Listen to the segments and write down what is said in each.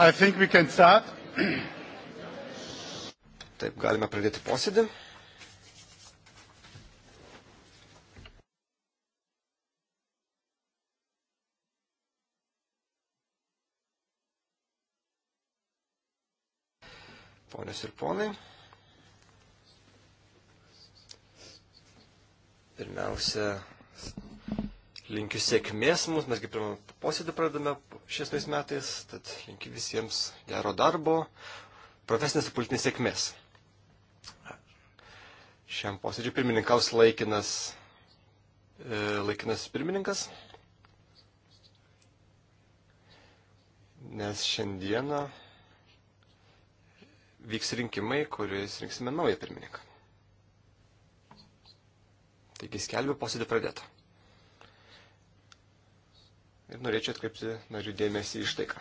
I think we can start. Taip, galime pradėti posėdį. Ponios ir ponai, pirmiausia, linkiu sėkmės mums, mes kaip pirmą posėdį pradame šiais metais, tad linkiu visiems gero darbo, profesinės ir politinės sėkmės. Šiam posėdžiui pirmininkaus laikinas, e, laikinas pirmininkas, nes šiandieną vyks rinkimai, kuriais rinksime naują pirmininką. Taigi skelbiu posėdį pradėtą ir norėčiau atkreipti narių dėmesį iš tai, ką.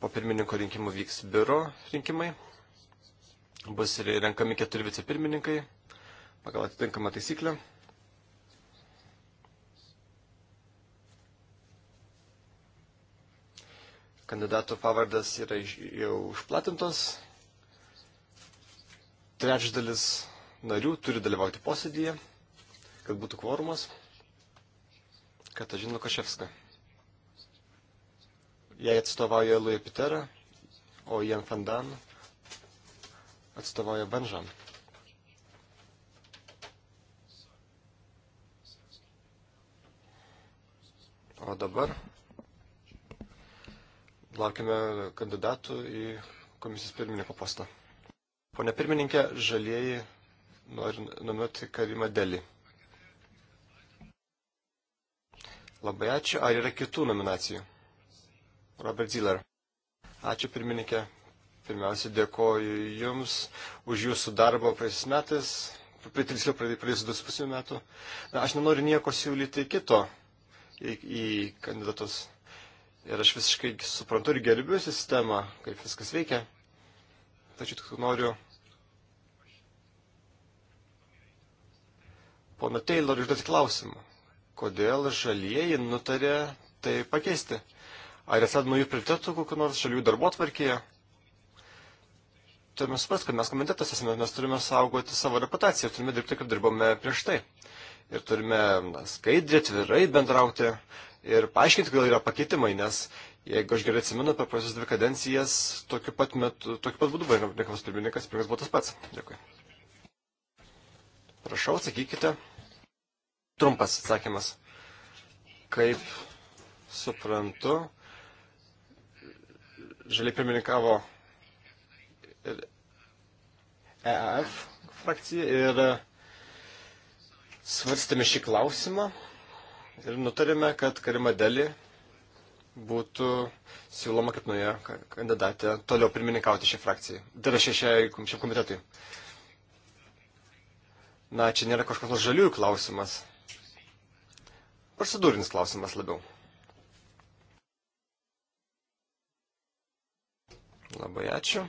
Po pirmininko rinkimų vyks biuro rinkimai, bus renkami keturi vicepirmininkai pagal atitinkamą taisyklę. Kandidatų pavardas yra jau užplatintos. Trečdalis narių turi dalyvauti posėdėje kad būtų kvorumas. Katažina Lukaševska. Jai atstovauja Lui Pitera, o Jan Fandan atstovauja Benžam. O dabar laukiame kandidatų į komisijos pirmininko postą. Pone pirmininkė, žalieji nori nominuoti Karimą Delį. Labai ačiū. Ar yra kitų nominacijų? Robert Ziller. Ačiū pirmininkė. Pirmiausia, dėkoju Jums už Jūsų darbą praeisis metais, pritrisliau praeisis du su pusė metų. Na, aš nenoriu nieko siūlyti kito į, į kandidatus. Ir aš visiškai suprantu ir gerbiu sistemą, kaip viskas veikia. Tačiau tik noriu pono Taylor užduoti klausimą kodėl žalieji nutarė tai pakeisti. Ar atsirado naujų prioritetų kokiu nors šalių darbo tvarkyje? Turime suprasti, kad mes komitetas esame, mes turime saugoti savo reputaciją, turime dirbti, kaip dirbome prieš tai. Ir turime na, skaidriai, tvirai bendrauti ir paaiškinti, kodėl yra pakeitimai, nes jeigu aš gerai atsimenu, per praėjusias dvi kadencijas tokiu pat metu, tokiu pat būdu buvo reikalas pirmininkas, pirmininkas buvo tas pats. Dėkui. Prašau, atsakykite trumpas atsakymas. Kaip suprantu, žaliai pirmininkavo ir EAF frakcija ir svarstėme šį klausimą ir nutarėme, kad Karima Deli būtų siūloma kaip nuoja kandidatė toliau pirmininkauti šiai frakcijai. Tai yra šiam komitetui. Na, čia nėra kažkoks žaliųjų klausimas. Procedūrinis klausimas labiau. Labai ačiū.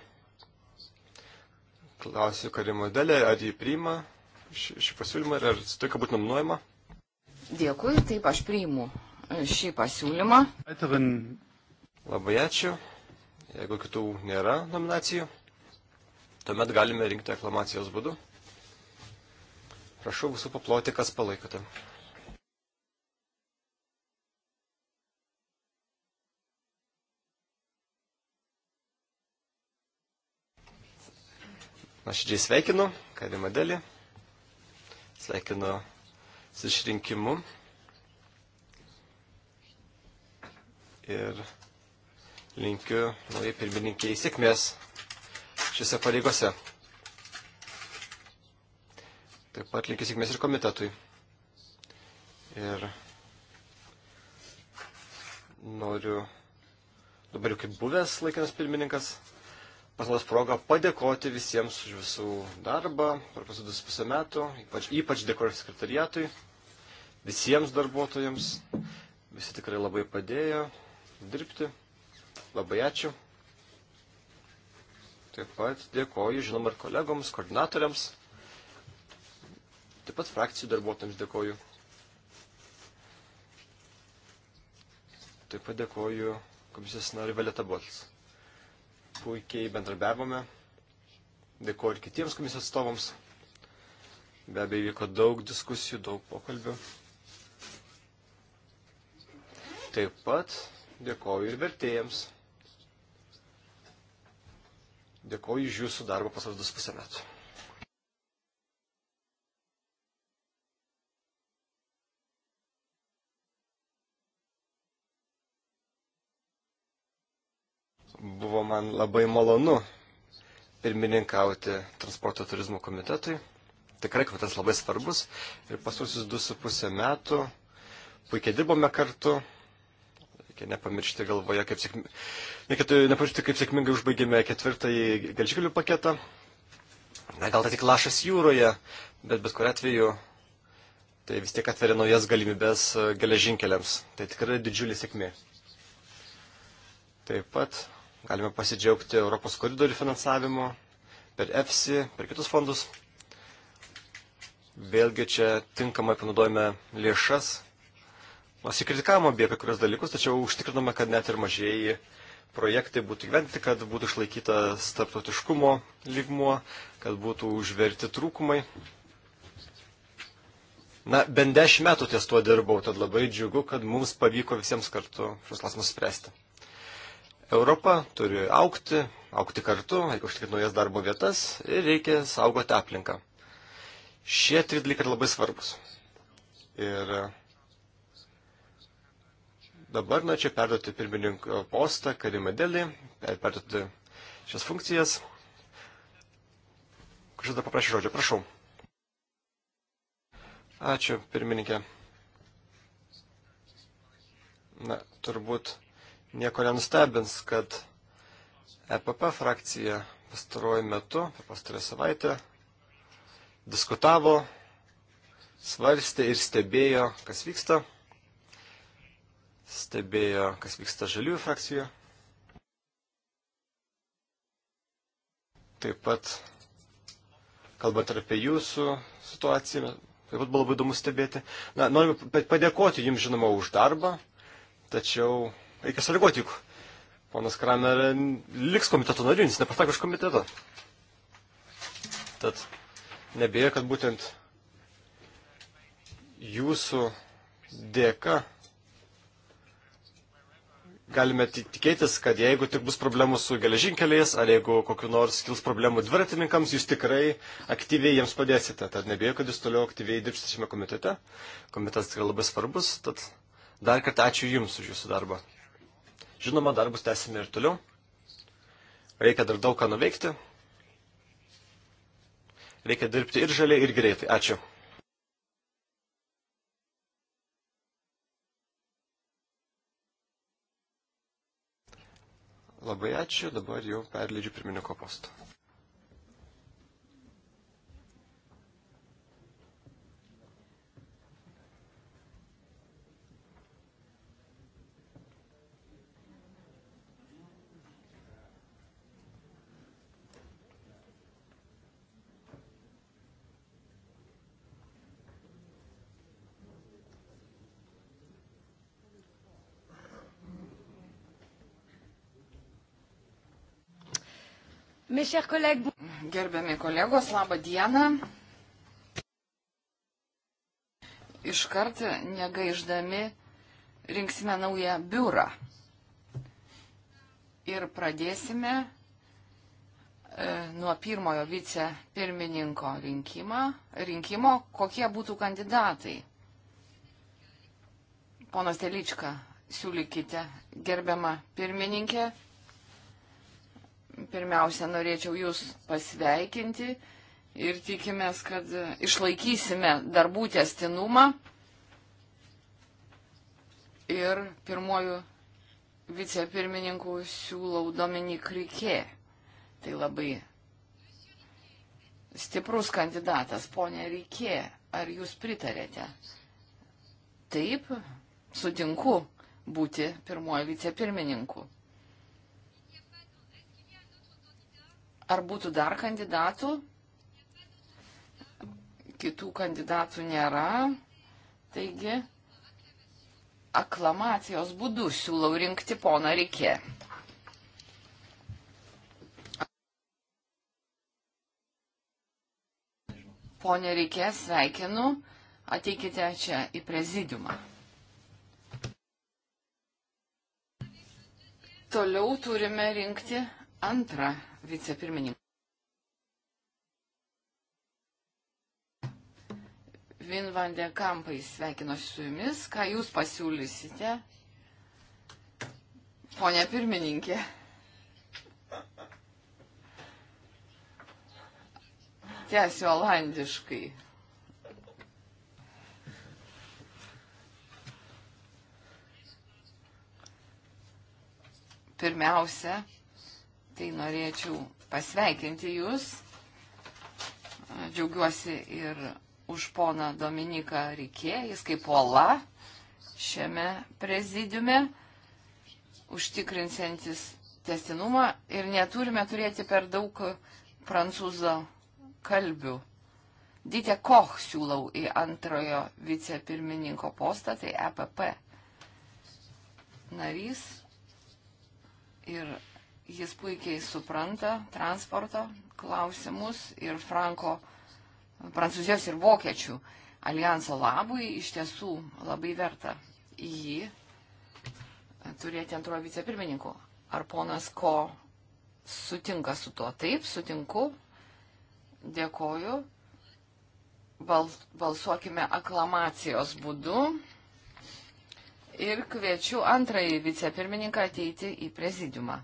Klausiu Karimo Delė, ar jį priima šį, šį pasiūlymą ir ar sutika būti nominuojama? Dėkui, taip aš priimu šį pasiūlymą. Atavin. Labai ačiū. Jeigu kitų nėra nominacijų, tuomet galime rinkti aklamacijos būdu. Prašau visų paploti, kas palaikote. nuoširdžiai sveikinu, Karimą Delį, sveikinu su išrinkimu. Ir linkiu naujai pirmininkiai sėkmės šiuose pareigose. Taip pat linkiu sėkmės ir komitetui. Ir noriu, dabar jau kaip buvęs laikinas pirmininkas, pasinaudos progą padėkoti visiems už visų darbą per pasidus pusę metų, ypač, ypač dėkoju sekretariatui, visiems darbuotojams, visi tikrai labai padėjo dirbti, labai ačiū. Taip pat dėkoju, žinoma, ir kolegoms, koordinatoriams, taip pat frakcijų darbuotojams dėkoju. Taip pat dėkoju komisijos nariu Valeta Botis puikiai bendradarbiavome. Dėkuoju ir kitiems komisijos atstovams. Be abejo, vyko daug diskusijų, daug pokalbių. Taip pat dėkoju ir vertėjams. Dėkoju už jūsų darbą pasardas pusę metų. buvo man labai malonu pirmininkauti transporto turizmo komitetui. Tikrai komitetas labai svarbus ir pasusius du su pusę metų puikiai dirbome kartu. Reikia nepamiršti galvoje, kaip, sėkmi... nepamiršti, kaip sėkmingai užbaigėme ketvirtąjį galžgalių paketą. Na, gal tai tik lašas jūroje, bet bet kuriu atveju tai vis tiek atveria naujas galimybės e, geležinkeliams. Tai tikrai didžiulė sėkmė. Taip pat Galime pasidžiaugti Europos koridorių finansavimu, per EFSI, per kitus fondus. Vėlgi čia tinkamai panaudojame lėšas. Mes įkritikavome apie kai kurios dalykus, tačiau užtikrinome, kad net ir mažieji projektai būtų gyventi, kad būtų išlaikytas tarptautiškumo lygmuo, kad būtų užverti trūkumai. Na, bent dešimt metų ties tuo dirbau, tad labai džiugu, kad mums pavyko visiems kartu šios klausimus spręsti. Europa turi aukti, aukti kartu, reikia užtikrinti naujas darbo vietas ir reikia saugoti aplinką. Šie trys dalykai labai svarbus. Ir e, dabar norėčiau nu, perduoti pirmininko postą Karimadelį, perduoti šias funkcijas. Kažkas dar paprašė žodžio, prašau. Ačiū, pirmininkė. Na, turbūt nieko nenustebins, kad EPP frakcija pastaruoju metu, per pastarąją savaitę, diskutavo, svarstė ir stebėjo, kas vyksta. Stebėjo, kas vyksta žaliųjų frakcijoje. Taip pat, kalbant apie jūsų situaciją, taip pat buvo labai įdomu stebėti. Na, noriu padėkoti jums, žinoma, už darbą, tačiau Reikia sąlygoti juk. Ponas Kramer liks komiteto nariu, jis nepasako iš komiteto. Tad nebėja, kad būtent jūsų dėka galime tikėtis, kad jeigu tik bus problemų su geležinkeliais, ar jeigu kokiu nors kils problemų dviratininkams, jūs tikrai aktyviai jiems padėsite. Tad nebijau, kad jūs toliau aktyviai dirbsite šiame komitete. Komitetas tikrai labai svarbus, tad dar kartą ačiū Jums už Jūsų darbą. Žinoma, darbus tęsime ir toliau. Reikia dar daug ką nuveikti. Reikia dirbti ir žaliai, ir greitai. Ačiū. Labai ačiū, dabar jau perleidžiu pirmininko postą. Gerbiami kolegos, laba diena. Iškart negaiždami rinksime naują biurą. Ir pradėsime e, nuo pirmojo vicepirmininko rinkimą, rinkimo, kokie būtų kandidatai. Ponas Teličką, siūlykite, gerbiama pirmininkė, pirmiausia, norėčiau Jūs pasveikinti ir tikimės, kad išlaikysime darbų testinumą. Ir pirmojų vicepirmininkų siūlau Dominik Rikė. Tai labai stiprus kandidatas, ponė Rikė. Ar Jūs pritarėte? Taip, sutinku būti pirmoji vicepirmininku. Ar būtų dar kandidatų? Kitų kandidatų nėra. Taigi, aklamacijos būdu siūlau rinkti poną Rikė. Pone Rikė, sveikinu. Ateikite čia į prezidiumą. Toliau turime rinkti antrą vicepirmininkas. Vin van de Kampai sveikinuosi su jumis. Ką jūs pasiūlysite, ponia pirmininkė? Tiesiu olandiškai. Pirmiausia, Tai norėčiau pasveikinti Jūs. Džiaugiuosi ir už poną Dominiką Rikė, jis kaip Ola šiame prezidiume, užtikrinsiantis testinumą ir neturime turėti per daug prancūzų kalbių. Dite Koch siūlau į antrojo vicepirmininko postą, tai EPP narys ir Jis puikiai supranta transporto klausimus ir Franko, prancūzijos ir vokiečių alijanso labui iš tiesų labai verta jį turėti antrojo vicepirmininku. Ar ponas Ko sutinka su tuo? Taip, sutinku. Dėkoju. Bal, balsuokime aklamacijos būdu. Ir kviečiu antrąjį vicepirmininką ateiti į prezidiumą.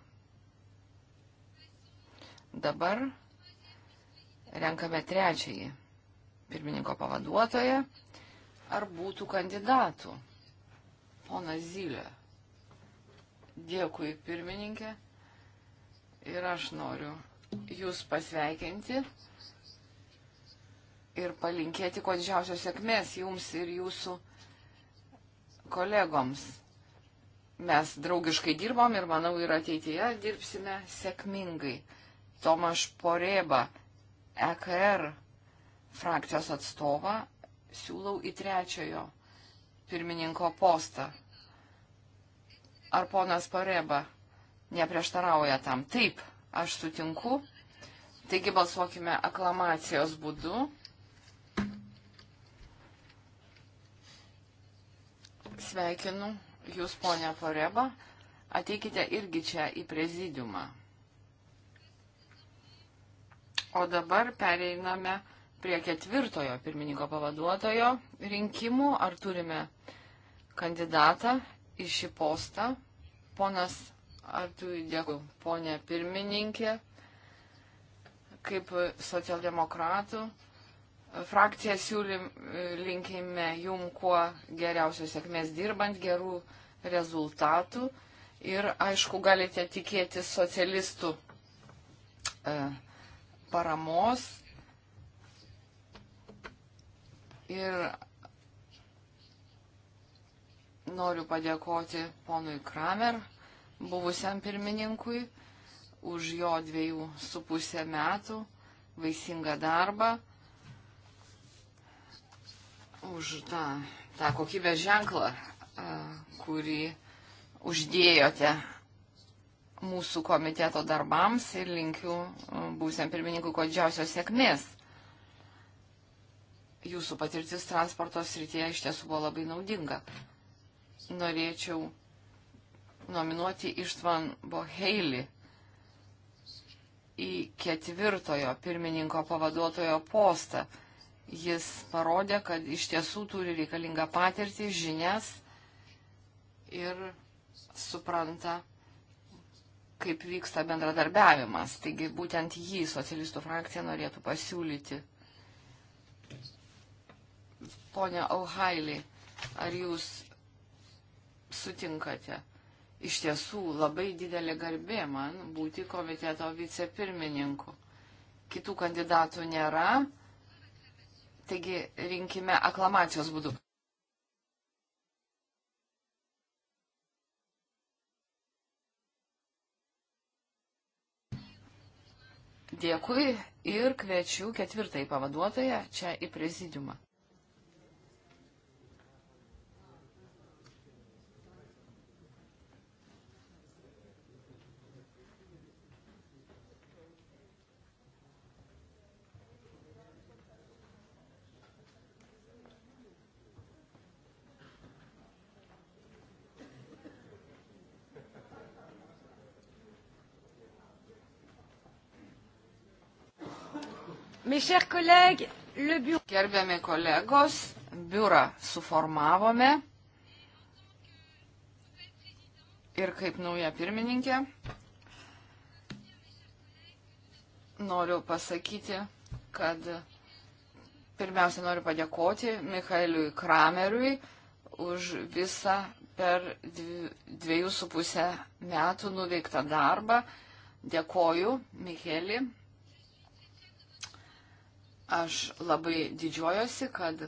Dabar renkame trečiąjį pirmininko pavaduotoją. Ar būtų kandidatų? Pona Zylė. Dėkui, pirmininkė. Ir aš noriu Jūs pasveikinti ir palinkėti kuo didžiausios sėkmės Jums ir Jūsų kolegoms. Mes draugiškai dirbom ir manau ir ateityje dirbsime sėkmingai. Tomaš Poreba, EKR frakcijos atstovą, siūlau į trečiojo pirmininko postą. Ar ponas Poreba neprieštarauja tam? Taip, aš sutinku. Taigi balsuokime aklamacijos būdu. Sveikinu Jūs, ponia Poreba. Ateikite irgi čia į prezidiumą. O dabar pereiname prie ketvirtojo pirmininko pavaduotojo rinkimų. Ar turime kandidatą į šį postą? Ponas, ar tu dėkui, ponė pirmininkė, kaip socialdemokratų frakcija siūlim, linkime jum kuo geriausios sėkmės dirbant, gerų rezultatų ir, aišku, galite tikėtis socialistų. E, paramos ir noriu padėkoti ponui Kramer, buvusiam pirmininkui, už jo dviejų su pusę metų vaisingą darbą, už tą, tą kokybės ženklą, kurį uždėjote mūsų komiteto darbams ir linkiu e, būsiam pirmininkui kuo didžiausios sėkmės. Jūsų patirtis transporto srityje iš tiesų buvo labai naudinga. Norėčiau nominuoti Ištvan Boheili į ketvirtojo pirmininko pavaduotojo postą. Jis parodė, kad iš tiesų turi reikalingą patirtį, žinias ir supranta kaip vyksta bendradarbiavimas. Taigi būtent jį socialistų frakcija norėtų pasiūlyti. Pone Auhailį, ar jūs sutinkate? Iš tiesų labai didelė garbė man būti komiteto vicepirmininku. Kitų kandidatų nėra, taigi rinkime aklamacijos būdu. Dėkui ir kviečiu ketvirtąjį pavaduotoją čia į prezidiumą. Gerbiami kolegos, biurą suformavome ir kaip nauja pirmininkė noriu pasakyti, kad pirmiausia noriu padėkoti Michaeliui Krameriui už visą per dviejų su pusę metų nuveiktą darbą. Dėkoju, Micheli, Aš labai didžiuojosi, kad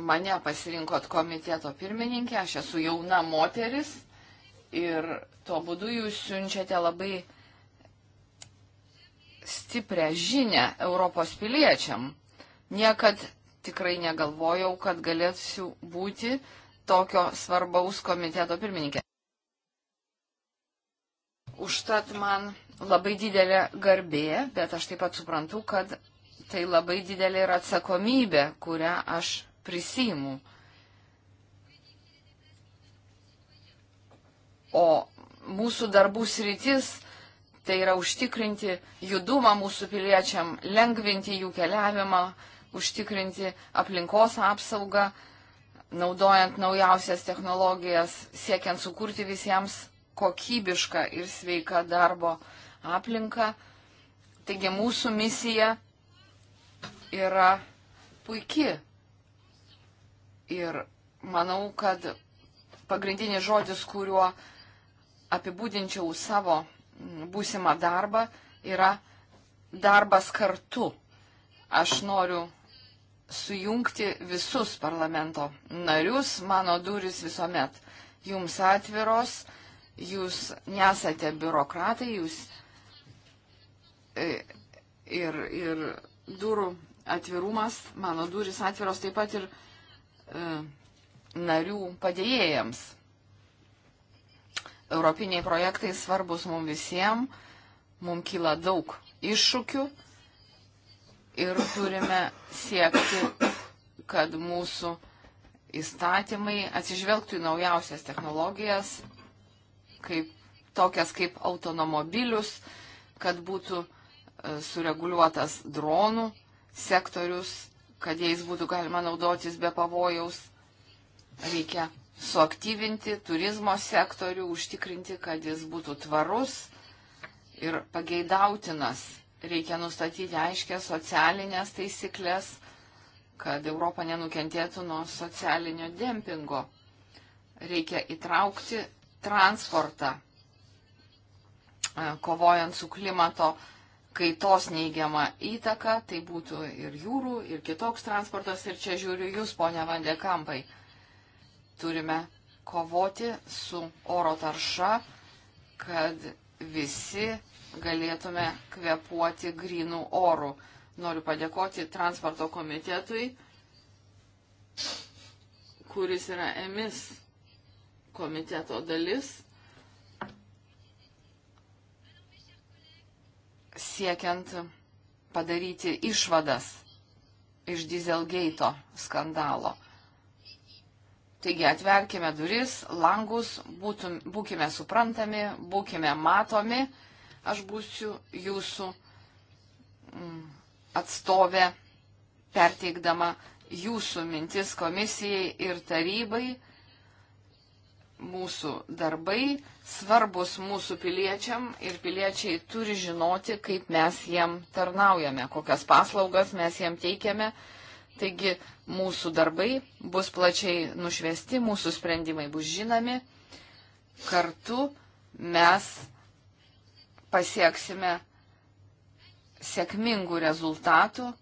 mane pasirinkot komiteto pirmininkė, aš esu jauna moteris ir tuo būdu jūs siunčiate labai stiprią žinę Europos piliečiam. Niekad tikrai negalvojau, kad galėsiu būti tokio svarbaus komiteto pirmininkė. Užtat man labai didelė garbė, bet aš taip pat suprantu, kad tai labai didelė ir atsakomybė, kurią aš prisimu. O mūsų darbų sritis tai yra užtikrinti judumą mūsų piliečiam, lengvinti jų keliavimą, užtikrinti aplinkos apsaugą, naudojant naujausias technologijas, siekiant sukurti visiems kokybišką ir sveiką darbo aplinką aplinką. Taigi mūsų misija yra puiki. Ir manau, kad pagrindinis žodis, kuriuo apibūdinčiau savo būsimą darbą, yra darbas kartu. Aš noriu sujungti visus parlamento narius, mano duris visuomet jums atviros, jūs nesate biurokratai, jūs E, ir, ir durų atvirumas, mano durys atviros taip pat ir e, narių padėjėjams. Europiniai projektai svarbus mums visiems, mums kyla daug iššūkių ir turime siekti, kad mūsų įstatymai atsižvelgtų į naujausias technologijas, kaip, tokias kaip automobilius, kad būtų uh, sureguliuotas dronų sektorius, kad jais būtų galima naudotis be pavojaus. Reikia suaktyvinti turizmo sektorių, užtikrinti, kad jis būtų tvarus ir pageidautinas. Reikia nustatyti aiškias socialinės taisyklės, kad Europa nenukentėtų nuo socialinio dempingo. Reikia įtraukti transportą, e, kovojant su klimato kaitos neigiamą įtaką, tai būtų ir jūrų, ir kitoks transportas, ir čia žiūriu jūs, ponia Vandekampai. Turime kovoti su oro tarša, kad visi galėtume kvepuoti grinų orų. Noriu padėkoti transporto komitetui, kuris yra emis komiteto dalis siekiant padaryti išvadas iš Dieselgate'o skandalo. Taigi atverkime duris, langus, būtum, būkime suprantami, būkime matomi. Aš būsiu jūsų mm, atstovė, perteikdama jūsų mintis komisijai ir tarybai mūsų darbai svarbus mūsų piliečiam ir piliečiai turi žinoti, kaip mes jiem tarnaujame, kokias paslaugas mes jiem teikiame. Taigi mūsų darbai bus plačiai nušvesti, mūsų sprendimai bus žinomi. Kartu mes pasieksime sėkmingų rezultatų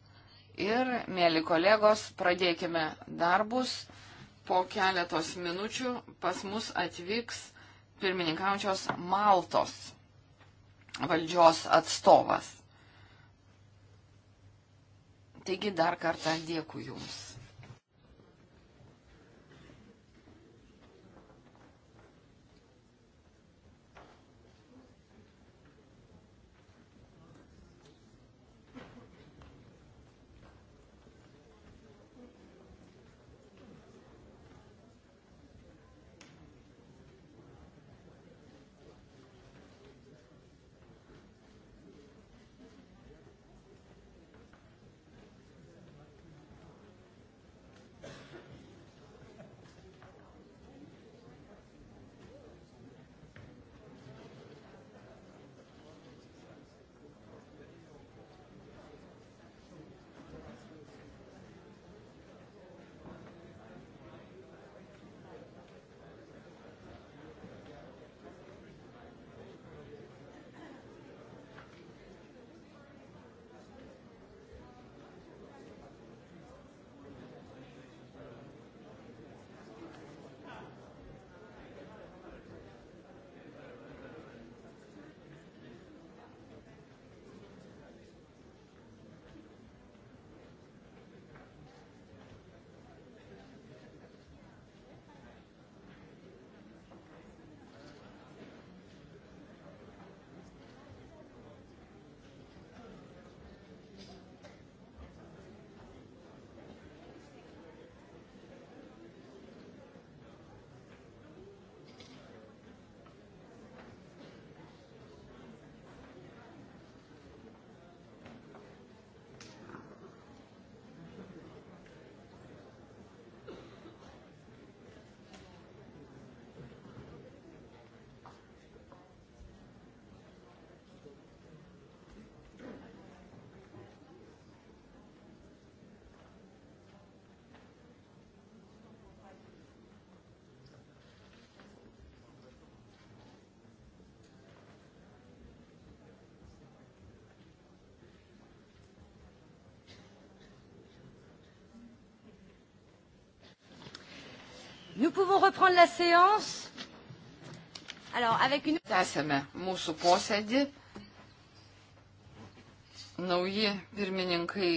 ir, mėly kolegos, pradėkime darbus po keletos minučių pas mus atvyks pirmininkaujančios Maltos valdžios atstovas. Taigi dar kartą dėkui Jums. Nous pouvons reprendre la séance. Alors, avec une... Tęsėme mūsų posėdį. Nauji pirmininkai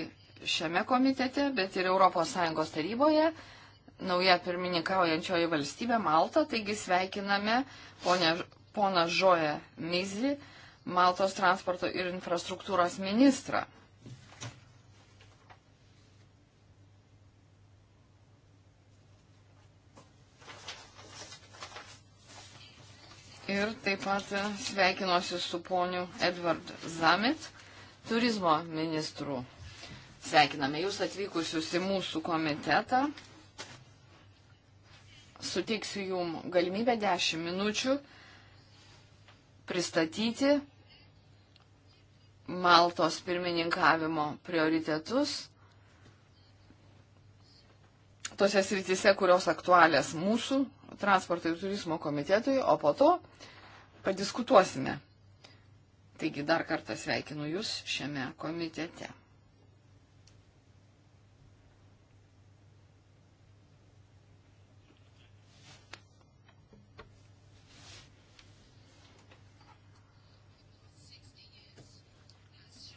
šiame komitete, bet ir ES taryboje. Nauja pirmininkaujančioji valstybė Malta, taigi sveikiname ponę, poną Žoją Mizį, Maltos transporto ir infrastruktūros ministrą. taip pat sveikinuosi su poniu Edward Zamit, turizmo ministru. Sveikiname jūs atvykusius į mūsų komitetą. Suteiksiu jum galimybę 10 minučių pristatyti Maltos pirmininkavimo prioritetus tose sritise, kurios aktualės mūsų transporto ir turizmo komitetui, o po to padiskutuosime. Taigi dar kartą sveikinu Jūs šiame komitete.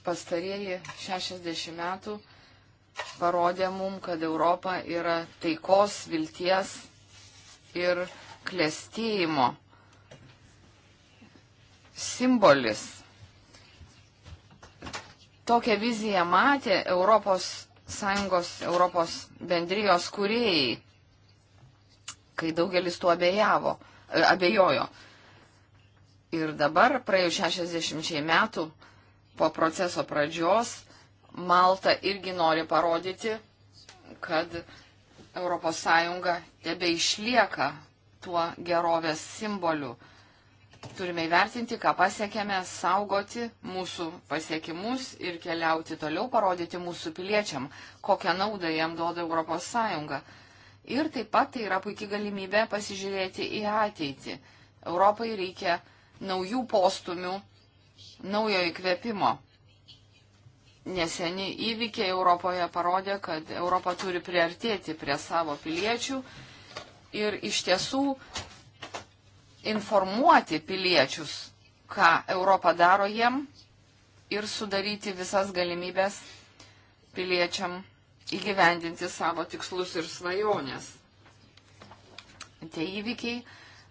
pastarieji 60 metų parodė mum, kad Europa yra taikos, vilties ir klėstėjimo simbolis. Tokią viziją matė Europos Sąjungos, Europos bendrijos kūrėjai, kai daugelis tuo abejavo, e, abejojo. Ir dabar, praėjus 60 metų po proceso pradžios, Malta irgi nori parodyti, kad ES tebe išlieka tuo gerovės simboliu. Turime įvertinti, ką pasiekėme, saugoti mūsų pasiekimus ir keliauti toliau, parodyti mūsų piliečiam, kokią naudą jam duoda Europos Sąjunga. Ir taip pat tai yra puikia galimybė pasižiūrėti į ateitį. Europai reikia naujų postumių, naujo įkvėpimo. Neseni įvykiai Europoje parodė, kad Europa turi priartėti prie savo piliečių ir iš tiesų informuoti piliečius, ką Europa daro jiem ir sudaryti visas galimybės piliečiam įgyvendinti savo tikslus ir svajonės. Tie įvykiai,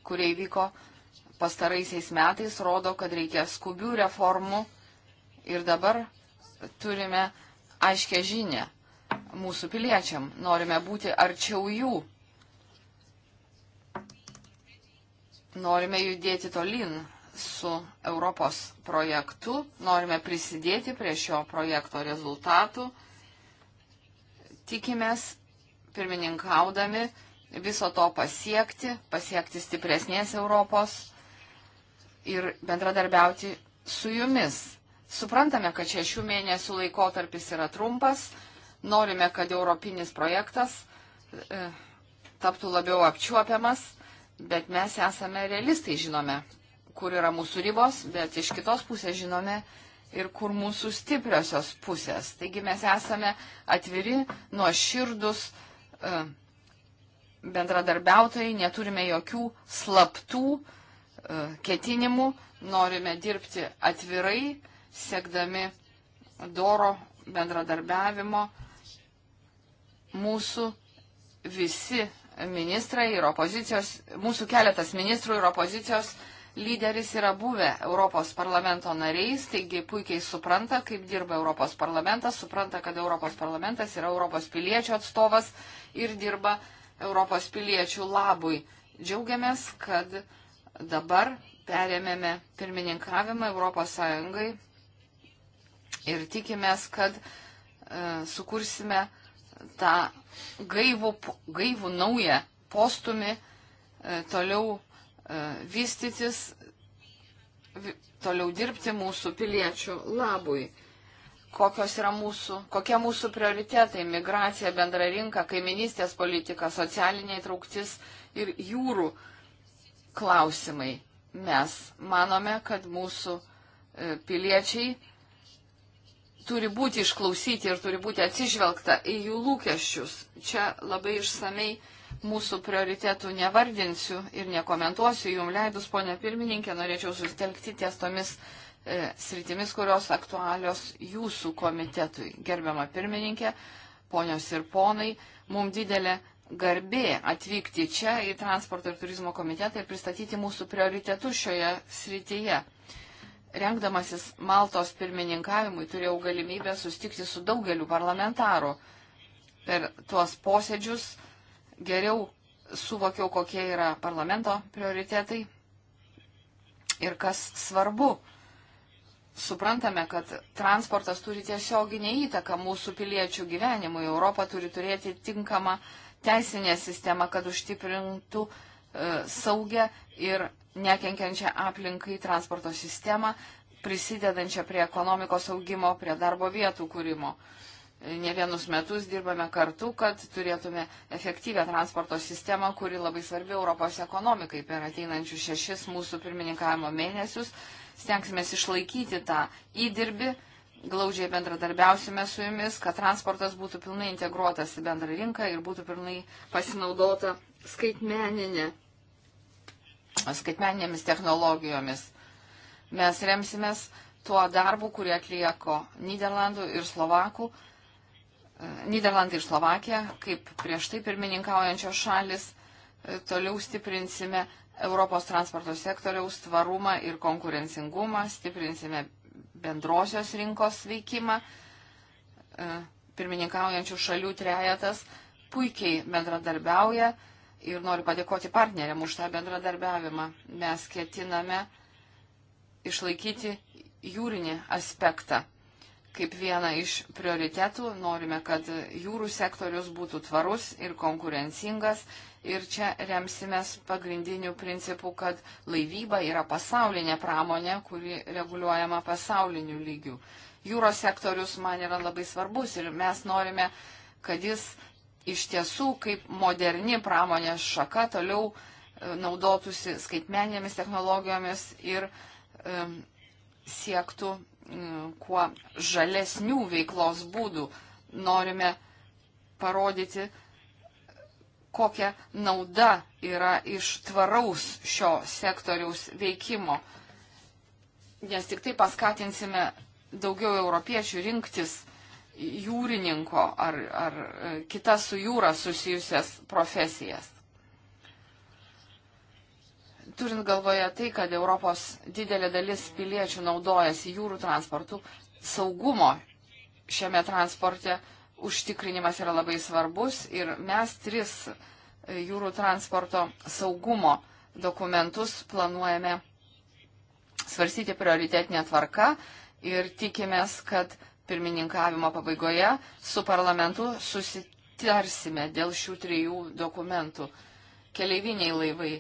kurie įvyko pastaraisiais metais, rodo, kad reikia skubių reformų ir dabar turime aiškę žinę mūsų piliečiam. Norime būti arčiau jų Norime judėti tolin su Europos projektu, norime prisidėti prie šio projekto rezultatų. Tikimės, pirmininkaudami, viso to pasiekti, pasiekti stipresnės Europos ir bendradarbiauti su jumis. Suprantame, kad šešių mėnesių laikotarpis yra trumpas, norime, kad europinis projektas e, taptų labiau apčiuopiamas bet mes esame realistai, žinome, kur yra mūsų ribos, bet iš kitos pusės žinome ir kur mūsų stipriosios pusės. Taigi mes esame atviri, nuoširdus e, bendradarbiautojai, neturime jokių slaptų e, ketinimų, norime dirbti atvirai, siekdami doro bendradarbiavimo. Mūsų visi ministrai ir opozicijos, mūsų keletas ministrų ir opozicijos lyderis yra buvę Europos parlamento nariais, taigi puikiai supranta, kaip dirba Europos parlamentas, supranta, kad Europos parlamentas yra Europos piliečių atstovas ir dirba Europos piliečių labui. Džiaugiamės, kad dabar perėmėme pirmininkavimą Europos Sąjungai ir tikimės, kad e, sukursime e, tą gaivų, gaivų naują postumį e, toliau e, vystytis, toliau dirbti mūsų piliečių labui. Kokios yra mūsų, kokie mūsų prioritetai - migracija, bendra rinka, kaiminystės politika, socialiniai trauktis ir jūrų klausimai. Mes manome, kad mūsų e, piliečiai turi būti išklausyti ir turi būti atsižvelgta į jų lūkesčius. Čia labai išsamei mūsų prioritetų nevardinsiu ir nekomentuosiu. Jums leidus, ponė pirmininkė, norėčiau sustelkti ties tomis e, sritimis, kurios aktualios jūsų komitetui. Gerbiama pirmininkė, ponios ir ponai, mums didelė garbė atvykti čia į transporto ir turizmo komitetą ir pristatyti mūsų prioritetus šioje srityje rengdamasis Maltos pirmininkavimui, turėjau galimybę sustikti su daugeliu parlamentarų. Per tuos posėdžius geriau suvokiau, kokie yra parlamento prioritetai ir kas svarbu. Suprantame, kad transportas turi tiesioginę įtaką mūsų piliečių gyvenimui. Europa turi turėti tinkamą teisinę sistemą, kad užtikrintų e, saugę ir nekenkiančią aplinkai transporto sistemą, prisidedančią prie ekonomikos augimo, prie darbo vietų kūrimo. Ne vienus metus dirbame kartu, kad turėtume efektyvę transporto sistemą, kuri labai svarbi Europos ekonomikai per ateinančius šešis mūsų pirmininkavimo mėnesius. Stengsime išlaikyti tą įdirbį, glaudžiai bendradarbiausime su jumis, kad transportas būtų pilnai integruotas į bendrą rinką ir būtų pilnai pasinaudota skaitmeninė skaitmeninėmis technologijomis. Mes remsimės tuo darbu, kurį atlieko Niderlandų ir Slovakų. E, Niderlandai ir Slovakija, kaip prieš tai pirmininkaujančios šalis, e, toliau stiprinsime Europos transporto sektoriaus tvarumą ir konkurencingumą, stiprinsime bendrosios rinkos veikimą. E, pirmininkaujančių šalių trejetas puikiai bendradarbiauja ir noriu padėkoti partneriam už tą bendradarbiavimą. Mes ketiname išlaikyti jūrinį aspektą kaip vieną iš prioritetų. Norime, kad jūrų sektorius būtų tvarus ir konkurencingas. Ir čia remsimės pagrindinių principų, kad laivyba yra pasaulinė pramonė, kuri reguliuojama pasauliniu lygiu. Jūros sektorius man yra labai svarbus ir mes norime, kad jis iš tiesų kaip moderni pramonės šaka toliau e, naudotųsi skaitmeninėmis technologijomis ir siektų kuo žalesnių veiklos būdų. Norime parodyti, kokia nauda yra iš tvaraus šio sektoriaus veikimo. Nes tik tai paskatinsime daugiau europiečių rinktis jūrininko ar, ar e, kitas su jūra susijusias profesijas. Turint galvoje tai, kad Europos didelė dalis piliečių naudojasi jūrų transportu, saugumo šiame transporte užtikrinimas yra labai svarbus ir mes tris e, jūrų transporto saugumo dokumentus planuojame svarstyti prioritetinę tvarką ir tikimės, kad pirmininkavimo pabaigoje su parlamentu susitarsime dėl šių trijų dokumentų. Keleiviniai laivai.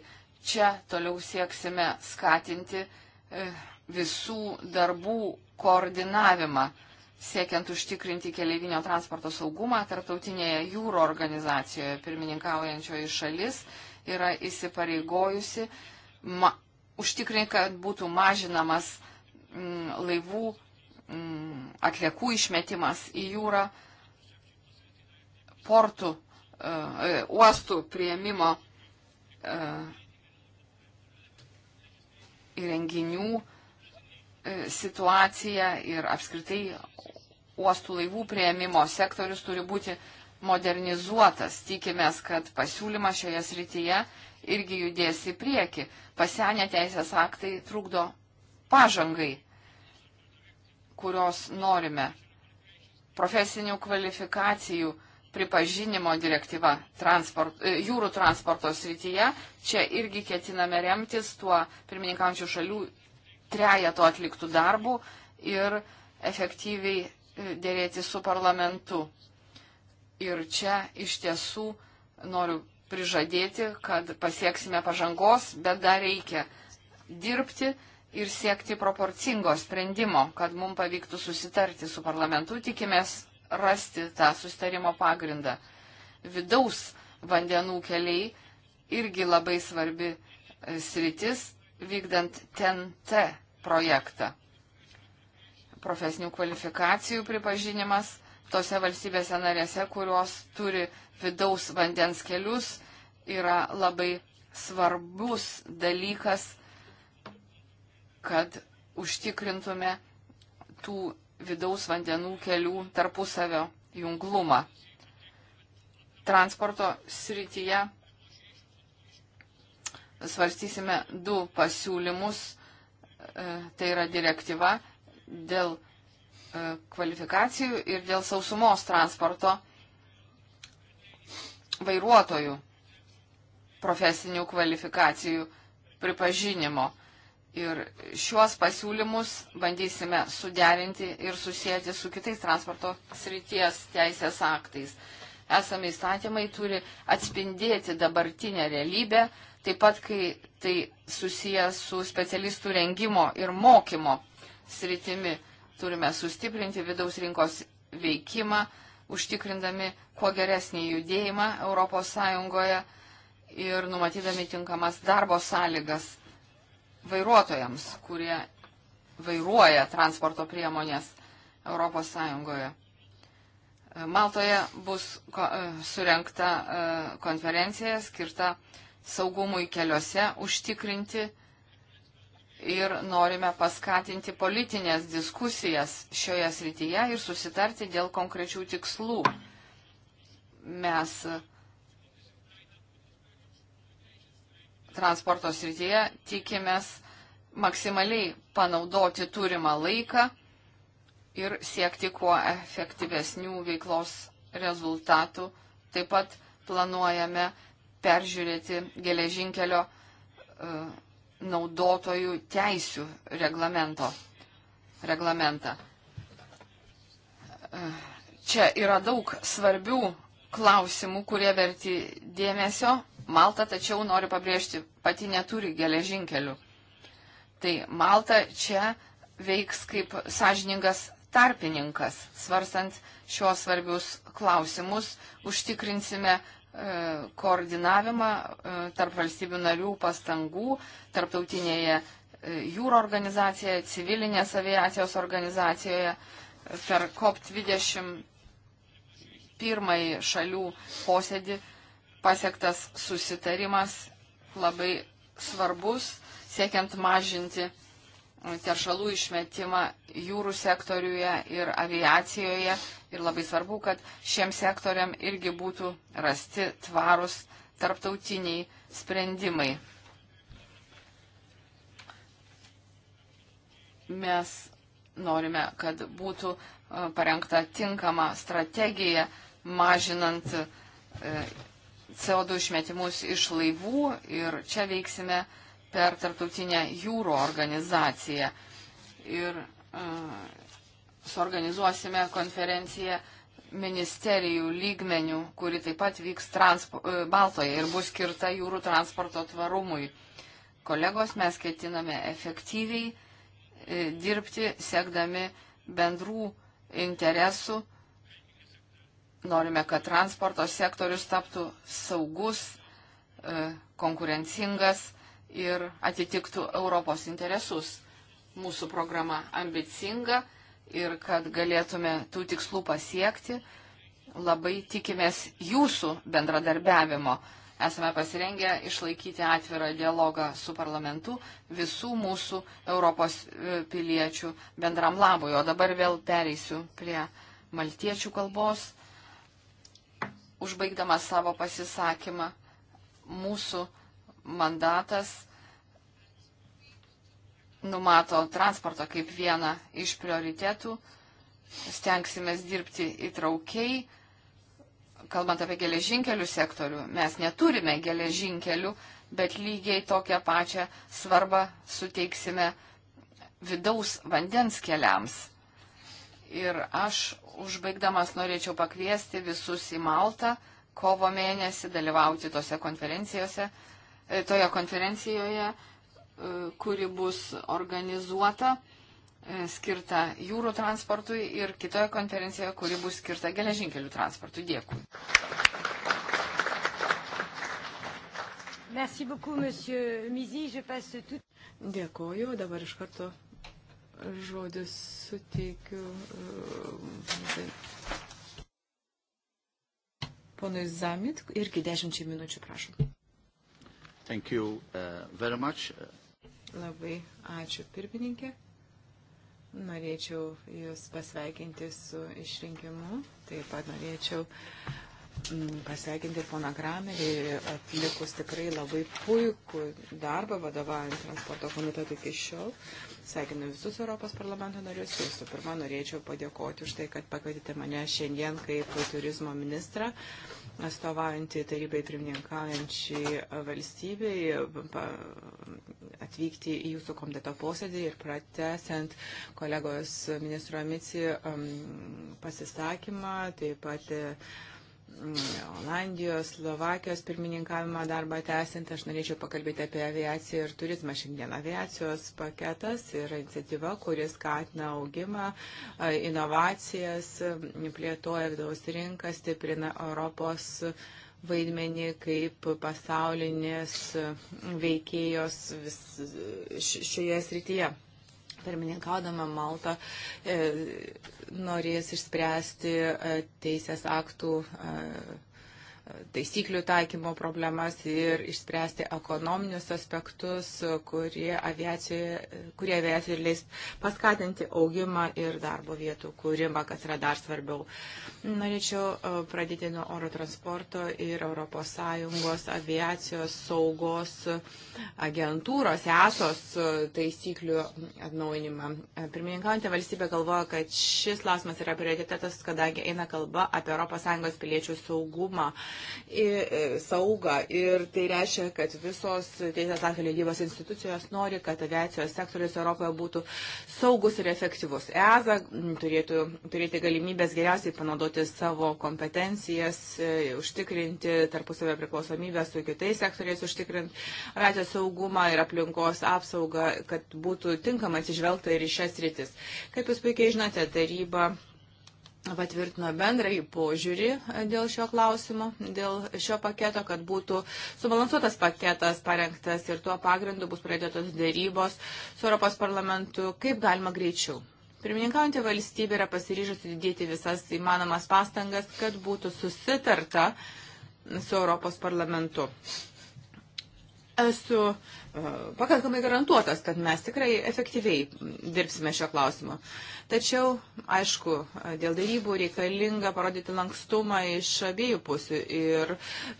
Čia toliau sieksime skatinti e, visų darbų koordinavimą, siekiant užtikrinti keleivinio transporto saugumą tarptautinėje jūro organizacijoje. Pirmininkaujančioji šalis yra įsipareigojusi ma, užtikrinti, kad būtų mažinamas m, laivų Mm, atliekų išmetimas į jūrą, portų, e, e, uostų prieimimo e, įrenginių situacija ir apskritai uostų laivų prieimimo sektorius turi būti modernizuotas. Tikimės, kad pasiūlymas šioje srityje irgi judės į priekį. Pasenę teisės aktai trukdo pažangai kurios norime. Profesinių kvalifikacijų pripažinimo direktyva transport, e, jūrų transporto srityje. Čia irgi ketiname remtis tuo pirmininkaujančių šalių trejato atliktų darbų ir efektyviai e, dėrėti su parlamentu. Ir čia iš tiesų noriu prižadėti, kad pasieksime pažangos, bet dar reikia dirbti ir siekti proporcingo sprendimo, kad mums pavyktų susitarti su parlamentu, tikimės rasti tą sustarimo pagrindą. Vidaus vandenų keliai irgi labai svarbi e, sritis, vykdant TNT projektą. Profesinių kvalifikacijų pripažinimas tose valstybėse narėse, kurios turi vidaus vandens kelius, yra labai svarbus dalykas kad užtikrintume tų vidaus vandenų kelių tarpusavio junglumą. Transporto srityje svarstysime du pasiūlymus, e, tai yra direktyva dėl e, kvalifikacijų ir dėl sausumos transporto vairuotojų profesinių kvalifikacijų pripažinimo. Ir šiuos pasiūlymus bandysime suderinti ir susijęti su kitais transporto srities teisės aktais. Esami įstatymai turi atspindėti dabartinę realybę, taip pat kai tai susijęs su specialistų rengimo ir mokymo sritimi. Turime sustiprinti vidaus rinkos veikimą, užtikrindami kuo geresnį judėjimą ES ir numatydami tinkamas darbo sąlygas vairuotojams, kurie vairuoja transporto priemonės Europos Sąjungoje. Maltoje bus e, surenkta e, konferencija skirta saugumui keliuose užtikrinti ir norime paskatinti politinės diskusijas šioje srityje ir susitarti dėl konkrečių tikslų. Mes transporto srityje tikimės maksimaliai panaudoti turimą laiką ir siekti kuo efektyvesnių veiklos rezultatų. Taip pat planuojame peržiūrėti geležinkelio uh, naudotojų teisių reglamento, reglamentą. Uh, čia yra daug svarbių klausimų, kurie verti dėmesio, Malta, tačiau noriu pabrėžti, pati neturi geležinkelių. Tai Malta čia veiks kaip sąžiningas tarpininkas, svarstant šios svarbius klausimus, užtikrinsime e, koordinavimą e, tarp valstybių narių pastangų, tarptautinėje e, jūro organizacijoje, civilinės aviacijos organizacijoje, per COP21 šalių posėdį pasiektas susitarimas labai svarbus, siekiant mažinti e, teršalų išmetimą jūrų sektoriuje ir aviacijoje. Ir labai svarbu, kad šiem sektoriam irgi būtų rasti tvarus tarptautiniai sprendimai. Mes norime, kad būtų e, parengta tinkama strategija mažinant e, CO2 išmetimus iš laivų ir čia veiksime per tarptautinę jūrų organizaciją. Ir uh, suorganizuosime konferenciją ministerijų lygmenių, kuri taip pat vyks transpo, e, Baltoje ir bus skirta jūrų transporto tvarumui. Kolegos, mes ketiname efektyviai e, dirbti, siekdami bendrų interesų Norime, kad transporto sektorius taptų saugus, e, konkurencingas ir atitiktų Europos interesus. Mūsų programa ambicinga ir kad galėtume tų tikslų pasiekti, labai tikimės jūsų bendradarbiavimo. Esame pasirengę išlaikyti atvirą dialogą su parlamentu visų mūsų Europos e, piliečių bendram labui. O dabar vėl pereisiu prie maltiečių kalbos užbaigdama savo pasisakymą, mūsų mandatas numato transportą kaip vieną iš prioritetų, stengsimės dirbti įtraukiai. Kalbant apie geležinkelių sektorių, mes neturime geležinkelių, bet lygiai tokią pačią svarbą suteiksime vidaus vandens keliams. Ir aš Užbaigdamas norėčiau pakviesti visus į Maltą kovo mėnesį dalyvauti tose konferencijose, e, toje konferencijoje, e, kuri bus organizuota e, skirta jūrų transportui ir kitoje konferencijoje, kuri bus skirta geležinkelių transportui. Dėkui. Merci beaucoup, monsieur Mizi. Je passe tout. Dėkoju. Dabar iš karto žodis suteikiu e, ponui Zamit irgi dešimčiai minučių, prašom. Thank you uh, very much. Labai ačiū pirmininkė. Norėčiau Jūs pasveikinti su išrinkimu. Taip pat norėčiau uh, Mm, pasveikinti ir poną Gramerį, atlikus tikrai labai puikų darbą vadovaujant transporto komitetui iki šiol. Sveikinu visus Europos parlamento narius. Visų pirma, norėčiau padėkoti už tai, kad pakvietėte mane šiandien kaip turizmo ministrą, atstovaujantį tarybai pirmininkaujančiai valstybei, atvykti į jūsų komiteto posėdį ir pratesiant kolegos ministro Amici um, pasisakymą, taip pat Olandijos, Slovakijos pirmininkavimo darbą tęsint, aš norėčiau pakalbėti apie aviaciją ir turizmą. Šiandien aviacijos paketas yra iniciatyva, kuris skatina augimą, inovacijas, plėtoja vidaus rinką, stiprina Europos vaidmenį kaip pasaulinės veikėjos vis, šioje srityje pirmininkaudama Malta e, norės išspręsti e, teisės aktų e, taisyklių taikymo problemas ir išspręsti ekonominius aspektus, kurie aviacijoje, kurie aviacijoje leis paskatinti augimą ir darbo vietų kūrimą, kas yra dar svarbiau. Norėčiau e, pradėti nuo oro transporto ir ES aviacijos saugos agentūros esos e, taisyklių atnaujinimą. E, Pirmininkaujantė valstybė galvoja, kad šis klausimas yra prioritetas, kadangi eina kalba apie ES piliečių saugumą. E, saugą. Ir tai reiškia, kad visos teisės aktų leidybos institucijos nori, kad aviacijos sektorius Europoje būtų saugus ir efektyvus. EASA turėtų turėti galimybės geriausiai panaudoti savo kompetencijas, e, užtikrinti tarpusavę priklausomybę su kitais sektoriais, užtikrinti ratės saugumą ir aplinkos apsaugą, kad būtų tinkamai atsižvelgta ir į šias rytis. Kaip jūs puikiai žinote, taryba patvirtino bendrąjį požiūrį e, dėl šio klausimo, dėl šio paketo, kad būtų subalansuotas paketas parengtas ir tuo pagrindu bus pradėtos dėrybos su Europos parlamentu kaip galima greičiau. Pirmininkaujantį valstybę yra pasiryžusi didėti visas įmanomas pastangas, kad būtų susitarta su Europos parlamentu esu e, pakankamai garantuotas, kad mes tikrai efektyviai dirbsime šio klausimu. Tačiau, aišku, dėl darybų reikalinga parodyti lankstumą iš abiejų pusių. Ir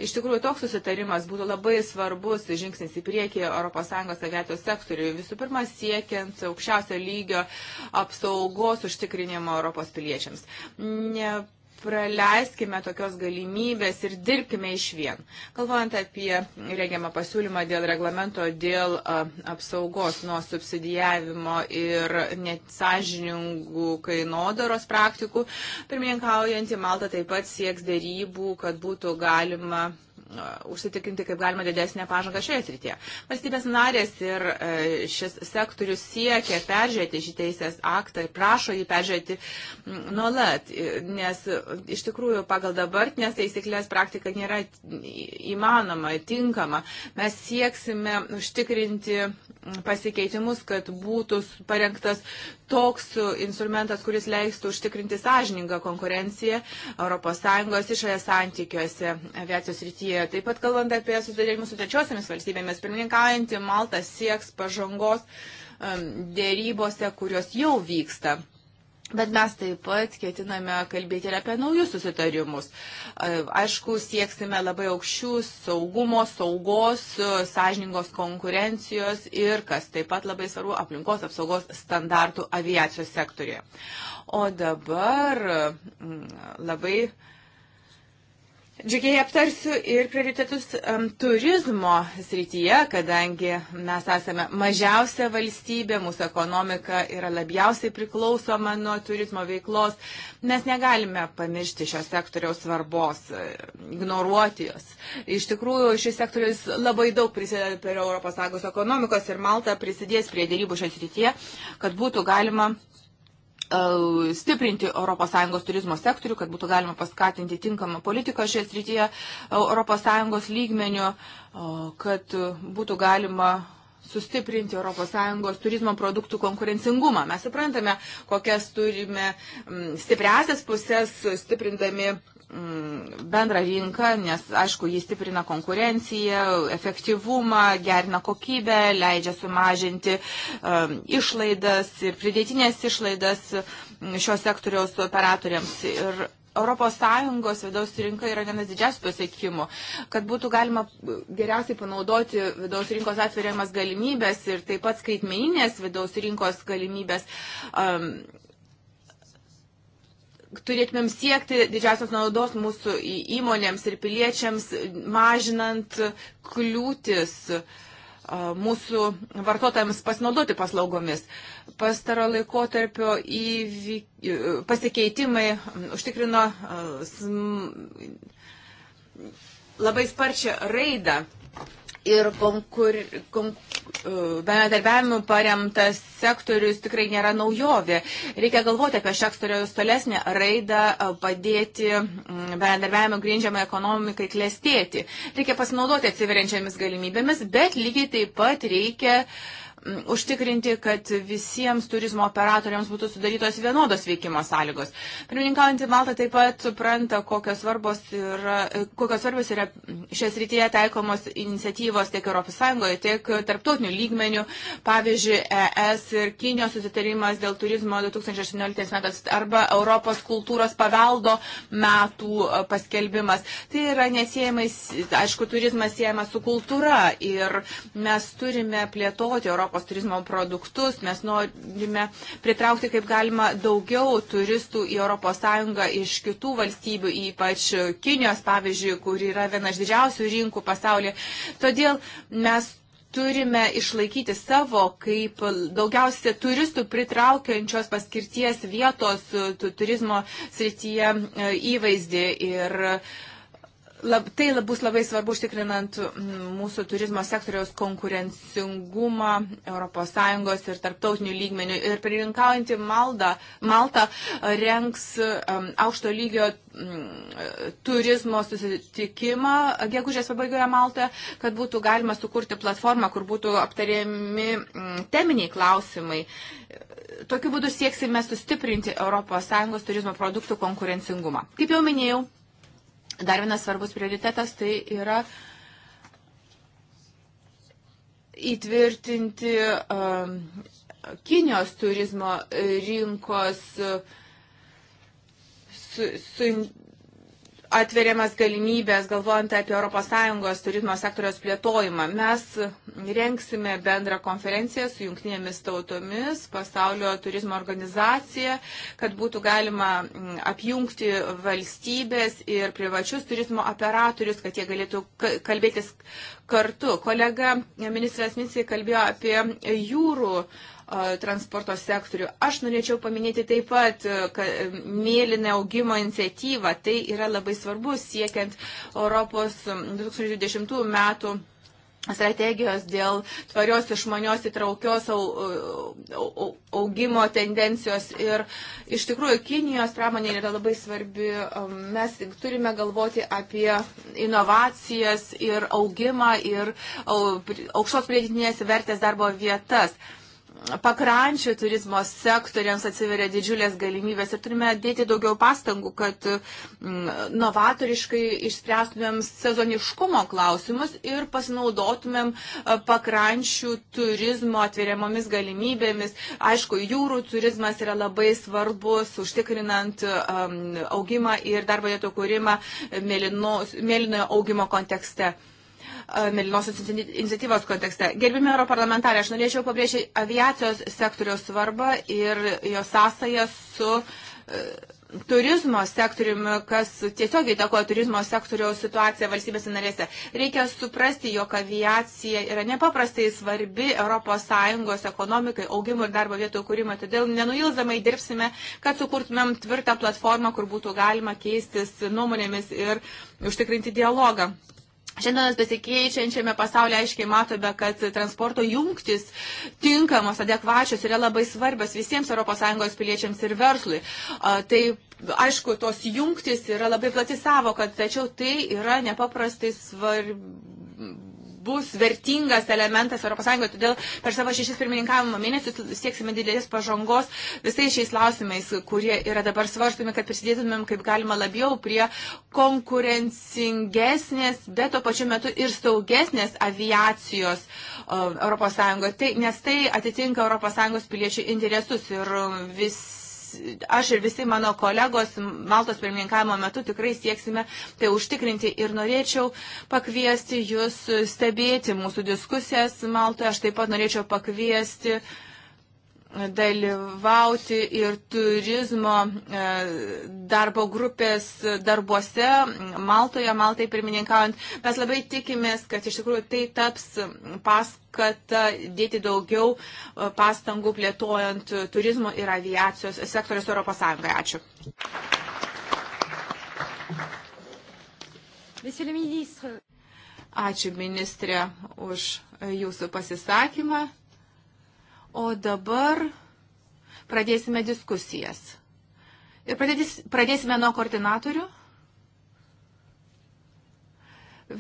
iš tikrųjų toks susitarimas būtų labai svarbus žingsnis į priekį ES aviacijos sektoriui. Visų pirma, siekiant aukščiausio lygio apsaugos užtikrinimo Europos piliečiams. Ne praleiskime tokios galimybės ir dirbkime iš vien. Kalbant apie reikiamą pasiūlymą dėl reglamento, dėl apsaugos nuo subsidijavimo ir nesažiningų kainodaros praktikų, pirmininkaujantį Maltą taip pat sieks dėrybų, kad būtų galima E, užsitikrinti kaip galima didesnę pažangą šioje srityje. Valstybės narės ir e, šis sektorius siekia peržiūrėti šį teisės aktą ir prašo jį peržiūrėti nuolat, e, nes iš tikrųjų pagal dabartinės taisyklės praktika nėra įmanoma, tinkama. Mes sieksime užtikrinti pasikeitimus, kad būtų parengtas toks instrumentas, kuris leistų užtikrinti sąžiningą konkurenciją ES išorės santykiuose aviacijos rytyje. Taip pat kalbant apie susidarimus su trečiosiamis valstybėmis, pirmininkaujantį Maltą sieks pažangos um, dėrybose, kurios jau vyksta. Bet mes taip pat ketiname kalbėti ir apie naujus susitarimus. Aišku, sieksime labai aukščių saugumo, saugos, sąžiningos konkurencijos ir, kas taip pat labai svarbu, aplinkos apsaugos standartų aviacijos sektorėje. O dabar mm, labai Džiugiai aptarsiu ir prioritetus um, turizmo srityje, kadangi mes esame mažiausia valstybė, mūsų ekonomika yra labiausiai priklausoma nuo turizmo veiklos. Mes negalime pamiršti šio sektoriaus svarbos, e, ignoruoti jos. Iš tikrųjų, šis sektorius labai daug prisideda prie ES ekonomikos ir Malta prisidės prie dėrybų šią srityje, kad būtų galima E, stiprinti ES turizmo sektorių, kad būtų galima paskatinti tinkamą politiką šioje srityje e, ES lygmenių, e, kad būtų galima sustiprinti ES turizmo produktų konkurencingumą. Mes suprantame, kokias turime stipriasias pusės, stiprindami Mm, bendrą rinką, nes, aišku, jis stiprina konkurenciją, efektyvumą, gerina kokybę, leidžia sumažinti um, išlaidas ir pridėtinės išlaidas mm, šio sektoriaus operatoriams. Ir ES vidaus rinka yra vienas didžiausių pasiekimų, kad būtų galima geriausiai panaudoti vidaus rinkos atveriamas galimybės ir taip pat skaitmeninės vidaus rinkos galimybės. Um, turėtumėm siekti didžiausios naudos mūsų įmonėms ir piliečiams, mažinant kliūtis mūsų vartotojams pasinaudoti paslaugomis. Pastaro laiko tarpio įvyk... pasikeitimai užtikrino sm... labai sparčią raidą ir konkur, konkur, e, bendradarbiavimu paremtas sektorius tikrai nėra naujovė. Reikia galvoti apie sektoriaus tolesnę raidą, e, padėti bendradarbiavimo grindžiamą ekonomikai klestėti. Reikia pasinaudoti atsiveriančiamis galimybėmis, bet lygiai taip pat reikia uh, užtikrinti, kad visiems turizmo operatoriams būtų sudarytos vienodos veikimo sąlygos. Pirmininkaujantį Maltą taip pat supranta, kokios svarbios yra, kokios svarbios yra šias rytyje taikomos iniciatyvos tiek ES, tiek tarptautinių lygmenių, pavyzdžiui, ES ir Kinijos susitarimas dėl turizmo 2018 metais arba Europos kultūros paveldo metų e, paskelbimas. Tai yra nesiejamais, aišku, turizmas siejamas su kultūra ir mes turime plėtoti Europos Europos turizmo produktus. Mes norime pritraukti kaip galima daugiau turistų į ES iš kitų valstybių, ypač Kinijos, pavyzdžiui, kur yra viena iš didžiausių rinkų pasaulyje. Todėl mes turime išlaikyti savo kaip daugiausia turistų pritraukiančios paskirties vietos turizmo srityje e, įvaizdį. Ir uh, lab, tai bus labai svarbu užtikrinant mm, mūsų turizmo sektoriaus konkurencingumą ES ir tarptautinių lygmenių. Ir pririnkaujantį Maldą, Maltą renks um, aukšto lygio um, turizmo susitikimą gegužės pabaigoje Maltoje, kad būtų galima sukurti platformą, kur būtų aptariami um, teminiai klausimai. Tokiu būdu sieksime sustiprinti ES turizmo produktų konkurencingumą. Kaip jau minėjau, Dar vienas svarbus prioritetas tai yra įtvirtinti um, Kinijos turizmo rinkos uh, su, su, atveriamas galimybės, galvojant apie ES turizmo sektoriaus plėtojimą. Mes renksime bendrą konferenciją su jungtinėmis tautomis, pasaulio turizmo organizacija, kad būtų galima apjungti valstybės ir privačius turizmo operatorius, kad jie galėtų kalbėtis kartu. Kolega ministras Minsiai kalbėjo apie jūrų uh, transporto sektorių. Aš norėčiau paminėti taip pat mėlyną augimo iniciatyvą. Tai yra labai svarbu siekiant Europos 2020 metų strategijos dėl tvarios išmanios įtraukios au, au, au, augimo tendencijos. Ir iš tikrųjų Kinijos pramonė yra labai svarbi. Mes turime galvoti apie inovacijas ir augimą ir aukštos pridėtinės vertės darbo vietas. Uh, pakrančių turizmo sektoriams atsiveria didžiulės galimybės ir turime dėti daugiau pastangų, kad mm, novatoriškai išspręstumėm sezoniškumo klausimus ir pasinaudotumėm e, pakrančių turizmo atveriamomis galimybėmis. Aišku, jūrų turizmas yra labai svarbus, užtikrinant e, augimą ir darbo vietų kūrimą mėlynojo augimo kontekste. Melinosios iniciatyvos kontekste. Gerbimi europarlamentarė, aš norėčiau pabrėžti aviacijos sektoriaus svarbą ir jos sąsają su e, turizmo sektoriumi, kas tiesiog įtakoja turizmo sektoriaus situaciją valstybėse narėse. Reikia suprasti, jog aviacija yra nepaprastai svarbi ES ekonomikai, augimui ir darbo vietų kūrimui. Todėl nenuilzamai dirbsime, kad sukurtumėm tvirtą platformą, kur būtų galima keistis nuomonėmis ir užtikrinti dialogą. Šiandienos besikeičiančiame pasaulyje aiškiai matome, kad transporto jungtis tinkamos, adekvačios yra labai svarbios visiems ES piliečiams ir verslui. Tai aišku, tos jungtis yra labai plati savo, kad tačiau tai yra nepaprastai svarbi svarbus, vertingas elementas ES, todėl per savo šešis pirmininkavimo mėnesius sieksime didelės pažangos visais šiais klausimais, kurie yra dabar svarstumi, kad prisidėtumėm kaip galima labiau prie konkurencingesnės, bet to pačiu metu ir saugesnės aviacijos uh, ES, tai, nes tai atitinka ES piliečių interesus ir visi aš ir visi mano kolegos Maltos pirmininkavimo metu tikrai sieksime tai užtikrinti ir norėčiau pakviesti jūs stebėti mūsų diskusijas Maltoje. Aš taip pat norėčiau pakviesti uh, dalyvauti ir turizmo e, darbo grupės darbuose Maltoje, Maltai pirmininkaujant. Mes labai tikimės, kad iš tikrųjų tai taps paskata dėti daugiau e, pastangų plėtojant turizmo ir aviacijos sektorius Europos Sąjungoje. Ačiū. Ačiū ministrė už jūsų pasisakymą. O dabar pradėsime diskusijas. Ir pradės, pradėsime nuo koordinatorių.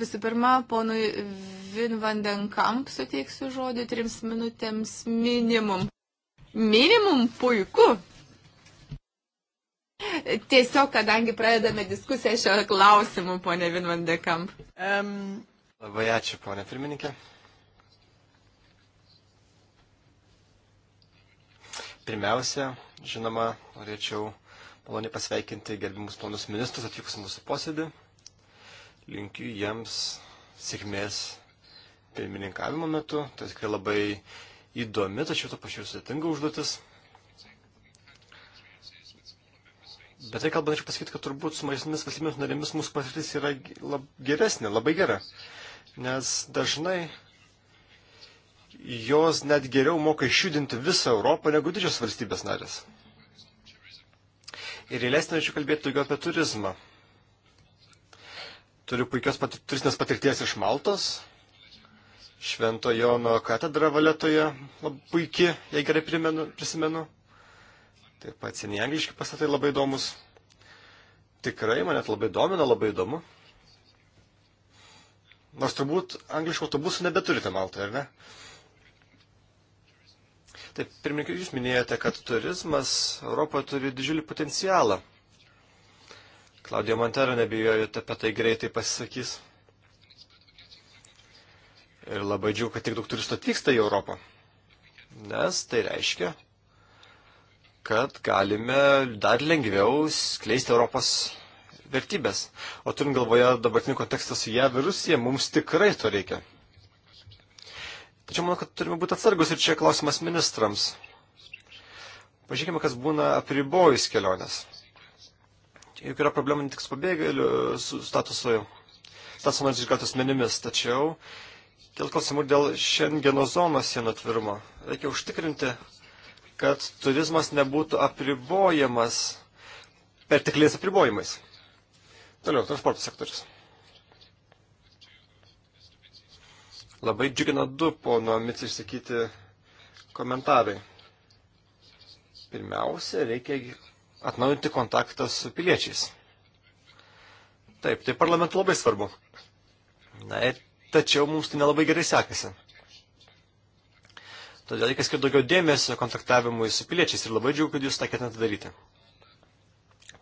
Visų pirma, ponui Vin Vandenkamp suteiksiu žodį trims minutėms minimum. Minimum puiku. Tiesiog, kadangi pradedame diskusiją šio klausimu, ponė Vinvandekamp. Um. Labai ačiū, ponė pirmininkė. Pirmiausia, žinoma, norėčiau maloniai pasveikinti gerbimus planus ministrus atvykus mūsų posėdį. Linkiu jiems sėkmės pirmininkavimo metu. Tai tikrai labai įdomi, tačiau to pačiu ir sudėtinga užduotis. Bet tai kalbant, aš pasakyti, kad turbūt su mažesnėmis valstybėmis narėmis mūsų patirtis yra geresnė, labai gera. Nes dažnai jos net geriau moka išjudinti visą Europą negu didžios valstybės narės. Ir eilės norėčiau kalbėti daugiau apie turizmą. Turiu puikios pat, turistinės patirties iš Maltos. Švento Jono katedra valetoje labai puikiai, jei gerai primenu, prisimenu. Taip pat seniai angliški pastatai labai įdomus. Tikrai mane tai labai domina, labai įdomu. Nors turbūt angliškų autobusų nebeturite Maltoje, ar ne? Taip, pirmininkai, jūs minėjote, kad turizmas Europoje turi didžiulį potencialą. Klaudijo Montero nebijojo, apie tai greitai pasisakys. Ir labai džiaugiu, kad tiek daug turistų atvyksta į Europą. Nes tai reiškia, kad galime dar lengviau skleisti Europos vertybės. O turint galvoje dabartinį kontekstą su JAV ir Rusija, mums tikrai to reikia. Tačiau manau, kad turime būti atsargus ir čia klausimas ministrams. Pažiūrėkime, kas būna apribojus keliones. Juk yra problemų ne tik su pabėgėliu su statusu, statusu išgautus menimis, tačiau dėl klausimų dėl Šengeno zonos sienų atvirimo. Reikia užtikrinti, kad turizmas nebūtų apribojamas pertikliais apribojimais. Toliau, transporto sektorius. Labai džiugina du pono Mits išsakyti komentarai. Pirmiausia, reikia atnaujinti kontaktą su piliečiais. Taip, tai parlamentui labai svarbu. Na ir tačiau mums tai nelabai gerai sekasi. Todėl reikia skirti daugiau dėmesio kontaktavimui su piliečiais ir labai džiaugiu, kad jūs tą ketinate daryti.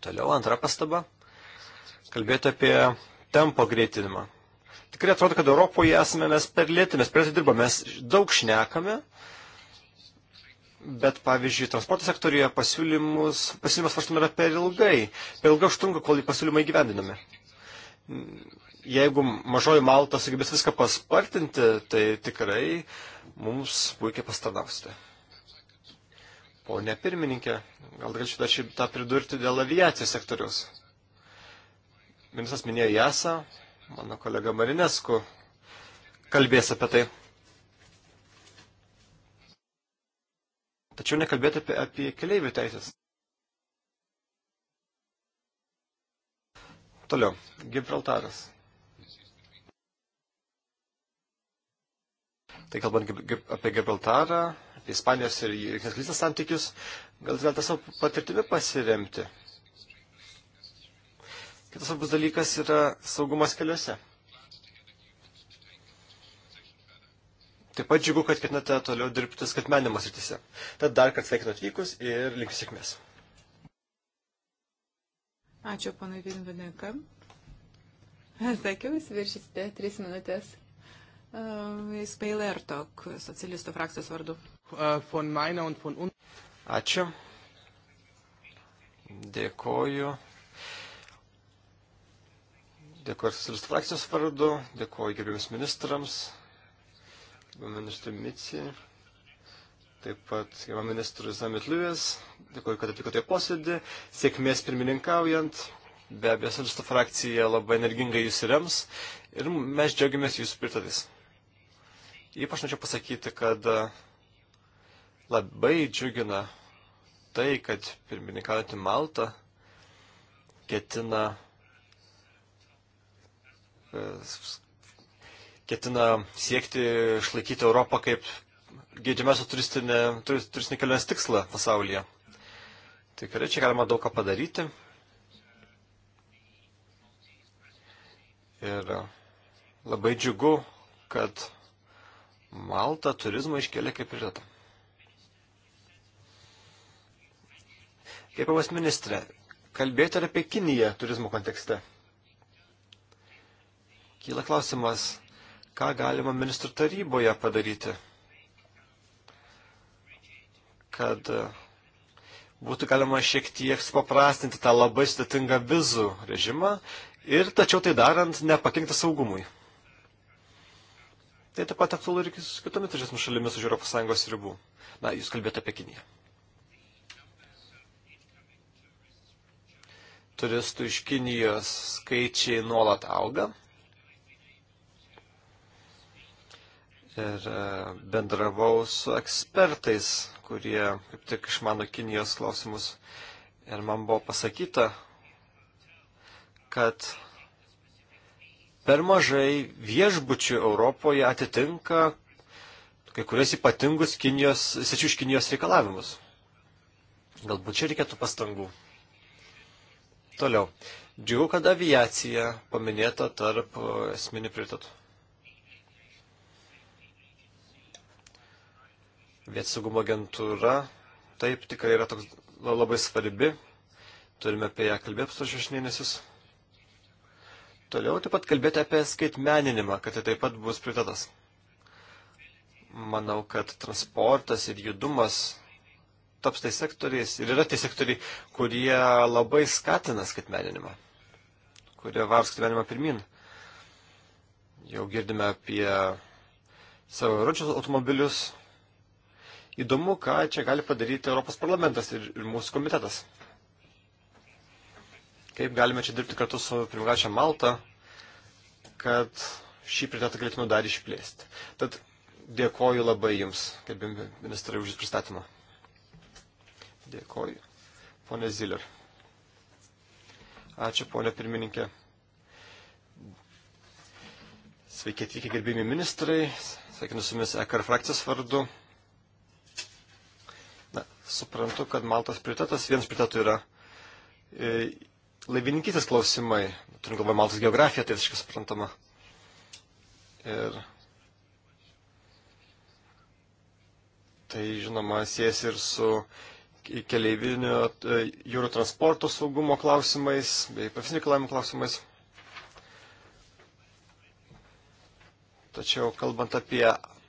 Toliau antra pastaba. Kalbėti apie tempo greitinimą tikrai atrodo, kad Europoje esame mes per lėti, mes per lėti dirbame, mes daug šnekame, bet, pavyzdžiui, transporto sektorijoje pasiūlymus, pasiūlymas svarstame yra per ilgai, per ilgai užtrunka, kol į pasiūlymą įgyvendiname. Jeigu mažoji Malta sugebės viską paspartinti, tai tikrai mums puikiai pastarnausite. Pone pirmininkė, gal galčiau dar šį tą pridurti dėl aviacijos sektoriaus. Ministras minėjo JASA, Mano kolega Marinesku kalbės apie tai. Tačiau nekalbėti apie, apie keleivių teisės. Toliau. Gibraltaras. Tai kalbant apie Gibraltarą, apie Ispanijos ir Jungtinės lysės santykius, gal galite savo patirtimi pasiremti. Kitas svarbus dalykas yra saugumas keliuose. Taip pat džiugu, kad ketinate toliau dirbti skatmenimo srityse. Tad dar kartą sveikinu atvykus ir linkiu sėkmės. Ačiū, panai Vilvinekam. Sakiau, jūs viršysite tris minutės. Uh, jis Peilertok, socialistų frakcijos vardu. Uh, Ačiū. Dėkoju Dėkuoju socialistų frakcijos vardu, dėkuoju gerbiams ministrams, ministrui Mici, taip pat gerbiam ministrui Zamit Liuvės, dėkuoju, kad atvykote į posėdį, sėkmės pirmininkaujant, be abejo, socialistų frakcija labai energingai jūs rems ir mes džiaugiamės jūsų pritartais. Ypač norėčiau pasakyti, kad e, labai džiugina tai, kad pirmininkaujantį Maltą ketina ketina siekti išlaikyti Europą kaip geidžiamiausią turistinę, turistinį kelionės tikslą pasaulyje. Tikrai čia galima daug ką padaryti. Ir labai džiugu, kad Malta turizmą iškėlė kaip prioritetą. Gerbiamas ministrė, kalbėjote ir apie Kiniją turizmo kontekste. Kyla klausimas, ką galima ministrų taryboje padaryti, kad e, būtų galima šiek tiek supaprastinti tą labai sudėtingą vizų režimą ir tačiau tai darant nepakenkti saugumui. Tai taip pat aktualu ir su kitomis trečiosiomis šalimis už ES ribų. Na, jūs kalbėjote apie Kiniją. Turistų iš Kinijos skaičiai nuolat auga. ir e, bendravau su ekspertais, kurie kaip tik išmano Kinijos klausimus. Ir man buvo pasakyta, kad per mažai viešbučių Europoje atitinka kai kurios ypatingus Kinijos, sečių iš Kinijos reikalavimus. Galbūt čia reikėtų pastangų. Toliau. Džiugu, kad aviacija paminėta tarp e, esminių prioritetų. Vietsaugumo agentūra, taip, tikrai yra toks labai svarbi. Turime apie ją kalbėti su šešis mėnesius. Toliau taip pat kalbėti apie skaitmeninimą, kad tai taip pat bus prioritetas. Manau, kad transportas ir judumas taps tai sektoriais ir yra tie sektoriai, kurie labai skatina skaitmeninimą, kurie vars skaitmeninimą pirmin. Jau girdime apie savo ručius automobilius, Įdomu, ką čia gali padaryti Europos parlamentas ir, ir mūsų komitetas. Kaip galime čia dirbti kartu su pirmininkačia Malta, kad šį prioritetą galėtume dar išplėsti. Tad dėkoju labai Jums, kaip ministrai, už Jūsų pristatymą. Dėkoju. Pone Ziller. Ačiū, ponė pirmininkė. Sveiki atvykę gerbėjami ministrai, sveikinu su jumis EKR frakcijos vardu suprantu, kad Maltos prioritetas, vienas prioritetų yra e, laivininkysis klausimai, turint galvoje Maltos geografiją, tai visiškai suprantama. Ir tai, žinoma, sies ir su keleivinio e, jūrų transporto saugumo klausimais bei profesinio kalavimo klausimais. Tačiau kalbant apie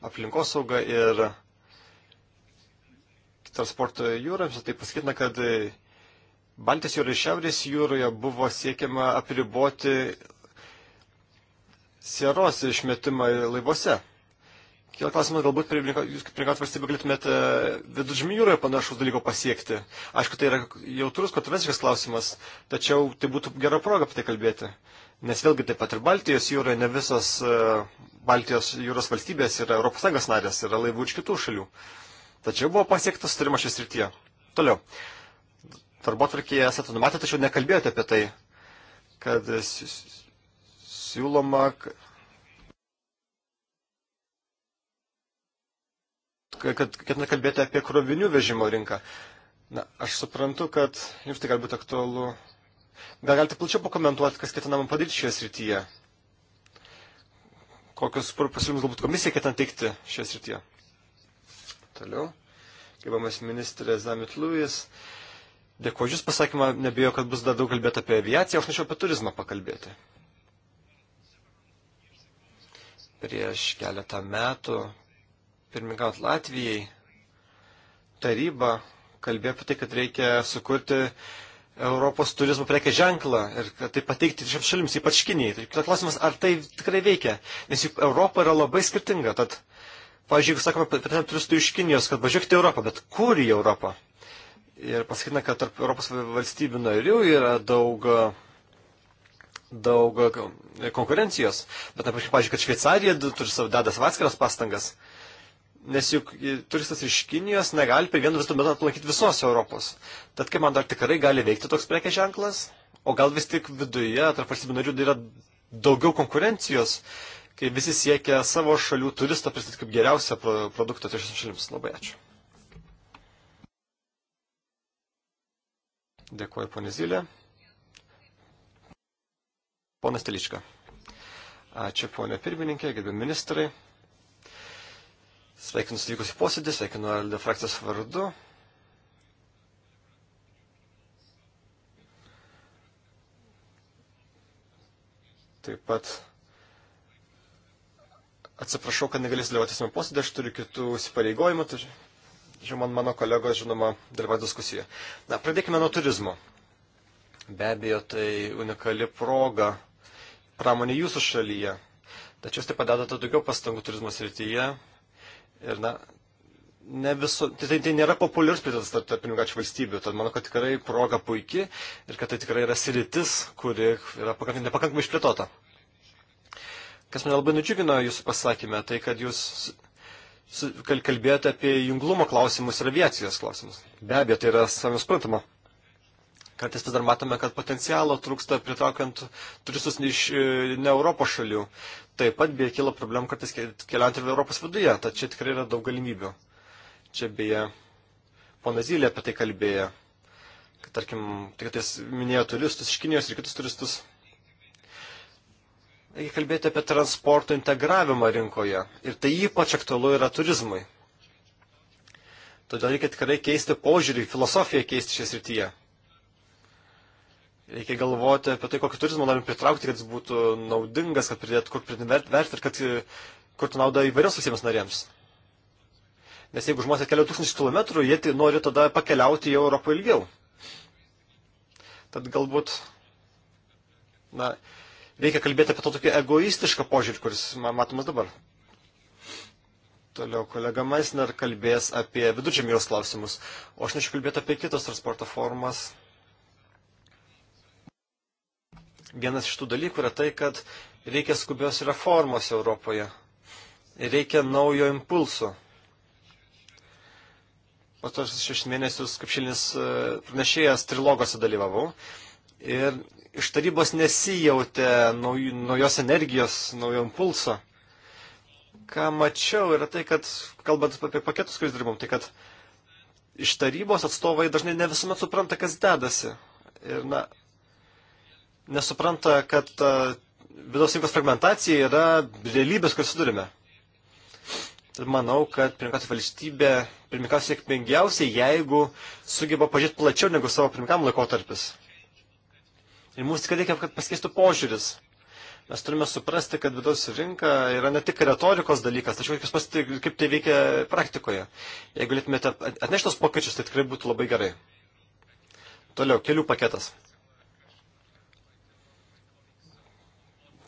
aplinkosaugą ir transporto jūroms, tai pasakytina, kad Baltijos jūroje ir Šiaurės jūroje buvo siekiama apriboti sieros išmetimą laivuose. Kila klausimas, galbūt jūs kaip prigat valstybė galėtumėte e, viduržmį jūroje panašus dalyko pasiekti. Aišku, tai yra jautrus, kontroversiškas klausimas, tačiau tai būtų gera proga apie tai kalbėti. Nes vėlgi taip pat ir Baltijos jūroje ne visos e, Baltijos jūros valstybės yra ES narės, yra laivų iš kitų šalių. Uh, Tačiau buvo pasiektas sutarimas šis rytyje. Toliau. Darbotvarkėje esate numatę, tačiau nekalbėjote apie tai, kad siūloma, kad ketina kalbėti apie krovinių vežimo rinką. Na, aš suprantu, kad jums tai galbūt aktualu. Gal galite plačiau pakomentuoti, kas ketinama padaryti šioje srityje? Kokius pasiūlymus galbūt komisija ketina teikti šioje srityje? Toliau, gerbiamas ministrė Zamit Lewis, dėkoju Jūs pasakymą, nebijo, kad bus dar daug kalbėti apie aviaciją, aš norėčiau apie turizmą pakalbėti. Prieš keletą metų, pirmininkant Latvijai, taryba kalbėjo apie tai, kad reikia sukurti Europos turizmo prekės ženklą ir tai pateikti šiems šalims, ypač Kinijai. Tai klausimas, ar tai tikrai veikia, nes juk Europa yra labai skirtinga, tad Pavyzdžiui, jeigu sakome, patenka turistų iš Kinijos, kad važiuokite į Europą, bet kur į Europą? Ir pasakytume, kad tarp Europos valstybių narių yra daug, daug konkurencijos. Bet, pavyzdžiui, kad Šveicarija turi savo dedas atskiras pastangas. Nes juk turistas iš Kinijos negali per vieną visų metų aplankyti visos Europos. Tad kaip man dar tikrai gali veikti toks prekės ženklas? O gal vis tik viduje, tarp valstybių narių, yra daugiau konkurencijos? Uh, kai visi siekia savo šalių turistą pristatyti kaip geriausią produktą trečiosioms šalims. Labai ačiū. Dėkuoju, ponė Zylė. Ponas Teliška. Ačiū, ponė pirmininkė, gerbiami ministrai. Sveikinu suvykusi posėdį, sveikinu LD frakcijos vardu. Taip pat Atsiprašau, kad negalėsiu dalyvauti esame posėdė, aš turiu kitų įsipareigojimų, tačiau man mano kolegos, žinoma, dalyvauja diskusijoje. Na, pradėkime nuo turizmo. Be abejo, tai unikali proga pramonė jūsų šalyje, tačiau jūs taip pat dedate daugiau pastangų turizmo srityje ir, na, ne viso, tai, tai, tai nėra populiarus prioritetas tarp, tarp pinigaičių valstybių, tad manau, kad tikrai proga puikiai ir kad tai tikrai yra sritis, kuri yra pakankamai, nepakankamai išplėtota. Kas mane labai nudžiugino jūsų pasakymę, tai kad jūs kalbėjote apie junglumo klausimus ir aviacijos klausimus. Be abejo, tai yra savai suprantama. Kartais vis dar matome, kad potencialo trūksta pritraukiant turistus iš e, ne Europos šalių. Taip pat beje kilo problemų kartais keliant ir Europos viduje, tad čia tikrai yra daug galimybių. Čia beje, pana Zylė apie tai kalbėjo, kad tarkim, tik tais minėjo turistus iš Kinijos ir kitus turistus. Reikia kalbėti apie transporto integravimą rinkoje. Ir tai ypač aktualu yra turizmui. Todėl reikia tikrai keisti požiūrį, filosofiją keisti šią srityje. Reikia galvoti apie tai, kokį turizmą norim pritraukti, kad jis būtų naudingas, kad pridėtų kur pridėtų vertę ir kad e, kurtų naudą įvairios valstybės narėms. Nes jeigu žmonės atkelia tūkstančius kilometrų, jie tai nori tada pakeliauti į Europą ilgiau. Tad galbūt, na, Reikia kalbėti apie to tokį egoistišką požiūrį, kuris matomas dabar. Toliau kolega Maisner kalbės apie viduržemijos klausimus, o aš nešiu kalbėti apie kitas transporto formas. Vienas iš tų dalykų yra tai, kad reikia skubios reformos Europoje. Reikia naujo impulso. Pastarosius šešis mėnesius kaip šilinis e, pranešėjas trilogose dalyvavau. Ir iš tarybos nesijautė nauj, naujos energijos, naujo impulso. Ką mačiau yra tai, kad, kalbant apie paketus, kuriais dirbom, tai kad iš tarybos atstovai dažnai ne visuomet supranta, kas dedasi. Ir, na, nesupranta, kad uh, vidaus rinkos fragmentacija yra realybės, kur sudurime. Tad manau, kad pirmininkas valstybė pirmininkas sėkmingiausiai, jeigu sugeba pažiūrėti plačiau negu savo pirmininkam laikotarpis. Ir mums tik reikia, kad pasikeistų požiūris. Mes turime suprasti, kad vidaus rinka yra ne tik retorikos dalykas, tačiau reikia suprasti, kaip tai veikia praktikoje. Jeigu galėtumėte atnešti tos pokyčius, tai tikrai būtų labai gerai. Toliau, kelių paketas.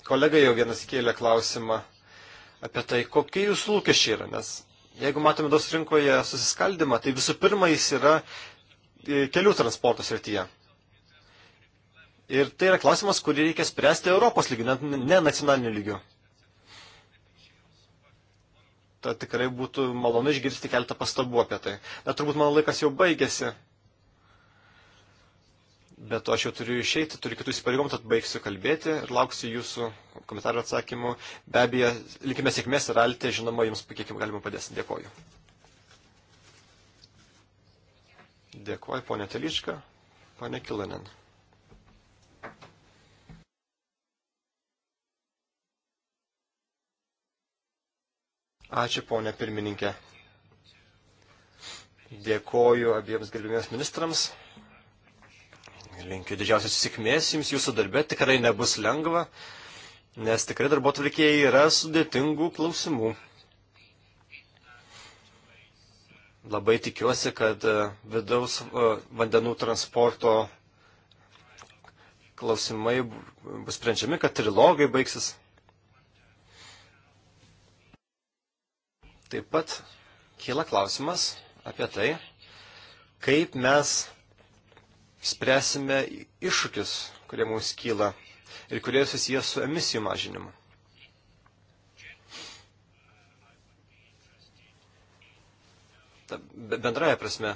Kolega jau vienas kėlė klausimą apie tai, kokie jūsų lūkesčiai yra, nes jeigu matome dos rinkoje susiskaldimą, tai visų pirma jis yra e, kelių transporto srityje. Ir tai yra klausimas, kurį reikia spręsti Europos lygiu, ne nacionaliniu lygiu. Ta tikrai būtų malonu išgirsti keletą pastabų apie tai. Bet turbūt mano laikas jau baigėsi. Bet aš jau turiu išeiti, turiu kitus įpareigom, tad baigsiu kalbėti ir lauksiu jūsų komentarų atsakymų. Be abejo, likime sėkmės ir alite, žinoma, jums kiek galima padės. Dėkoju. Dėkoju, ponė Teliška, ponė Kilinen. Ačiū, ponė pirmininkė. Dėkoju abiems gerbėmiems ministrams. Linkiu didžiausios sėkmės jums jūsų darbė. Tikrai nebus lengva, nes tikrai darbo atvarkėjai yra sudėtingų klausimų. Labai tikiuosi, kad e, vidaus e, vandenų transporto klausimai bus sprendžiami, kad trilogai baigsis. Taip pat kyla klausimas apie tai, kaip mes spręsime iššūkius, kurie mums kyla ir kurie susijęs su emisijų mažinimu. Ta bendraja prasme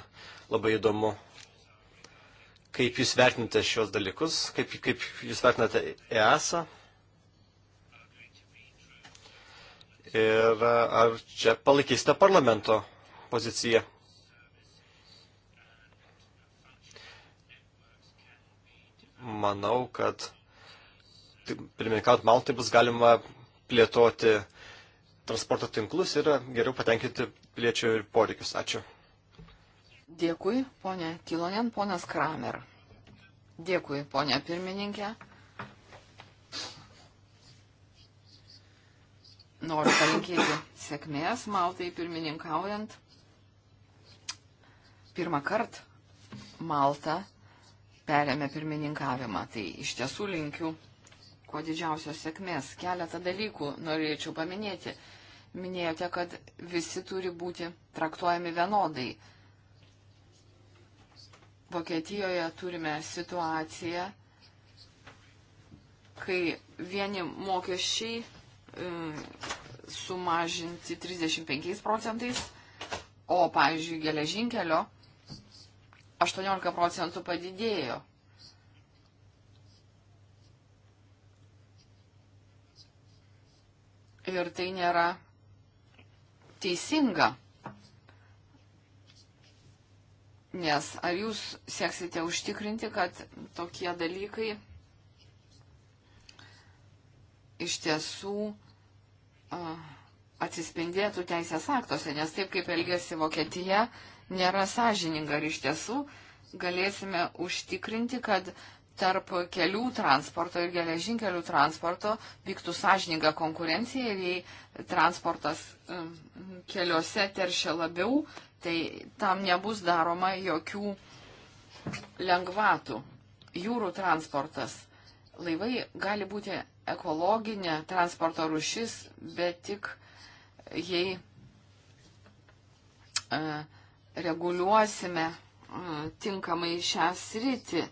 labai įdomu, kaip jūs vertinate šios dalykus, kaip, kaip jūs vertinate EASA Ir e, ar čia palaikysite parlamento poziciją? Manau, kad pirmininkaut Maltai bus galima plėtoti transporto tinklus ir geriau patenkinti piliečių poreikius. Ačiū. Dėkui, ponė Kilonen, ponas Kramer. Dėkui, ponė pirmininkė. Noriu palinkėti sėkmės Maltai pirmininkaujant. Pirmą kartą Malta perėmė pirmininkavimą. Tai iš tiesų linkiu kuo didžiausios sėkmės. Keletą dalykų norėčiau paminėti. Minėjote, kad visi turi būti traktuojami vienodai. Vokietijoje turime situaciją, kai vieni mokesčiai E, sumažinti 35 procentais, o, pavyzdžiui, geležinkelio 18 procentų padidėjo. Ir tai nėra teisinga. Nes ar jūs sieksite užtikrinti, kad tokie dalykai iš tiesų atsispindėtų teisės aktuose, nes taip kaip elgėsi Vokietija, nėra sąžininga ir iš tiesų galėsime užtikrinti, kad tarp kelių transporto ir geležinkelių transporto vyktų sąžininga konkurencija ir jei transportas um, keliuose teršia labiau, tai tam nebus daroma jokių lengvatų. Jūrų transportas. Laivai gali būti ekologinė transporto rušis, bet tik jei e, reguliuosime e, tinkamai šią sritį,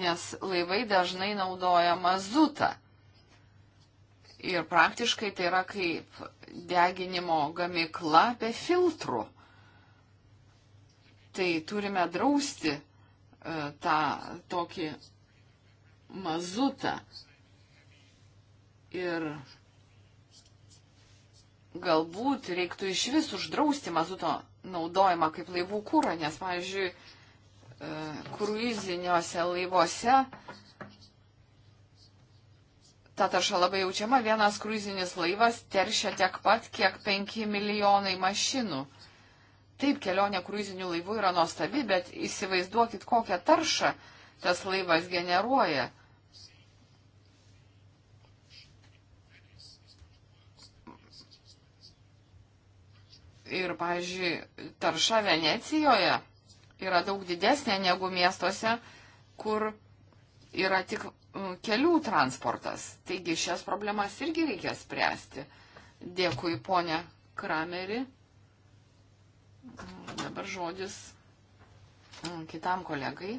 nes laivai dažnai naudoja mazutą. Ir praktiškai tai yra kaip deginimo gamikla be filtrų. Tai turime drausti e, tą tokį mazutą. Ir galbūt reiktų iš vis uždrausti mazuto naudojimą kaip laivų kūrą, nes, pavyzdžiui, e, kruiziniuose laivuose ta tarša labai jaučiama, vienas kruizinis laivas teršia tiek pat, kiek 5 milijonai mašinų. Taip, kelionė kruizinių laivų yra nuostabi, bet įsivaizduokit, kokią taršą tas laivas generuoja. ir, pavyzdžiui, tarša Venecijoje yra daug didesnė negu miestuose, kur yra tik mm, kelių transportas. Taigi šias problemas irgi reikia spręsti. Dėkui, ponė Krameri. Mm, dabar žodis mm, kitam kolegai.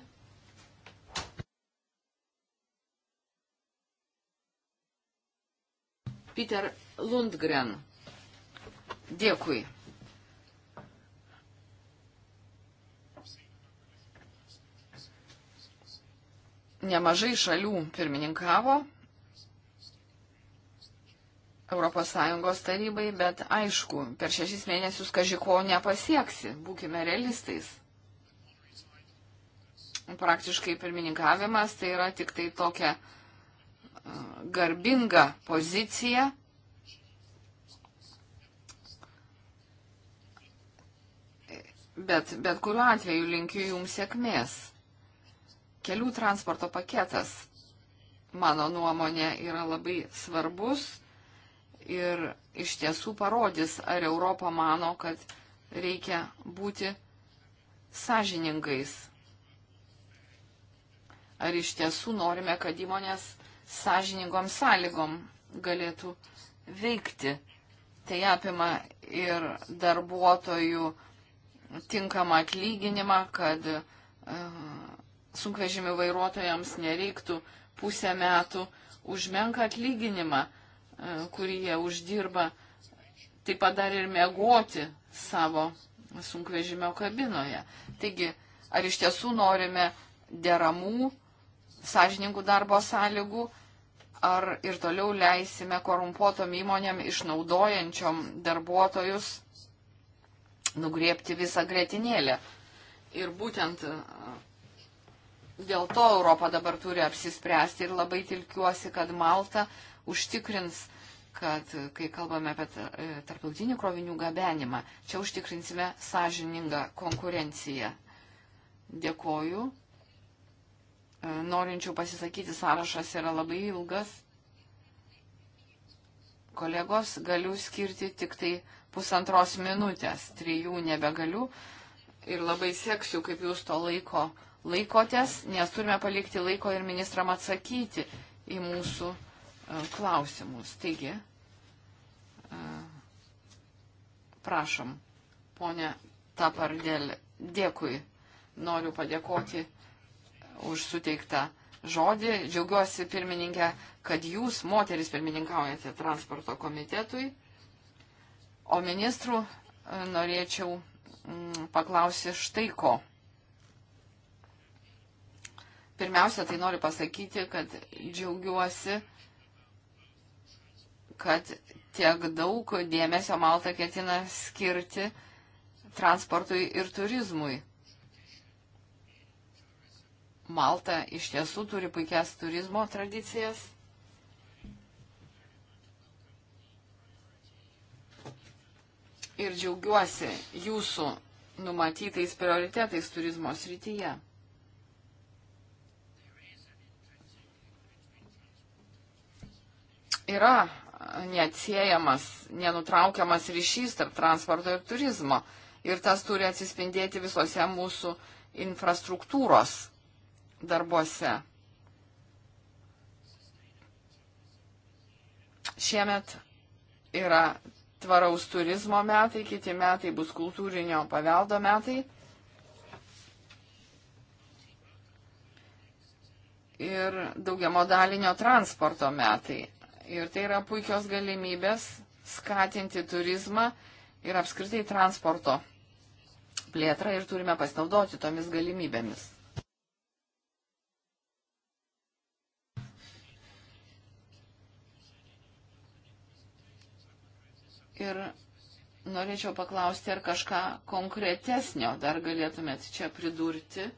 Peter Lundgren. Dėkui. nemažai šalių pirmininkavo ES tarybai, bet aišku, per šešis mėnesius kažiko nepasieksi, būkime realistais. Praktiškai pirmininkavimas tai yra tik tai tokia garbinga pozicija. Bet, bet kuriuo atveju linkiu jums sėkmės. Kelių transporto paketas, mano nuomonė, yra labai svarbus ir iš tiesų parodys, ar Europa mano, kad reikia būti sąžiningais. Ar iš tiesų norime, kad įmonės sąžiningom sąlygom galėtų veikti. Tai apima ir darbuotojų tinkamą atlyginimą, kad e, sunkvežimių vairuotojams nereiktų pusę metų užmenka atlyginimą, e, kurį jie uždirba, taip pat dar ir mėgoti savo sunkvežimio kabinoje. Taigi, ar iš tiesų norime deramų, sąžiningų darbo sąlygų, ar ir toliau leisime korumpuotom įmonėm išnaudojančiom darbuotojus nugriepti visą grėtinėlę. Ir būtent Dėl to Europa dabar turi apsispręsti ir labai tilkiuosi, kad Malta užtikrins, kad kai kalbame apie e, tarptautinį krovinių gabenimą, čia užtikrinsime sąžiningą konkurenciją. Dėkoju. E, norinčių pasisakyti sąrašas yra labai ilgas. Kolegos, galiu skirti tik tai pusantros minutės, trijų nebegaliu ir labai seksiu, kaip jūs to laiko laikotės, nes turime palikti laiko ir ministram atsakyti į mūsų e, klausimus. Taigi, e, prašom, ponė Tapardėl, dėkui. Noriu padėkoti už suteiktą žodį. Džiaugiuosi, pirmininkė, kad jūs, moteris, pirmininkaujate transporto komitetui. O ministrų e, norėčiau mm, paklausyti štai ko. Pirmiausia, tai noriu pasakyti, kad džiaugiuosi, kad tiek daug dėmesio Malta ketina skirti transportui ir turizmui. Malta iš tiesų turi puikias turizmo tradicijas. Ir džiaugiuosi jūsų numatytais prioritetais turizmo srityje. yra neatsiejamas, nenutraukiamas ryšys tarp transporto ir turizmo. Ir tas turi atsispindėti visose mūsų infrastruktūros darbuose. Šiemet yra tvaraus turizmo metai, kiti metai bus kultūrinio paveldo metai. ir daugiamodalinio transporto metai. Ir tai yra puikios galimybės skatinti turizmą ir apskritai transporto plėtrą ir turime pasinaudoti tomis galimybėmis. Ir norėčiau paklausti, ar kažką konkretesnio dar galėtumėt čia pridurti.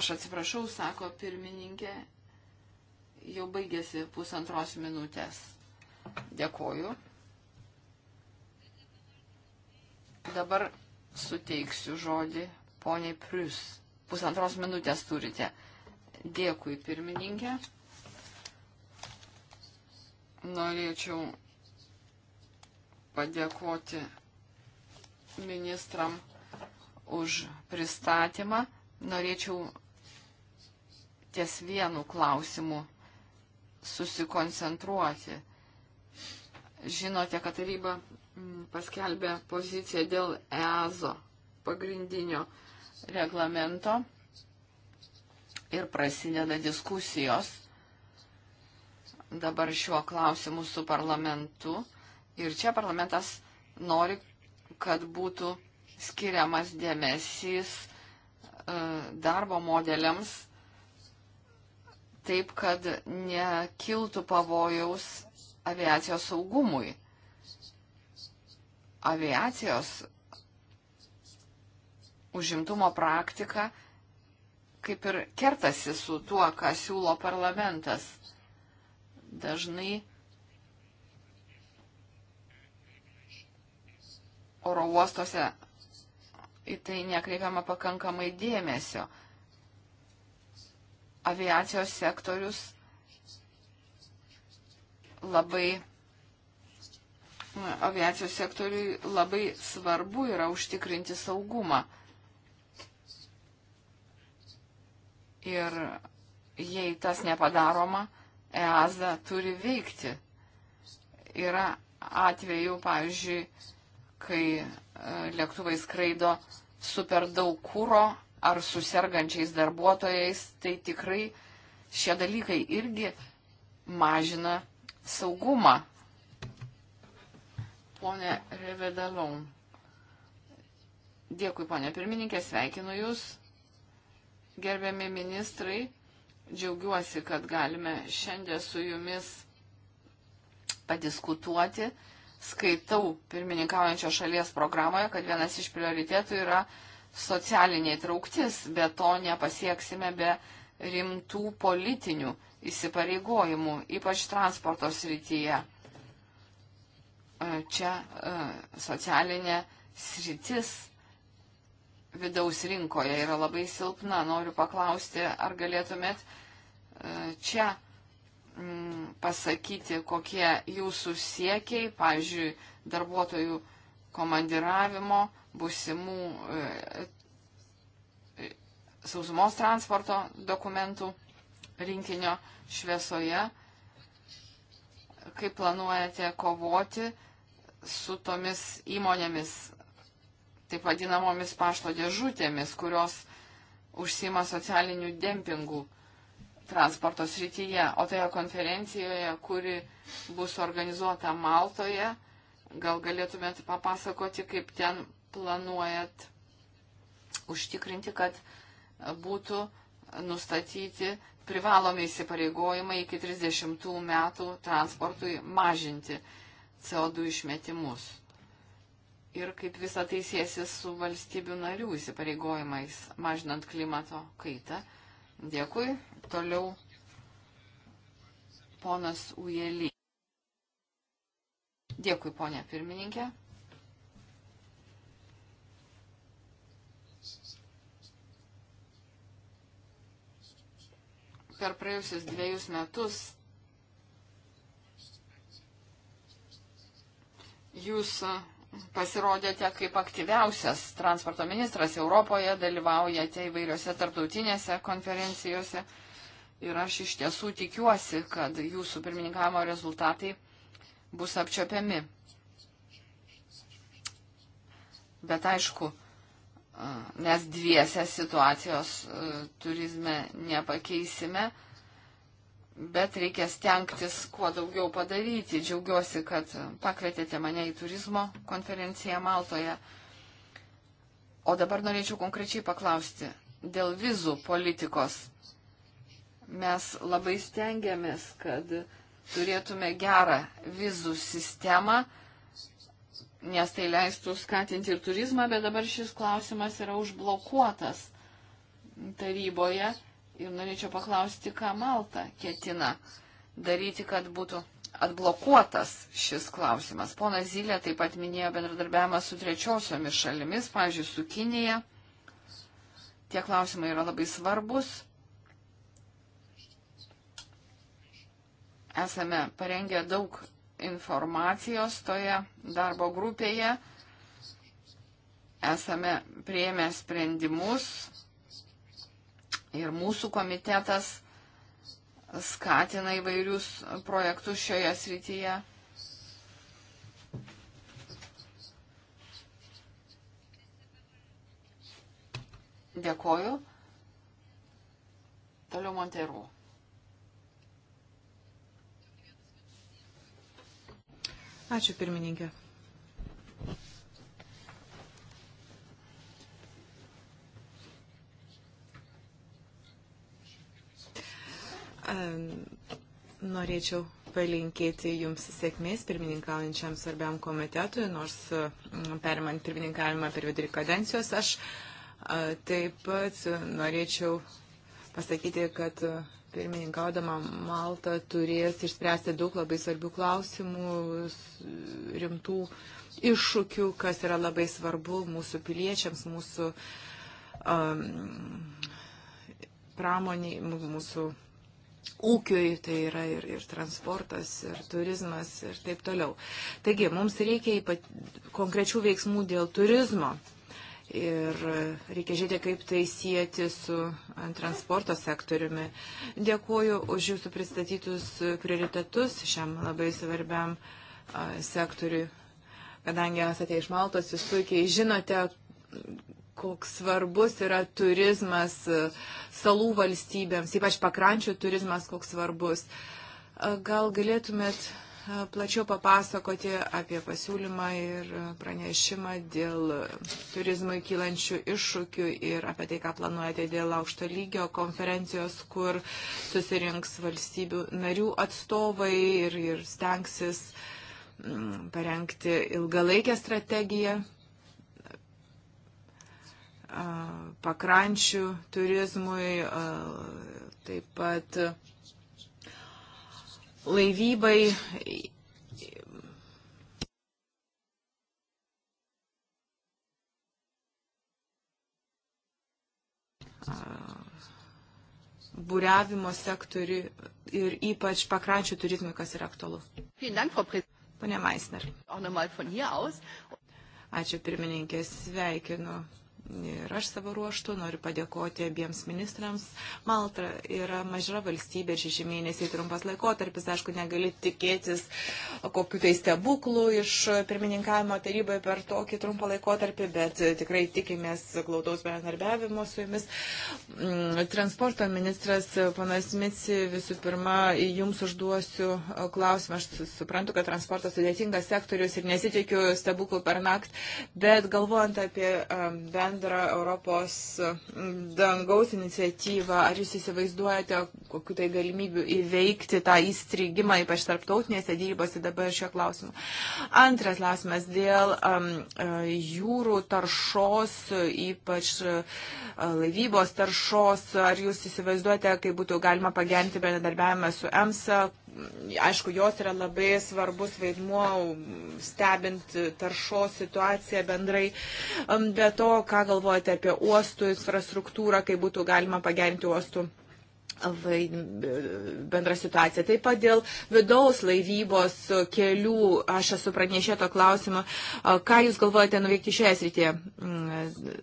Aš atsiprašau, sako pirmininkė, jau baigėsi pusantros minutės. Dėkoju. Dabar suteiksiu žodį poniai Prius. Pusantros minutės turite. Dėkui, pirmininkė. Norėčiau padėkoti ministram už pristatymą. Norėčiau ties vienu klausimu susikoncentruoti. Žinote, kad taryba mm, paskelbė poziciją dėl EASO pagrindinio reglamento ir prasideda diskusijos dabar šiuo klausimu su parlamentu. Ir čia parlamentas nori, kad būtų skiriamas dėmesys e, darbo modeliams taip, kad nekiltų pavojaus aviacijos saugumui. Aviacijos užimtumo praktika kaip ir kertasi su tuo, ką siūlo parlamentas. Dažnai oro uostose į tai nekreipiama pakankamai dėmesio aviacijos sektorius labai aviacijos sektoriui labai svarbu yra užtikrinti saugumą. Ir jei tas nepadaroma, EASA turi veikti. Yra atvejų, pavyzdžiui, kai e, lėktuvai skraido su per daug kūro ar su sergančiais darbuotojais, tai tikrai šie dalykai irgi mažina saugumą. Pone Revedalon. Dėkui, ponė pirmininkė, sveikinu Jūs. Gerbiami ministrai, džiaugiuosi, kad galime šiandien su Jumis padiskutuoti. Skaitau pirmininkaujančio šalies programoje, kad vienas iš prioritėtų yra socialinė trauktis, bet to nepasieksime be rimtų politinių įsipareigojimų, ypač transporto srityje. E, čia e, socialinė sritis vidaus rinkoje yra labai silpna. Noriu paklausti, ar galėtumėt e, čia pasakyti, kokie jūsų siekiai, pavyzdžiui, darbuotojų komandiravimo, būsimų e, e, sausumos transporto dokumentų rinkinio šviesoje, kaip planuojate kovoti su tomis įmonėmis, taip vadinamomis pašto dėžutėmis, kurios užsima socialinių dempingų transporto srityje. O toje konferencijoje, kuri bus organizuota Maltoje, Gal galėtumėt papasakoti, kaip ten planuojat užtikrinti, kad būtų nustatyti privalomi įsipareigojimai iki 30 metų transportui mažinti CO2 išmetimus. Ir kaip visą tai siesis su valstybių narių įsipareigojimais mažinant klimato kaitą. Dėkui. Toliau ponas Ujeli. Dėkui, ponė pirmininkė. Per praėjusius dviejus metus jūs pasirodėte kaip aktyviausias transporto ministras Europoje, dalyvaujate įvairiose tarptautinėse konferencijose ir aš iš tiesų tikiuosi, kad jūsų pirmininkavimo rezultatai bus apčiopiami. Bet aišku, mes dviese situacijos e, turizme nepakeisime, bet reikia stengtis kuo daugiau padaryti. Džiaugiuosi, kad pakvietėte mane į turizmo konferenciją Maltoje. O dabar norėčiau konkrečiai paklausti dėl vizų politikos. Mes labai stengiamės, kad turėtume gerą vizų sistemą, nes tai leistų skatinti ir turizmą, bet dabar šis klausimas yra užblokuotas taryboje ir norėčiau paklausti, ką Malta ketina daryti, kad būtų atblokuotas šis klausimas. Pona Zylė taip pat minėjo bendradarbiavimą su trečiosiomis šalimis, pavyzdžiui, su Kinija. Tie klausimai yra labai svarbus. Esame parengę daug informacijos toje darbo grupėje. Esame prieėmę sprendimus ir mūsų komitetas skatina įvairius projektus šioje srityje. Dėkoju. Toliau Monteru. Ačiū pirmininkė. Norėčiau palinkėti Jums sėkmės pirmininkaujančiam svarbiam komitetui, nors perimant pirmininkavimą per vidurį kadencijos, aš taip pat norėčiau pasakyti, kad e, pirmininkaudama Malta turės išspręsti daug labai svarbių klausimų, rimtų iššūkių, kas yra labai svarbu mūsų piliečiams, mūsų um, pramoniai, mūsų ūkiui, tai yra ir, ir transportas, ir turizmas, ir taip toliau. Taigi, mums reikia konkrečių veiksmų dėl turizmo. Ir reikia žiūrėti, kaip tai sieti su transporto sektoriumi. Dėkuoju už jūsų pristatytus prioritetus šiam labai svarbiam sektoriui. Kadangi esate iš Maltos, jūs puikiai žinote, koks svarbus yra turizmas salų valstybėms, ypač pakrančių turizmas, koks svarbus. Gal galėtumėt plačiau papasakoti apie pasiūlymą ir pranešimą dėl turizmui kylančių iššūkių ir apie tai, ką planuojate dėl aukšto lygio konferencijos, kur susirinks valstybių narių atstovai ir, ir stengsis mm, parengti ilgalaikę strategiją pakrančių turizmui, taip pat laivybai. būriavimo sektoriui ir ypač pakrančių turizmui, kas yra aktualu. Pane Maisner. Ačiū pirmininkė, sveikinu Ir aš savo ruoštų noriu padėkoti abiems ministrams. Malta yra mažra valstybė, šeši mėnesiai trumpas laikotarpis. Aišku, negali tikėtis kokiu tai stebuklų iš pirmininkavimo taryboje per tokį trumpą laikotarpį, bet tikrai tikimės glaudaus bendarbiavimo su jumis. Mm, transporto ministras, panas Mitsi, visų pirma, jums užduosiu klausimą. Aš suprantu, kad transportas sudėtingas sektorius ir nesitikiu stebuklų per naktį, bet galvojant apie um, bendrą bendrą Europos dangaus iniciatyvą, ar jūs įsivaizduojate, kokiu tai galimybių įveikti tą įstrigimą, ypač tarptautinėse dėrybose dabar šio klausimu. Antras klausimas dėl um, jūrų taršos, ypač uh, laivybos taršos, ar jūs įsivaizduojate, kaip būtų galima pagerinti bendradarbiavimą su EMSA, aišku, jos yra labai svarbus vaidmuo stebint taršos situaciją bendrai. Be to, ką galvojate apie uostų infrastruktūrą, kaip būtų galima pagerinti uostų bendra situacija. Taip pat dėl vidaus laivybos kelių, aš esu pranešė to klausimą, ką Jūs galvojate nuveikti šioje srityje? Mm,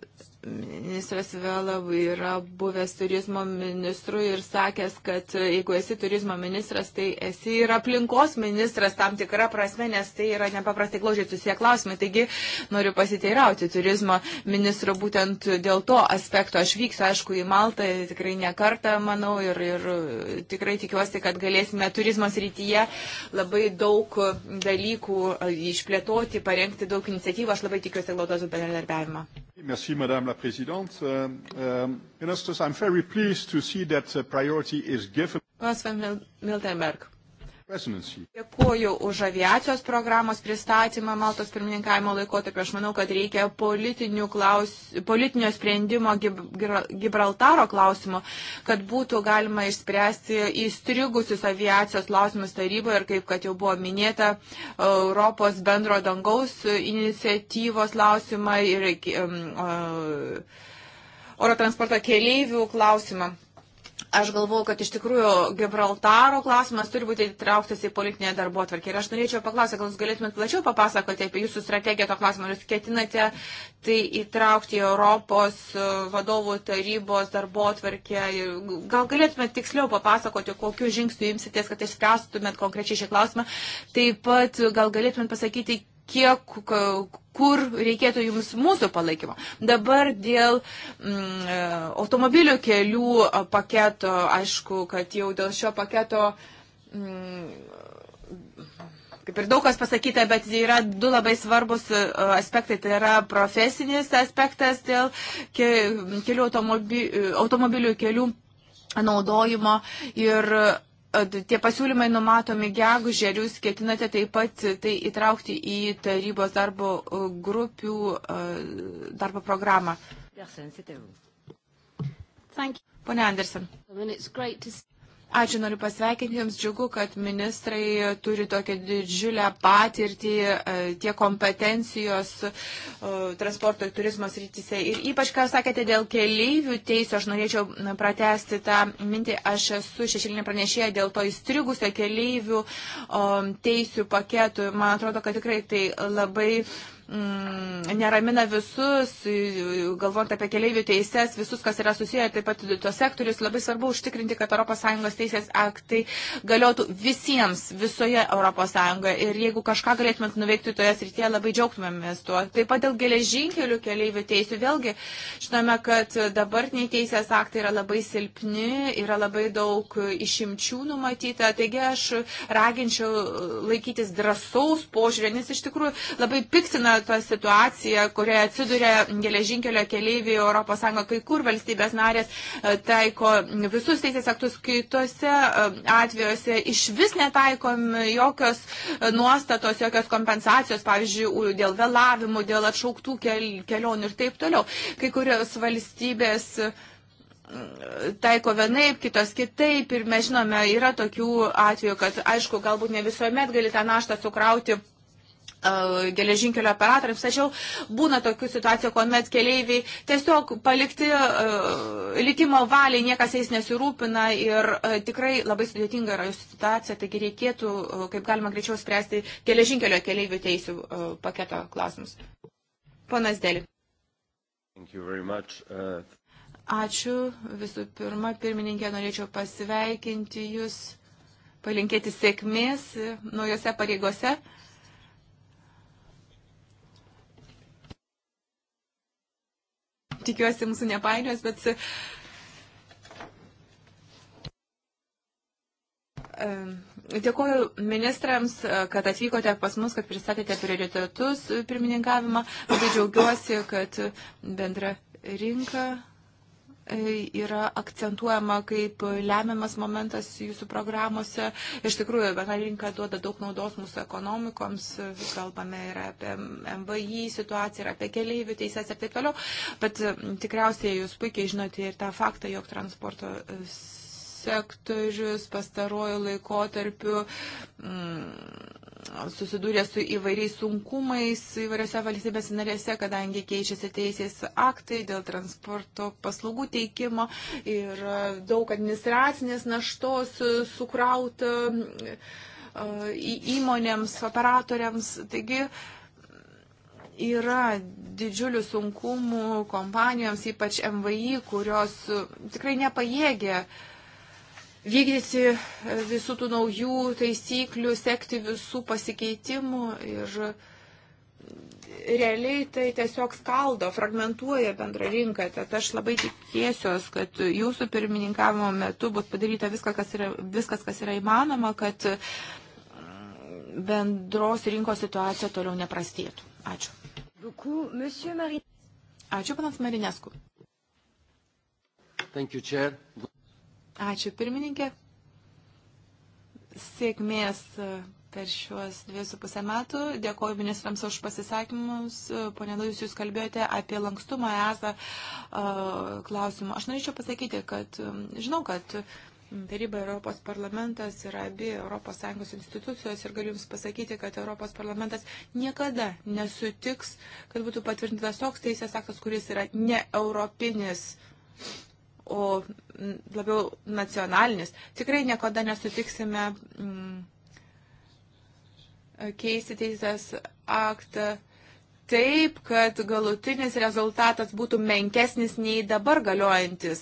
ministras Velav yra buvęs turizmo ministru ir sakęs, kad jeigu esi turizmo ministras, tai esi ir aplinkos ministras tam tikrą prasme, nes tai yra nepaprastai glaužiai susiję klausimai. Taigi noriu pasiteirauti turizmo ministro būtent dėl to aspekto. Aš vyksiu, aišku, į Maltą tikrai ne kartą, manau, ir, ir tikrai tikiuosi, kad galėsime turizmo srityje labai daug dalykų išplėtoti, parengti daug iniciatyvų. Aš labai tikiuosi glaudos bendradarbiavimo. Merci, Madame la Présidente. Um, um, Ministers, I'm very pleased to see that uh, priority is given. Hans van Miltenberg. Dėkuoju už aviacijos programos pristatymą Maltos pirmininkavimo laikotarpį. Aš manau, kad reikia klaus... politinio sprendimo Gib... Gibraltaro klausimu, kad būtų galima išspręsti įstrigusius aviacijos klausimus taryboje ir kaip, kad jau buvo minėta, Europos bendro dangaus iniciatyvos klausimą ir um, oro transporto keleivių klausimą. Aš galvoju, kad iš tikrųjų Gibraltaro klausimas turi būti įtrauktas į politinę darbo atvarkį. Ir aš norėčiau paklausyti, gal jūs galėtumėt plačiau papasakoti apie jūsų strategiją to klausimo. Jūs ketinate tai įtraukti į Europos e, vadovų tarybos darbo atvarkę. Gal galėtumėt tiksliau papasakoti, kokiu žingsniu imsitės, kad išspręstumėt konkrečiai šį klausimą. Taip pat gal galėtumėt pasakyti, kiek, kur reikėtų jums mūsų palaikymo. Dabar dėl mm, e, automobilių kelių e, paketo, aišku, kad jau dėl šio paketo. Mm, kaip ir daug kas pasakyta, bet yra du labai svarbus e, aspektai. Tai yra profesinis aspektas dėl kelių automobilių, automobilių kelių naudojimo ir tie pasiūlymai numatomi gegužė, ar jūs ketinate taip pat tai įtraukti į tarybos darbo e, grupių e, darbo programą? Pone Andersen. Ačiū, noriu pasveikinti Jums džiugu, kad ministrai turi tokią didžiulę patirtį, e, tie kompetencijos e, transporto ir turizmo srityse. Ir ypač, ką sakėte dėl keleivių teisų, aš norėčiau pratesti tą mintį, aš esu šešilinė pranešėja dėl to įstrigusio keleivių teisų paketų. Man atrodo, kad tikrai tai labai Mm, neramina visus, galvojant apie keliaivių teises, visus, kas yra susiję taip pat tuos sektorius, labai svarbu užtikrinti, kad ES teisės aktai galiotų visiems visoje ES. Ir jeigu kažką galėtumėt nuveikti toje srityje, labai džiaugtumėmės tuo. Taip pat dėl geležinkelių keliaivių teisų, vėlgi žinome, kad dabartiniai teisės aktai yra labai silpni, yra labai daug išimčių numatyta. Taigi aš raginčiau laikytis drąsaus požiūrį, nes iš tikrųjų labai piktina tą situaciją, kurioje atsiduria geležinkelio keleiviai Europos Sąjunga, kai kur valstybės narės e, taiko visus teisės aktus, kitose e, atvejuose iš vis netaikom jokios e, nuostatos, jokios kompensacijos, pavyzdžiui, dėl vėlavimų, dėl atšauktų kelionių ir taip toliau. Kai kurios valstybės taiko vienaip, kitos kitaip ir mes žinome, yra tokių atvejų, kad aišku, galbūt ne visuomet gali tą naštą sukrauti geležinkelio operatoriams. Tačiau būna tokių situacijų, kuomet keleiviai tiesiog palikti likimo valiai, niekas jais nesirūpina ir tikrai labai sudėtinga yra jų situacija, taigi reikėtų kaip galima greičiau spręsti geležinkelio keleivių teisų paketo klausimus. Ponas Deli. Uh... Ačiū. Visų pirma, pirmininkė, norėčiau pasveikinti Jūs, palinkėti sėkmės e, naujose pareigose. tikiuosi mūsų nepainios, bet. E, Dėkuoju ministrams, e, kad atvykote pas mus, kad pristatėte prioritetus pirmininkavimą. Labai džiaugiuosi, kad bendra rinka E, yra akcentuojama kaip lemiamas momentas jūsų programuose. Iš tikrųjų, viena rinka duoda daug naudos mūsų ekonomikoms, kalbame ir apie MVI situaciją, ir apie keleivių teises ir taip toliau, bet e, tikriausiai jūs puikiai žinote ir tą faktą, jog transporto sektorius pastaruoju laikotarpiu. Mm, susidūrė su įvairiais sunkumais įvairiose valstybės narėse, kadangi keičiasi teisės aktai dėl transporto paslaugų teikimo ir e, daug administracinės naštos sukrauta e, įmonėms, operatoriams. Taigi, yra didžiulių sunkumų kompanijoms, ypač MVI, kurios tikrai nepajėgė uh, vykdyti e, visų tų naujų taisyklių, sekti visų pasikeitimų ir realiai tai tiesiog skaldo, fragmentuoja bendrą rinką. Tad aš labai tikėsiuos, kad jūsų pirmininkavimo metu bus padaryta viskas, kas yra, viskas, kas yra įmanoma, kad mm, bendros rinkos situacija toliau neprastėtų. Ačiū. Ačiū, panas Marinesku. Thank you, Chair. Ačiū pirmininkė. Sėkmės e, per šiuos dviejus su pusę metų. Dėkoju ministrams už pasisakymus. E, pone Lujus, jūs kalbėjote apie lankstumą ESA e, klausimą. Aš norėčiau pasakyti, kad žinau, kad Taryba Europos parlamentas ir abi ES institucijos ir galiu Jums pasakyti, kad Europos parlamentas niekada nesutiks, kad būtų patvirtintas toks teisės aktas, kuris yra neeuropinis o labiau nacionalinis. Tikrai niekada nesutiksime mm, keisti teisės aktą taip, kad galutinis rezultatas būtų menkesnis nei dabar galiojantis,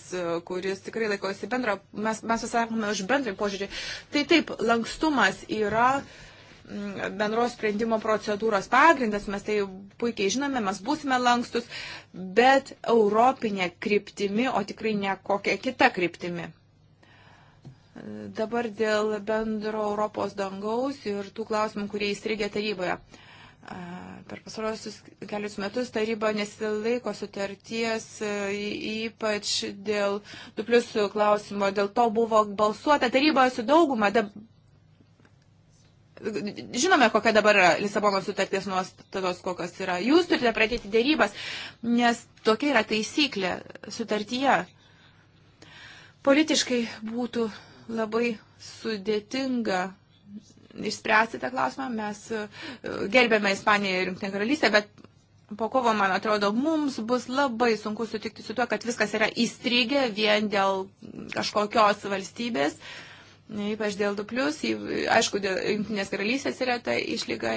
kuris tikrai laikosi bendro, mes, mes susakome už bendrą požiūrį. Tai taip, lankstumas yra uh, bendros sprendimo procedūros pagrindas, mes tai puikiai žinome, mes būsime lankstus, bet europinė kryptimi, o tikrai ne kokia kita kryptimi. Dabar dėl bendro Europos dangaus ir tų klausimų, kurie įstrigė taryboje. Per pasarosius kelius metus taryba nesilaiko sutarties, e, ypač dėl duplius klausimo. Dėl to buvo balsuota taryboje su dauguma, žinome, kokia dabar yra Lisabonos sutarties nuostatos, kokios yra. Jūs turite pradėti dėrybas, nes tokia yra taisyklė sutartyje. Politiškai būtų labai sudėtinga išspręsti tą klausimą. Mes e, gerbėme Ispaniją ir Junktinę karalystę, bet po kovo, man atrodo, mums bus labai sunku sutikti su tuo, kad viskas yra įstrigę vien dėl kažkokios valstybės. Uh, Ypač dėl du plus, aišku, dėl Junktinės karalystės yra ta išlyga,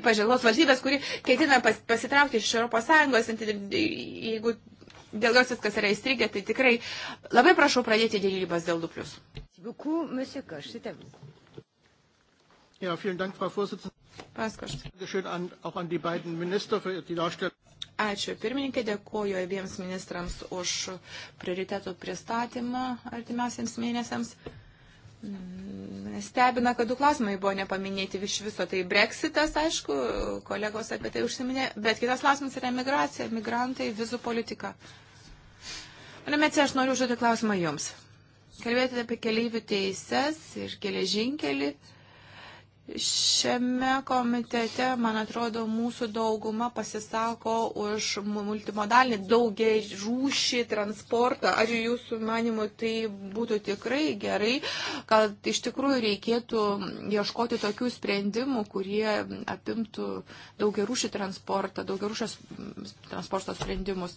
ypač dėl tos valstybės, kuri ketina pas, pasitraukti iš ES, jeigu dėl jos viskas yra įstrigę, tai tikrai labai prašau pradėti dėrybas dėl du plus. Ja, vielen Dank, Frau Vorsitzende. Ačiū pirmininkė, dėkoju abiems ministrams už prioritetų pristatymą artimiausiams mėnesiams. Stebina, kad du klausimai buvo nepaminėti iš viso. Tai breksitas, aišku, kolegos apie tai užsiminė, bet kitas klausimas yra migracija, migrantai, vizų politika. Pane Mece, aš noriu užduoti klausimą Jums. Kalbėjote apie keleivių teises ir geležinkelį. Keli Šiame komitete, man atrodo, mūsų dauguma pasisako už multimodalinį daugiai rūšį transportą. Ar jūsų manimu tai būtų tikrai gerai, kad iš tikrųjų reikėtų ieškoti tokių sprendimų, kurie apimtų daugiai rūšį transportą, daugiai rūšės transporto sprendimus?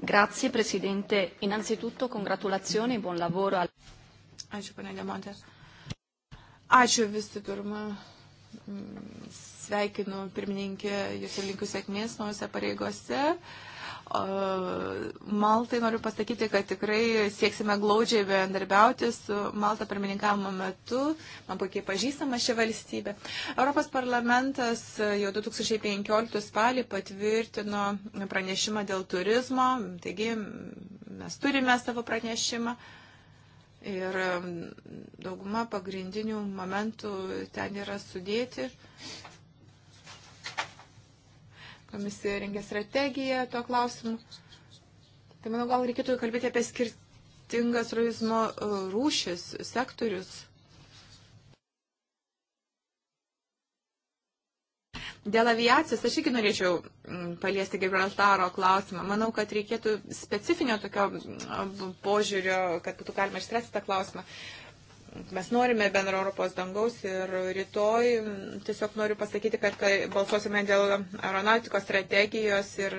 Grazie, Presidente. Innanzitutto, congratulazioni, buon lavoro. Al... Ačiū, ponė Demontė. Ačiū visų pirma. Sveikinu pirmininkė, jūs ir linkiu sėkmės naujose pareigose. Maltai noriu pasakyti, kad tikrai sieksime glaudžiai bendarbiauti su Malta pirmininkavimo metu. Man puikiai pažįstama ši valstybė. Europos parlamentas jau 2015 spalį patvirtino pranešimą dėl turizmo, taigi mes turime savo pranešimą. Uh, Ir dauguma pagrindinių momentų ten yra sudėti. Komisija rengia strategiją tuo klausimu. Tai manau, gal reikėtų kalbėti apie skirtingas turizmo e, rūšis, sektorius. Dėl aviacijos aš irgi norėčiau mm, paliesti Gibraltaro klausimą. Manau, kad reikėtų specifinio tokio mm, požiūrio, kad būtų galima išspręsti tą klausimą. Mes norime bendro Europos dangaus ir rytoj mm, tiesiog noriu pasakyti, kad kai balsuosime dėl aeronautikos strategijos ir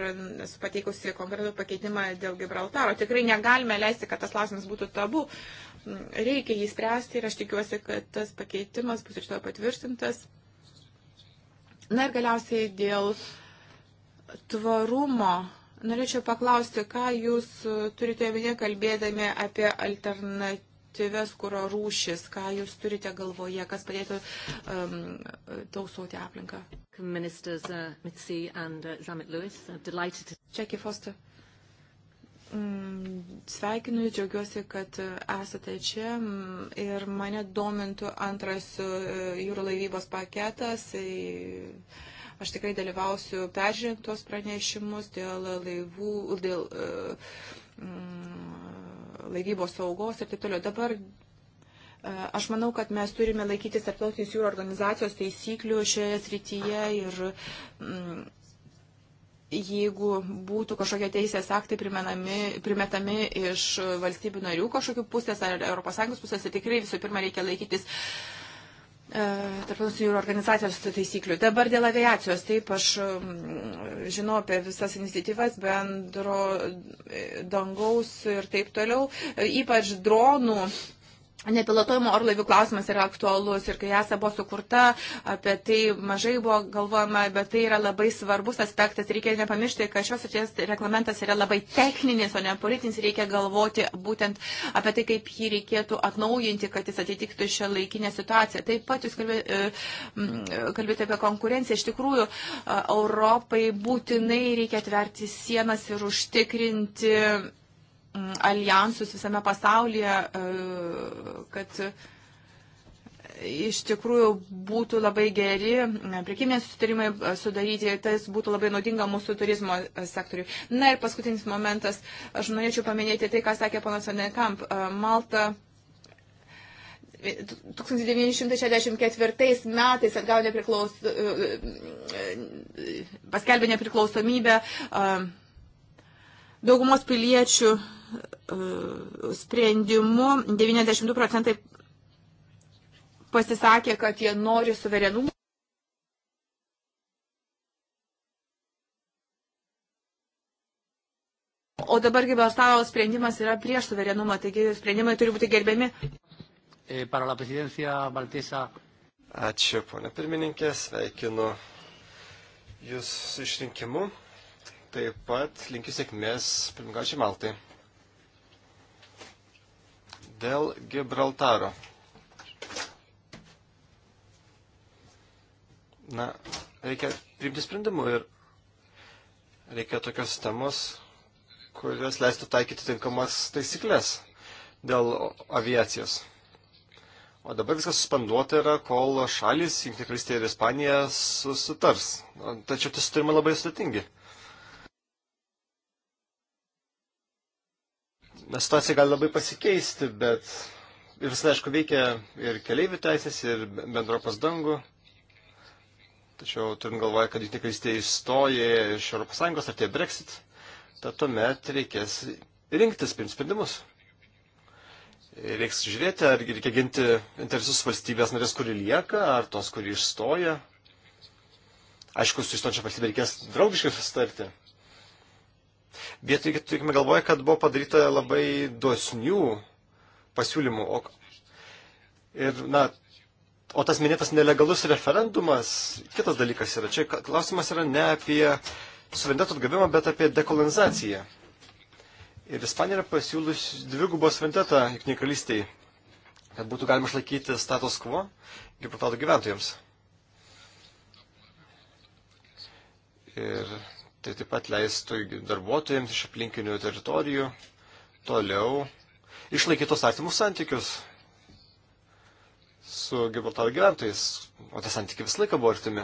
pateikusi konkretų pakeitimą dėl Gibraltaro, tikrai negalime leisti, kad tas klausimas būtų tabu. Reikia jį spręsti ir aš tikiuosi, kad tas pakeitimas bus rytoj patvirtintas Na ir galiausiai dėl tvarumo. Norėčiau paklausti, ką jūs turite omenyje kalbėdami apie alternatyves kūro rūšis, ką jūs turite galvoje, kas padėtų um, tausoti aplinką. Ministers uh, Mitsi and uh, Zamit Lewis, I'm delighted to... Jackie Foster. Mm, sveikinu, džiaugiuosi, kad e, esate čia mm, ir mane domintų antras e, jūrų laivybos paketas. E, aš tikrai dalyvausiu peržiūrint tuos pranešimus dėl laivų, dėl mm, laivybos saugos ir taip toliau. Dabar Aš manau, kad mes turime laikytis tarptautinės jūrų organizacijos taisyklių šioje srityje ir mm, jeigu būtų kažkokie teisės aktai primetami iš valstybių narių kažkokių pusės ar ES pusės, tai tikrai visų pirma reikia laikytis e, Tarptautinių jūrų organizacijos taisyklių. Dabar dėl aviacijos, taip aš mm, žinau apie visas iniciatyvas, bendro e, dangaus ir taip toliau, e, ypač dronų Nepilotojimo orlaivių klausimas yra aktualus ir kai esą buvo sukurta, apie tai mažai buvo galvojama, bet tai yra labai svarbus aspektas. Reikia nepamiršti, kad šios atės reglamentas yra labai techninis, o ne politinis. Reikia galvoti būtent apie tai, kaip jį reikėtų atnaujinti, kad jis atitiktų šią laikinę situaciją. Taip pat jūs e, kalbėjote apie konkurenciją. Iš tikrųjų, e, Europai būtinai reikia atverti sienas ir užtikrinti alijansus visame pasaulyje, e, kad iš tikrųjų būtų labai geri e, priekybiniai susitarimai e, sudaryti, tas būtų labai naudinga mūsų turizmo sektoriui. Na ir paskutinis momentas, aš norėčiau paminėti tai, ką sakė panas Vanekamp. Malta 1964 metais atgavo nepriklaus, paskelbė nepriklausomybę. Daugumos piliečių E, sprendimu 92 procentai pasisakė, kad jie nori suverenumo. O dabargi Balsavo sprendimas yra prieš suverenumą, taigi sprendimai turi būti gerbiami. E, Ačiū, ponė pirmininkė, sveikinu Jūs su išrinkimu. Taip pat linkiu sėkmės pirmingaučiai Maltai. Dėl Gibraltaro. Na, reikia priimti sprendimų ir reikia tokios sistemos, kurios leistų taikyti tinkamas taisyklės dėl aviacijos. O dabar viskas suspenduota yra, kol šalis, Junktinė karalystė ir Ispanija susitars. Tačiau tie sutarimai labai sudėtingi. na, situacija gali labai pasikeisti, bet ir visada, aišku, veikia ir keleivių teisės, ir bendro pasdangų. Tačiau turim galvoje, kad jungtinė karalystė įstoja iš ES ar tie Brexit, tad tuomet reikės rinktis, priimti sprendimus. Reiks žiūrėti, ar reikia ginti interesus valstybės narės, kuri lieka, ar tos, kuri išstoja. Aišku, su įstojančia valstybė reikės draugiškai susitarti. Bet turime galvoje, kad buvo padaryta labai dosnių pasiūlymų. O, ir, na, o tas minėtas nelegalus referendumas, kitas dalykas yra. Čia klausimas yra ne apie suvereniteto atgavimą, bet apie dekolonizaciją. Ir Ispanija yra pasiūlus dvigubą suverenitetą Junktinė karalystėje, kad būtų galima išlaikyti status quo gibraltaro gyventojams. Ir Tai taip pat leistų darbuotojams iš aplinkinių teritorijų toliau išlaikytos artimus santykius su Gibraltaro gyventojais, o tie santykiai visą laiką buvo artimi.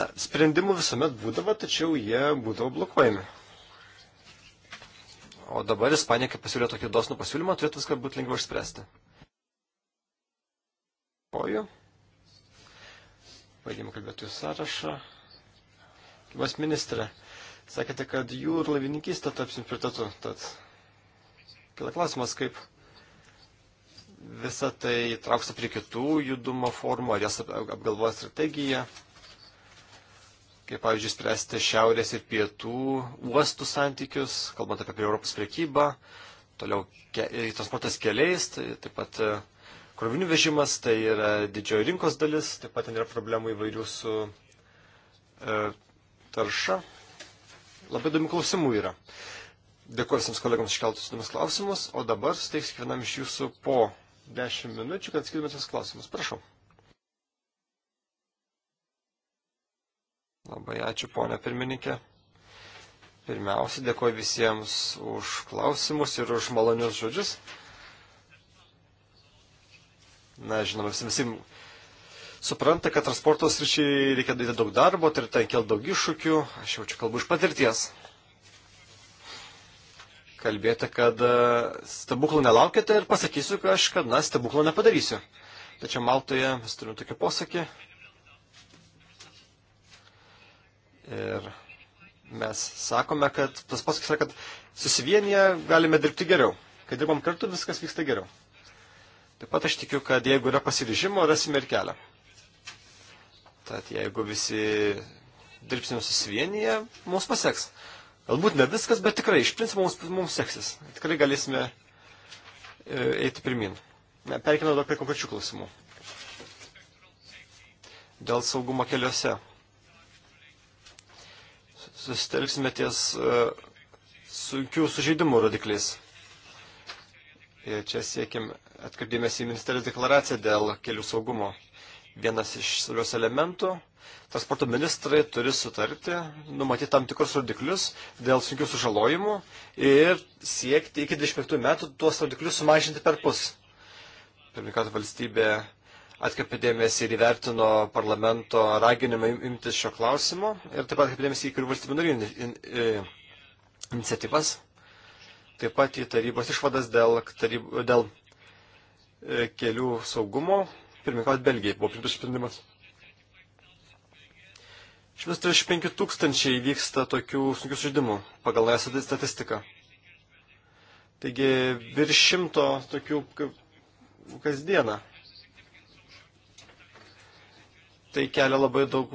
Na, sprendimų visuomet būdavo, tačiau jie būdavo blokuojami. O dabar Ispanija, kai pasiūlė tokį dosnų pasiūlymą, turėtų viską būti lengviau išspręsti. Poju. Baigėme kalbėtojų sąrašą. Gyvas ministrė, sakėte, kad jūrų laivininkystė taps prioritetu. Tad kila klausimas, kaip visą tai trauks prie kitų judumo formų, ar jas apgalvoja strategija, kaip, pavyzdžiui, spręsti šiaurės ir pietų uostų santykius, kalbant apie Europos priekybą, toliau ke transportas keliais, tai taip pat krovinių vežimas, tai yra didžioji rinkos dalis, taip pat ten yra problemų įvairių su e, tarša. Labai įdomių klausimų yra. Dėkuoju visiems kolegams iškeltus įdomus klausimus, o dabar suteiksiu kiekvienam iš jūsų po 10 minučių, kad atsakytumėte tuos klausimus. Prašau. Labai ačiū, ponia pirmininkė. Pirmiausia, dėkuoju visiems už klausimus ir už malonius žodžius. Na, žinoma, visi, visi supranta, kad transporto sričiai reikia daryti daug darbo, tai ten kelt daug iššūkių. Aš jau čia kalbu iš patirties. Kalbėti, kad e, stebuklų nelaukite ir pasakysiu, kad aš, kad, na, stebuklų nepadarysiu. Tačiau Maltoje mes turime tokį posakį. Ir mes sakome, kad tas posakis yra, kad susivienyje galime dirbti geriau. Kai dirbam kartu, viskas vyksta geriau. Taip pat aš tikiu, kad jeigu yra pasiryžimo, rasime ir kelią. Tad jeigu visi dirbsim susivienyje, mums paseks. Galbūt ne viskas, bet tikrai iš principo mums, mums seksis. Tikrai galėsime e, eiti pirmin. Perkime dabar prie konkrečių klausimų. Dėl saugumo keliuose. Susitelksime ties e, sunkių sužeidimų rodikliais. Ir čia siekim atkreipdėmės į ministerijos deklaraciją dėl kelių saugumo. Vienas iš svarbios elementų - transporto ministrai turi sutarti, numatyti tam tikrus rodiklius dėl sunkių sužalojimų ir siekti iki 25 metų tuos rodiklius sumažinti per pus. Pirmininkas valstybė atkreipė dėmesį ir įvertino parlamento raginimą imtis šio klausimo ir taip pat atkreipė dėmesį į kurių valstybių narių iniciatyvas. In, in, in, in, in, in, in, in, taip pat į tarybos išvadas dėl, taryb, dėl kelių saugumo, pirmininkaut Belgijai buvo priimtas sprendimas. 135 tūkstančiai vyksta tokių sunkių sužydimų pagal naują statistiką. Taigi virš šimto tokių kasdieną. Tai kelia labai daug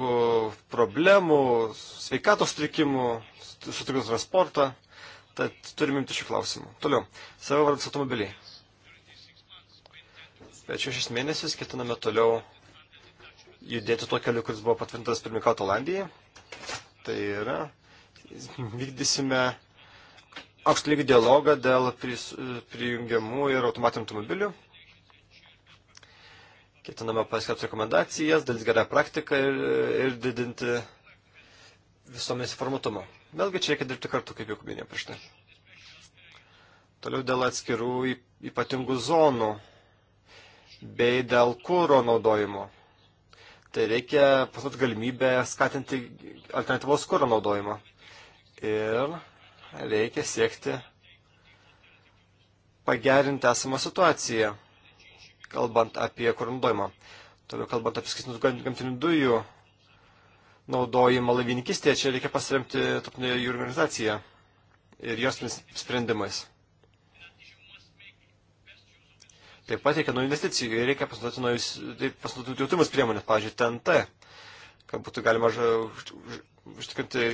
problemų, sveikatos trikimų, sutrikus transportą. Tad turime imti šių klausimų. Toliau. Savo vardas automobiliai. Bet šešis mėnesius ketiname toliau judėti tuo keliu, kuris buvo patvirtintas pirmikaut Olandijai. Tai yra, vykdysime aukšto lygį dialogą dėl pris, prijungiamų ir automatinių automobilių. Ketiname paskelbti rekomendacijas, dalis gerą praktiką ir, ir didinti visuomenės informatumo. Vėlgi čia reikia dirbti kartu, kaip jau minėjau prieš tai. Toliau dėl atskirų ypatingų zonų bei dėl kūro naudojimo. Tai reikia pasat galimybę skatinti alternatyvos kūro naudojimą. Ir reikia siekti pagerinti esamą situaciją, kalbant apie kūro naudojimą. Toliau kalbant apie skistinus gamtinių dujų naudojimą laivininkistėje, čia reikia pasiremti tarptautinę jūrų organizaciją ir jos sprendimais. Taip pat reikia nuo investicijų ir reikia pasinaudoti naujus, taip pasinaudoti jautimus priemonės, pavyzdžiui, TNT, kad būtų galima užtikrinti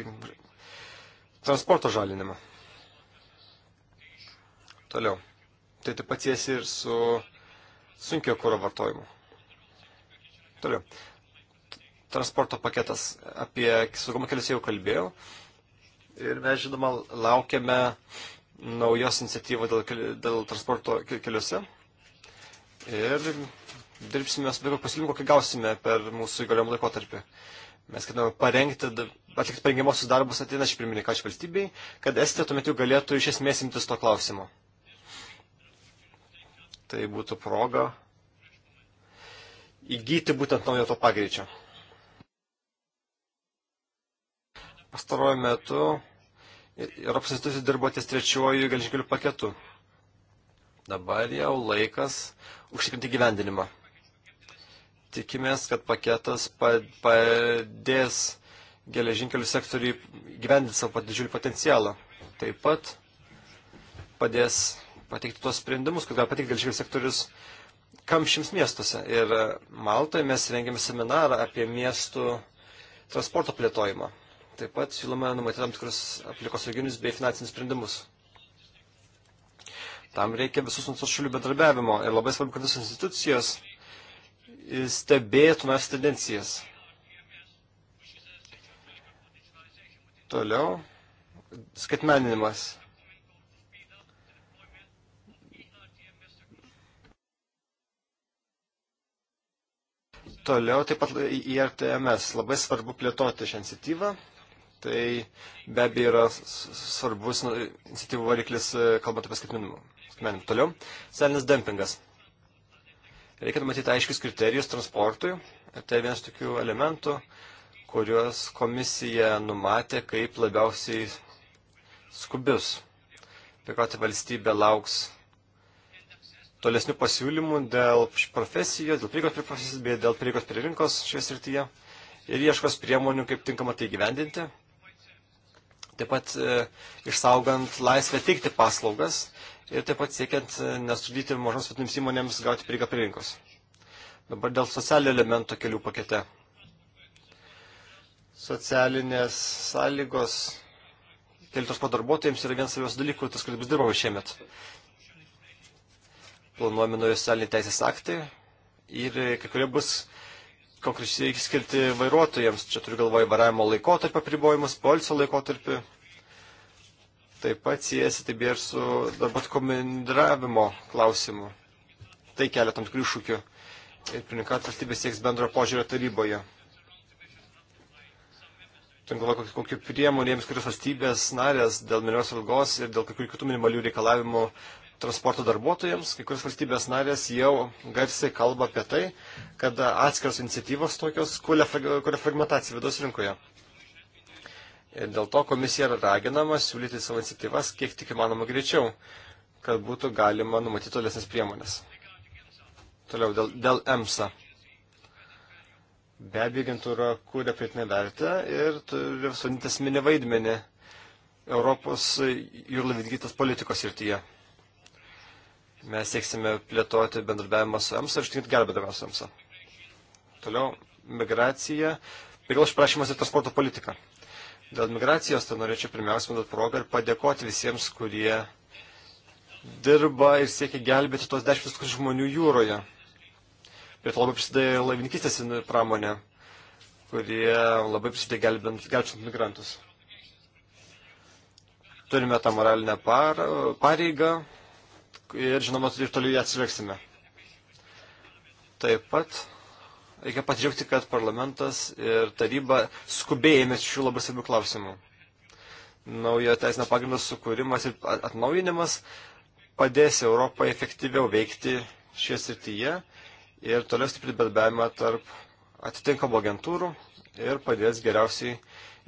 transporto žalinimą. Toliau. Tai taip pat siesi ir su sunkio kūro vartojimu. Toliau transporto paketas. Apie saugumą kelius jau kalbėjau. Ir mes, žinoma, laukiame naujos iniciatyvos dėl, keli, dėl transporto keliuose. Ir dirbsime su daugiau pasiūlymų, kokį gausime per mūsų įgaliojimų laikotarpį. Mes ketiname parengti, atlikti parengiamosius darbus ateinančiai pirmininkačiai valstybei, kad Estija tuomet jau galėtų iš esmės imtis to klausimo. Tai būtų proga įgyti būtent naujo to pagreičio. pastaruoju metu Europos institucijų dirbo ties trečiuoju geležinkelių paketu. Dabar jau laikas užtikrinti gyvendinimą. Tikimės, kad paketas padės geležinkelių sektoriui gyvendinti savo didžiulį potencialą. Taip pat padės pateikti tuos sprendimus, kad gali pateikti geležinkelių sektorius kamšims miestuose. Ir Maltoje mes rengėme seminarą apie miestų transporto plėtojimą. Taip pat siūloma numatyti tam tikrus aplikosauginius bei finansinius sprendimus. Tam reikia visus nuo šalių bendradarbiavimo ir labai svarbu, kad visos institucijos stebėtų mes tendencijas. Toliau, skaitmeninimas. Toliau taip pat IRTMS. Labai svarbu plėtoti šią iniciatyvą, Tai be abejo yra svarbus nu, iniciatyvų variklis, e, kalbant apie skaitmeninimą. Toliau, socialinis dempingas. Reikia numatyti aiškius kriterijus transportui. Ir tai vienas tokių elementų, kuriuos komisija numatė kaip labiausiai skubius. Apie ką tai valstybė lauks tolesnių pasiūlymų dėl profesijos, dėl prieigos prie profesijos, bei dėl prieigos prie rinkos šioje srityje ir ieškos priemonių, kaip tinkama tai gyvendinti taip pat e, išsaugant laisvę teikti paslaugas ir taip pat siekiant e, nesudyti mažoms vietinėms įmonėms gauti prieigą prie rinkos. Dabar dėl socialinio elemento kelių pakete. Socialinės sąlygos kelitos padarbuotojams yra vienas savęs dalykų, tas, kuris bus dirbama šiemet. Planuojami nauji socialiniai teisės aktai ir kai kurie bus konkrečiai reikia skirti vairuotojams. Čia turiu galvoje varavimo laikotarpio pribojimus, polsio laikotarpį. Taip pat siejasi taip ir su darbo komendravimo klausimu. Tai kelia tam tikrų iššūkių. Ir pirmininkat valstybės sieks bendro požiūrio taryboje. Turim galvoje, kokiu priemonėms, kurios valstybės narės dėl minimalios algos ir dėl kokių kitų minimalių reikalavimų transporto darbuotojams. Kai kurios valstybės narės jau garsiai kalba apie tai, kad atskiros iniciatyvos tokios kuria fragmentaciją vidaus rinkoje. Ir dėl to komisija yra raginama siūlyti savo iniciatyvas kiek tik įmanoma greičiau, kad būtų galima numatyti tolesnės priemonės. Toliau dėl, dėl EMSA. Be abejo, agentūra kūrė pritinę vertę ir turi visuominį vaidmenį Europos jūrų laivydgytas politikos srityje. Ir Mes sieksime plėtoti bendradarbiavimą su EMSA ir užtikrinti gerą bendradarbiavimą su EMSA. Toliau migracija, priglaus prašymas ir transporto politika. Dėl migracijos tai norėčiau pirmiausia duoti progą ir padėkoti visiems, kurie dirba ir siekia gelbėti tos dešimt tūkstančių žmonių jūroje. Prie to labai prisidėjo laivininkistės pramonė, kurie labai prisidėjo gelbint, gelbint migrantus turime tą moralinę par, pareigą ir žinoma, ir toliau ją atsiveksime. Taip pat reikia patžiaugti, kad parlamentas ir taryba skubėjėmės šių labai svarbių klausimų. Naujo teisinio pagrindo sukūrimas ir atnaujinimas padės Europai efektyviau veikti šioje srityje ir toliau stiprinti bendradarbiavimą tarp atitinkamų agentūrų ir padės geriausiai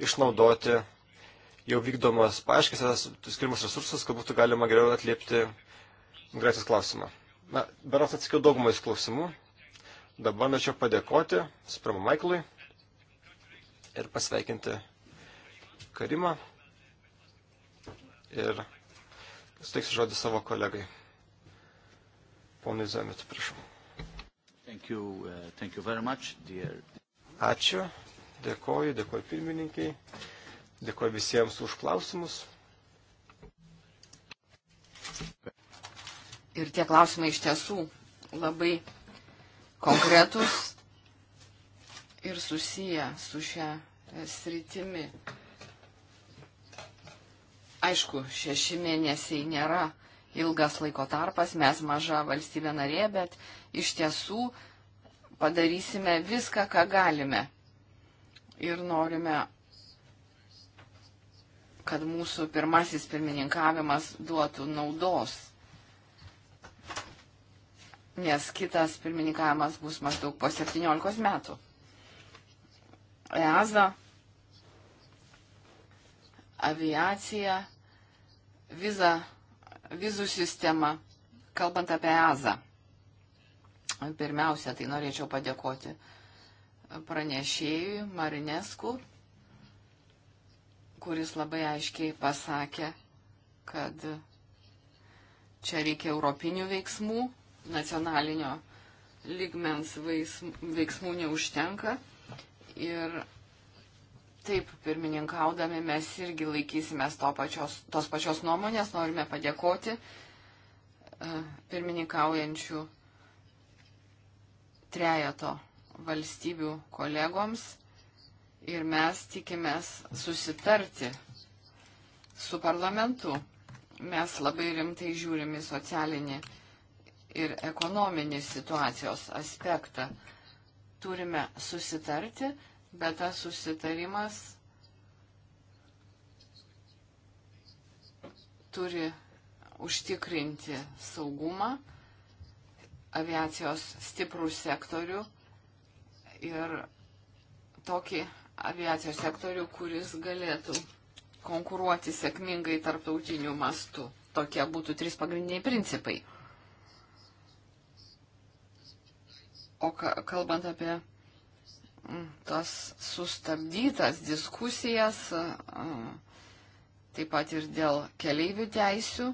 išnaudoti jau vykdomas paaiškis, skirimus resursus, kad būtų galima geriau atliepti migracijos klausimą. Na, beras atsakiau daugumais klausimų. Dabar norėčiau padėkoti Supremo Maiklui ir pasveikinti Karimą ir suteiksiu žodį savo kolegai. Ponui Zemetu, prašau. Thank you, uh, thank you very much, dear. Ačiū, dėkoju, dėkoju pirmininkiai, dėkoju visiems už klausimus. Ir tie klausimai iš tiesų labai konkretus ir susiję su šią sritimi. Aišku, šeši mėnesiai nėra ilgas laiko tarpas, mes maža valstybė narė, bet iš tiesų padarysime viską, ką galime. Ir norime, kad mūsų pirmasis pirmininkavimas duotų naudos nes kitas pirmininkavimas bus maždaug po 17 metų. EASA, aviacija, viza, vizų sistema, kalbant apie EASA. Pirmiausia, tai norėčiau padėkoti pranešėjui Marinesku, kuris labai aiškiai pasakė, kad čia reikia europinių veiksmų, nacionalinio ligmens veiksmų neužtenka. Ir taip, pirmininkaudami mes irgi laikysimės to pačios, tos pačios nuomonės, norime padėkoti e, pirmininkaujančių trejato valstybių kolegoms ir mes tikimės susitarti su parlamentu. Mes labai rimtai žiūrime socialinį ir ekonominį situacijos aspektą. Turime susitarti, bet tas susitarimas turi užtikrinti saugumą, aviacijos stiprų sektorių ir tokį aviacijos sektorių, kuris galėtų konkuruoti sėkmingai tarptautiniu mastu. Tokie būtų trys pagrindiniai principai. O kalbant apie mm, tas sustabdytas diskusijas, taip pat ir dėl keleivių teisių,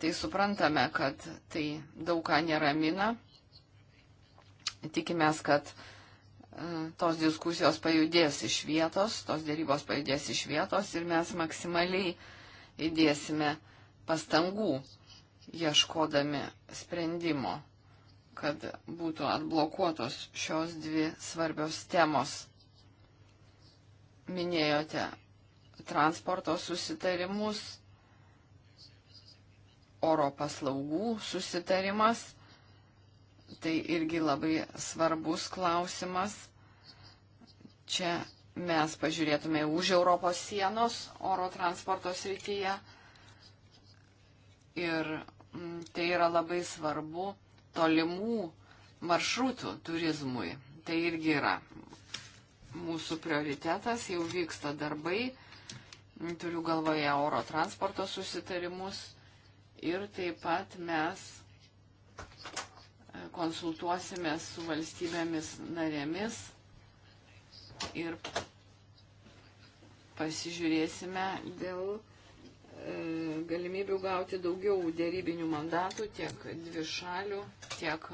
tai suprantame, kad tai daug ką neramina. Tikimės, kad tos diskusijos pajudės iš vietos, tos dėrybos pajudės iš vietos ir mes maksimaliai įdėsime pastangų ieškodami sprendimo kad būtų atblokuotos šios dvi svarbios temos. Minėjote transporto susitarimus, oro paslaugų susitarimas. Tai irgi labai svarbus klausimas. Čia mes pažiūrėtume už Europos sienos oro transporto srityje. Ir mm, tai yra labai svarbu tolimų maršrutų turizmui. Tai irgi yra mūsų prioritetas, jau vyksta darbai, turiu galvoje oro transporto susitarimus ir taip pat mes e, konsultuosime su valstybėmis narėmis ir pasižiūrėsime dėl E, galimybių gauti daugiau dėrybinių mandatų tiek dvišalių, tiek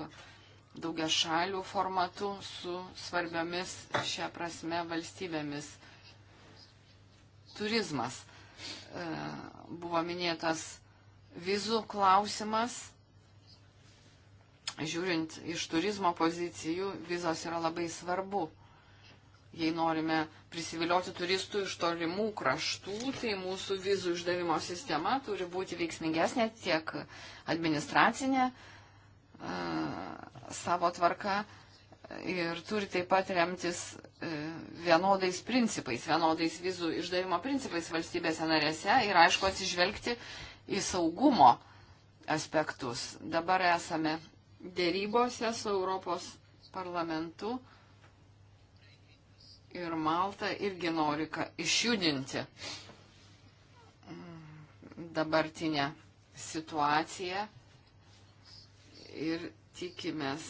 daugia šalių formatų su svarbiomis šią prasme valstybėmis. Turizmas. E, buvo minėtas vizų klausimas. Žiūrint iš turizmo pozicijų, vizos yra labai svarbu Jei norime prisivilioti turistų iš tolimų kraštų, tai mūsų vizų išdavimo sistema turi būti veiksmingesnė tiek administracinė e, savo tvarka ir turi taip pat remtis e, vienodais principais, vienodais vizų išdavimo principais valstybėse narėse ir aišku atsižvelgti į saugumo aspektus. Dabar esame dėrybose su Europos parlamentu ir Malta irgi nori išjudinti dabartinę situaciją ir tikimės,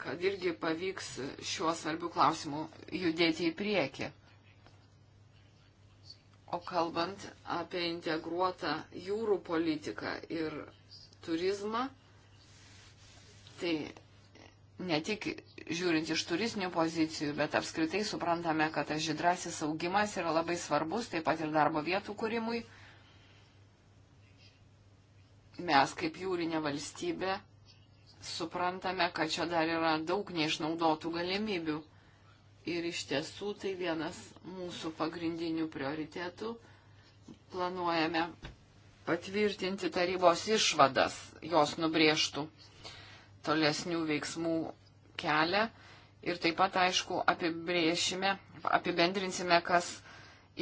kad irgi pavyks šiuo svarbiu klausimu judėti į priekį. O kalbant apie integruotą jūrų politiką ir turizmą, tai ne tik žiūrint iš turistinių pozicijų, bet apskritai suprantame, kad tas žydrasis augimas yra labai svarbus, taip pat ir darbo vietų kūrimui. Mes kaip jūrinė valstybė suprantame, kad čia dar yra daug neišnaudotų galimybių. Ir iš tiesų tai vienas mūsų pagrindinių prioritetų. Planuojame patvirtinti tarybos išvadas, jos nubrėžtų tolesnių veiksmų kelią ir taip pat, aišku, apibrėšime, apibendrinsime, kas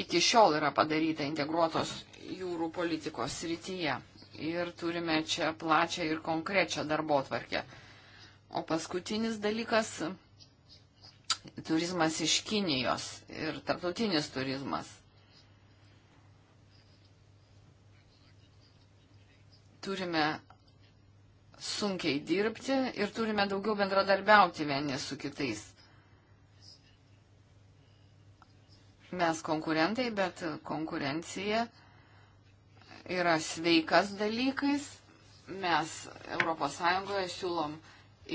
iki šiol yra padaryta integruotos jūrų politikos srityje. Ir turime čia plačią ir konkrečią darbo tvarkę. O paskutinis dalykas - turizmas iš Kinijos ir tarptautinis turizmas. Turime sunkiai dirbti ir turime daugiau bendradarbiauti vieni su kitais. Mes konkurentai, bet konkurencija yra sveikas dalykais. Mes ES siūlom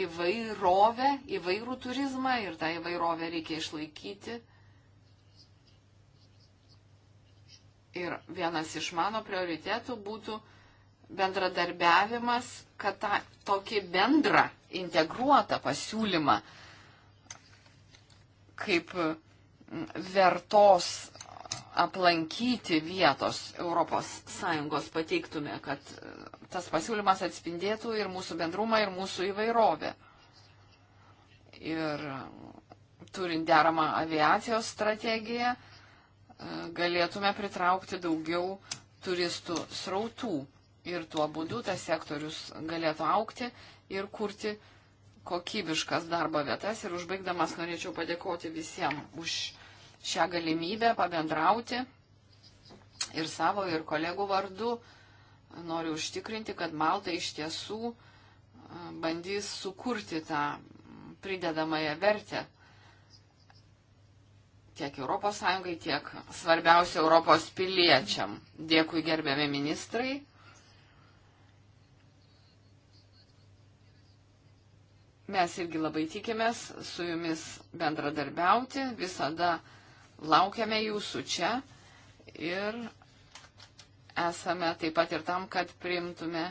įvairovę, įvairų turizmą ir tą įvairovę reikia išlaikyti. Ir vienas iš mano prioritetų būtų bendradarbiavimas, kad tą tokį bendrą integruotą pasiūlymą kaip vertos aplankyti vietos ES pateiktume, kad e, tas pasiūlymas atspindėtų ir mūsų bendrumą, ir mūsų įvairovę. Ir e, turint deramą aviacijos strategiją, e, galėtume pritraukti daugiau turistų srautų ir tuo būdu tas sektorius galėtų aukti ir kurti kokybiškas darbo vietas. Ir užbaigdamas norėčiau padėkoti visiems už šią galimybę pabendrauti ir savo, ir kolegų vardu. Noriu užtikrinti, kad Malta iš tiesų e, bandys sukurti tą pridedamąją vertę tiek ES, tiek svarbiausia Europos piliečiam. Dėkui gerbiami ministrai. Mes irgi labai tikimės su jumis bendradarbiauti, visada laukiame jūsų čia ir esame taip pat ir tam, kad priimtume,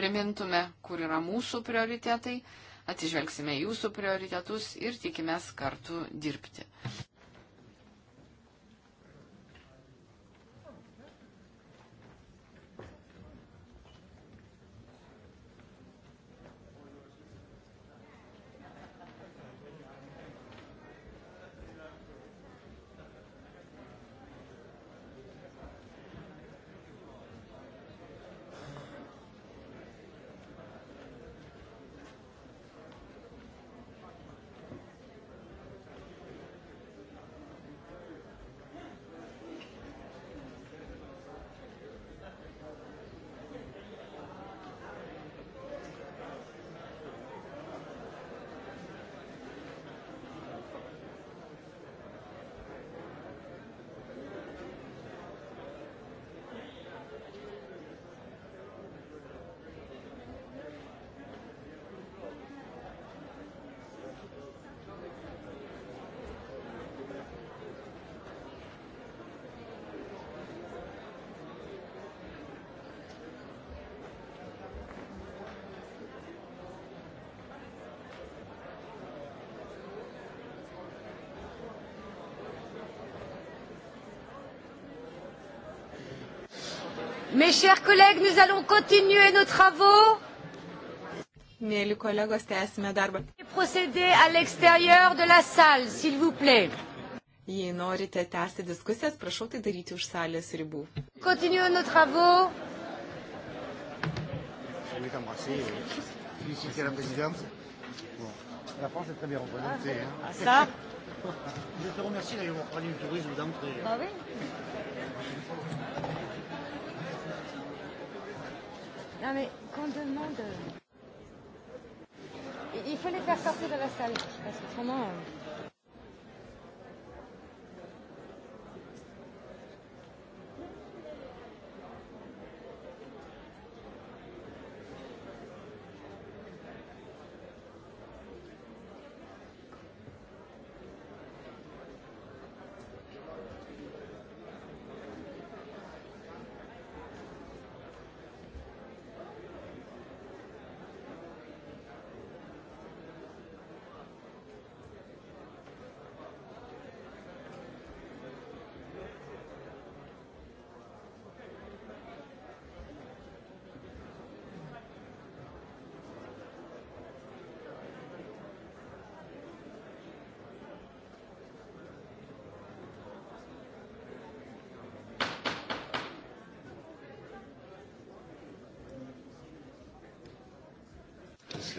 primintume, kur yra mūsų prioritetai, atsižvelgsime jūsų prioritetus ir tikimės kartu dirbti. Mes chers collègues, nous allons continuer nos travaux. Mėly kolegos, tęsime darbą. Procédez à l'extérieur de la salle, s'il vous plaît. Jei norite tęsti diskusijas, prašau tai daryti už salės ribų. Continuons nos travaux. Féliciter la présidente. Bon. La France est très bien représentée. Ah, hein. Ah, ça Je te remercie d'avoir parlé du tourisme d'entrée. Bah oui. Non ah, mais qu'on demande. Euh, il faut les faire sortir de la salle, parce qu'autrement. Euh...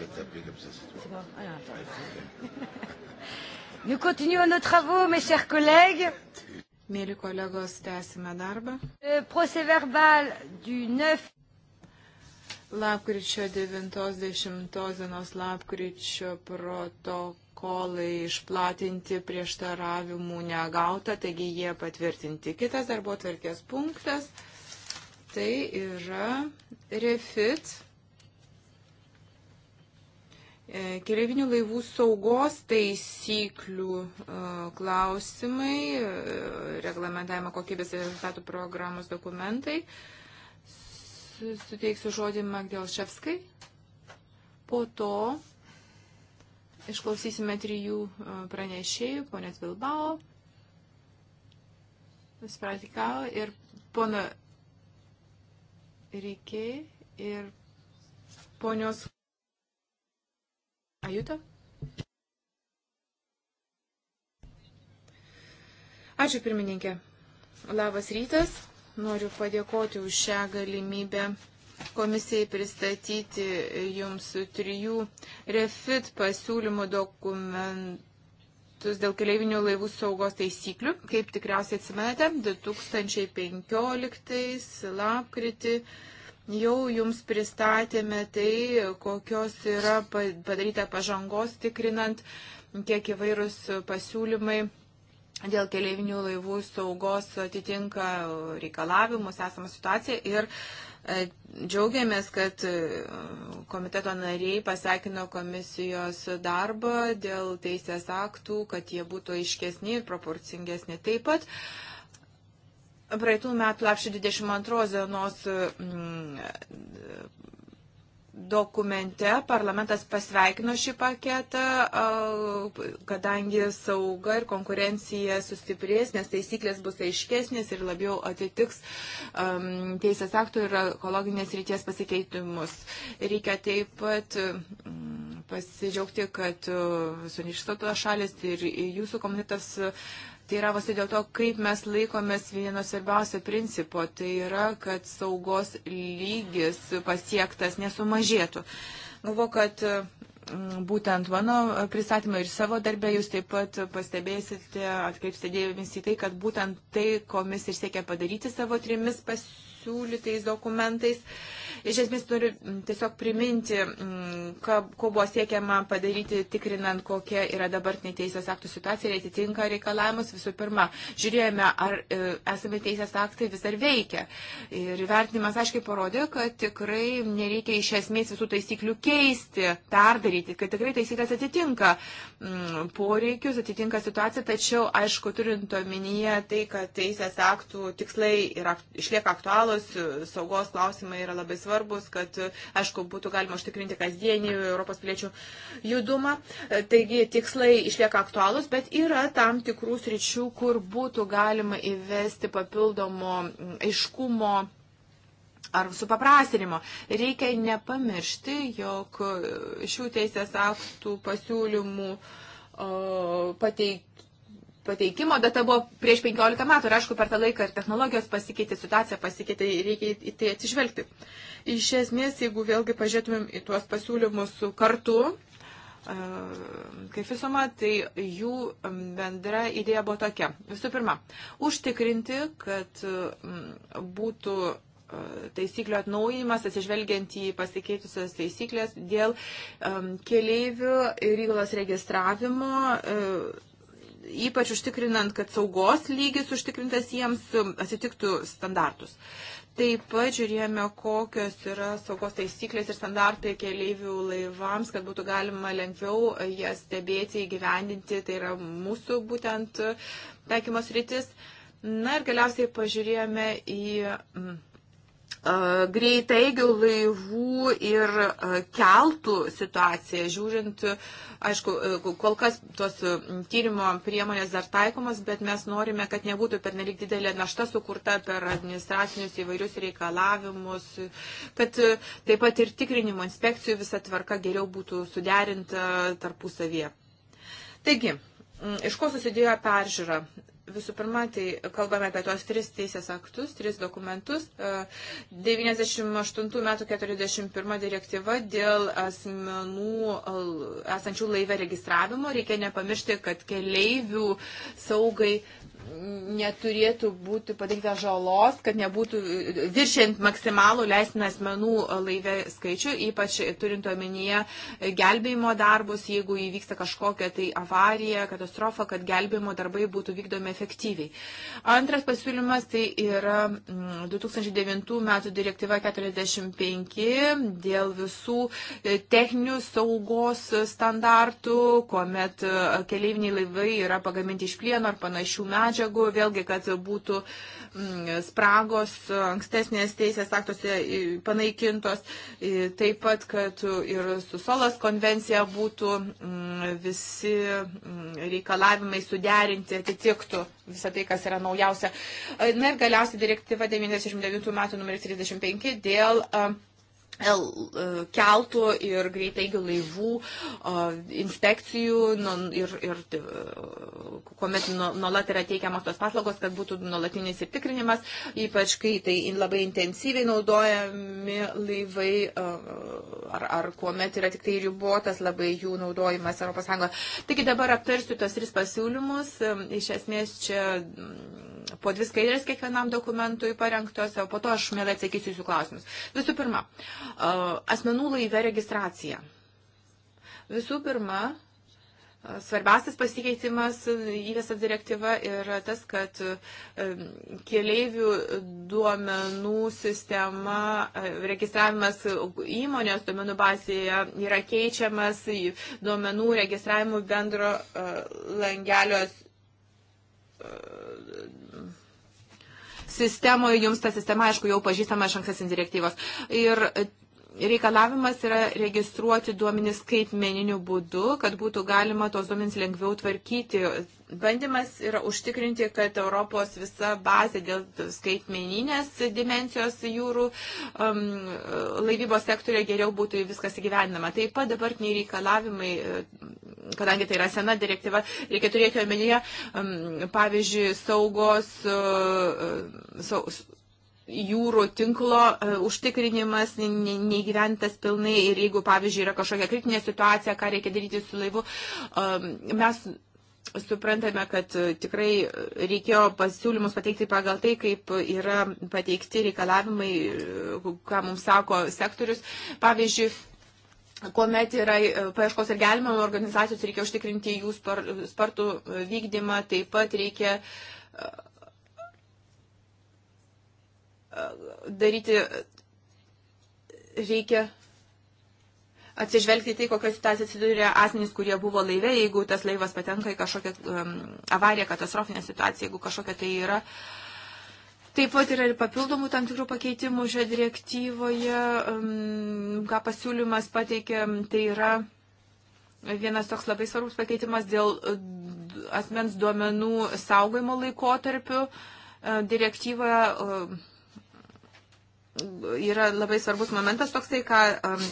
essayer de t'appeler comme ça, c'est toi. C'est moi. Ah, non, Nous continuons nos travaux, mes chers collègues. Mėly kolegos, tęsime darbą. Procès verbal du 9. Lapkričio 90 dienos lapkričio protokolai išplatinti prieštaravimų negauta, taigi jie patvirtinti. Kitas darbo tvarkės punktas tai yra refit E, keleivinių laivų saugos taisyklių e, klausimai, e, reglamentavimo kokybės rezultatų programos dokumentai. Suteiksiu žodį Magdėlševskai. Po to išklausysime trijų pranešėjų, ponės Vilbao, Spratikao ir pono Reikiai ir ponios. Ajuto? Ačiū pirmininkė. Labas rytas. Noriu padėkoti už šią galimybę komisijai pristatyti jums trijų refit pasiūlymų dokumentus dėl keleivinių laivų saugos taisyklių. Kaip tikriausiai atsimenate, 2015 lapkritį Jau jums pristatėme tai, kokios yra padaryta pažangos tikrinant, kiek įvairūs pasiūlymai dėl keleivinių laivų saugos atitinka reikalavimus, esamą situaciją ir e, džiaugiamės, kad e, komiteto nariai pasakino komisijos darbą dėl teisės aktų, kad jie būtų aiškesni ir proporcingesni. Taip pat praeitų metų lapšio 22 dienos mm, dokumente parlamentas pasveikino šį paketą, kadangi sauga ir konkurencija sustiprės, nes taisyklės bus aiškesnės ir labiau atitiks teisės aktų ir ekologinės ryties pasikeitimus. Reikia taip pat mm, pasidžiaugti, kad suništoto šalis ir jūsų komitetas teiravosi dėl to, kaip mes laikomės vieno svarbiausio principo, tai yra, kad saugos lygis pasiektas nesumažėtų. Galvo, kad mm, būtent mano pristatymą ir savo darbę jūs taip pat pastebėsite, atkreipsite dėmesį į tai, kad būtent tai, ko mes ir siekia padaryti savo trimis pasiūlytais dokumentais, uh, Iš esmės turiu tiesiog priminti, ką, ko buvo siekiama padaryti, tikrinant, kokia yra dabartinė teisės aktų situacija ir atitinka reikalavimus. Visų pirma, žiūrėjome, ar e, esame teisės aktai vis dar veikia. Ir vertinimas aiškiai parodė, kad tikrai nereikia iš esmės visų taisyklių keisti, perdaryti, kad tikrai taisyklės atitinka poreikius, atitinka situaciją, tačiau, aišku, turint omenyje tai, kad teisės aktų tikslai yra, išlieka aktualūs, saugos klausimai yra labai svarbus, kad, aišku, būtų galima užtikrinti kasdienį Europos piliečių judumą. Taigi tikslai išlieka aktualūs, bet yra tam tikrų sričių, kur būtų galima įvesti papildomo aiškumo ar supaprastinimo. Reikia nepamiršti, jog šių teisės aktų pasiūlymų pateikti pateikimo data buvo prieš 15 metų ir aišku, per tą laiką ir technologijos pasikeitė, situacija pasikeitė ir reikia į tai atsižvelgti. Iš esmės, jeigu vėlgi pažiūrėtumėm į tuos pasiūlymus kartu, e, kaip visuomet, tai jų bendra idėja buvo tokia. Visų pirma, užtikrinti, kad būtų e, taisyklių atnaujinimas, atsižvelgiant į pasikeitusias taisyklės dėl um, keleivių ir įgulos registravimo uh, ypač užtikrinant, kad saugos lygis užtikrintas jiems um, atitiktų standartus. Taip pat žiūrėjome, kokios yra saugos taisyklės ir standartai keleivių laivams, kad būtų galima lengviau uh, jas stebėti, įgyvendinti. Tai yra mūsų būtent uh, taikymos rytis. Na ir galiausiai pažiūrėjome į. Mm, greitaigių laivų ir keltų situacija, žiūrint, aišku, kol kas tos tyrimo priemonės dar taikomos, bet mes norime, kad nebūtų pernelik didelė našta sukurta per administracinius įvairius reikalavimus, kad taip pat ir tikrinimo inspekcijų visa tvarka geriau būtų suderinta tarpusavie. Taigi, iš ko susidėjo peržiūra? Visų pirma, tai kalbame apie tos tris teisės aktus, tris dokumentus. 98 e, metų 41 direktyva dėl asmenų e, esančių laive registravimo. Reikia nepamiršti, kad keleivių saugai neturėtų būti padaryta žalos, kad nebūtų viršint maksimalų leistiną asmenų laive skaičių, ypač turint omenyje gelbėjimo darbus, jeigu įvyksta kažkokia tai avarija, katastrofa, kad gelbėjimo darbai būtų vykdomi efektyviai. Antras pasiūlymas tai yra 2009 mm, metų direktyva 45 dėl visų e, techninių saugos standartų, kuomet e, keleiviniai laivai yra pagaminti iš plieno ar panašių medžiagų medžiagų, vėlgi, kad būtų mm, spragos ankstesnės teisės aktuose panaikintos, taip pat, kad ir su Solas konvencija būtų mm, visi mm, reikalavimai suderinti, atitiktų visą tai, kas yra naujausia. Na ir galiausiai direktyva 99 metų numeris 35 dėl uh, E, keltų ir greitaigių laivų inspekcijų nu, ir, ir e, kuomet nuolat yra teikiamos tos paslaugos, kad būtų nuolatinis ir tikrinimas, ypač kai tai labai intensyviai naudojami laivai ar, ar kuomet yra tik tai ribotas labai jų naudojimas ES. Taigi dabar aptarsiu tos tris pasiūlymus. Iš esmės čia po dvi skaidrės kiekvienam dokumentui parengtos, o po to aš mielai atsakysiu jūsų klausimus. Visų pirma, asmenų laive registracija. Visų pirma, Svarbiausias pasikeitimas įvestas direktyva yra tas, kad keliaivių duomenų sistema, registravimas įmonės duomenų bazėje yra keičiamas duomenų registravimu bendro langelio sistemoje, jums ta sistema, aišku, jau pažįstama iš ankstesnės direktyvos. Ir reikalavimas yra registruoti duomenis skaitmeniniu būdu, kad būtų galima tos duomenis lengviau tvarkyti. Bandymas yra užtikrinti, kad Europos visa bazė dėl skaitmeninės dimensijos jūrų um, laivybos sektorė geriau būtų viskas įgyvendinama. Taip pat dabartiniai reikalavimai, e, kadangi tai yra sena direktyva, reikia turėti omenyje, um, pavyzdžiui, saugos. Uh, e, saus, jūrų tinklo e, užtikrinimas neįgyventas pilnai ir jeigu, pavyzdžiui, yra kažkokia kritinė situacija, ką reikia daryti su laivu, um, mes suprantame, kad e, tikrai reikėjo pasiūlymus pateikti pagal tai, kaip yra pateikti reikalavimai, e, ką mums sako sektorius. Pavyzdžiui, kuomet yra paieškos ir gelbėjimo organizacijos, reikia užtikrinti jų spartų vykdymą, taip pat reikia uh, daryti reikia atsižvelgti tai, kokios situacijos atsiduria asmenys, kurie buvo laive, jeigu tas laivas patenka į kažkokią um, avariją, katastrofinę situaciją, jeigu kažkokia tai yra. Taip pat yra ir papildomų tam tikrų pakeitimų šioje direktyvoje, um, ką pasiūlymas pateikė, um, tai yra vienas toks labai svarbus pakeitimas dėl uh, asmens duomenų saugojimo laikotarpių. Uh, direktyvoje um, yra labai svarbus momentas toksai, ką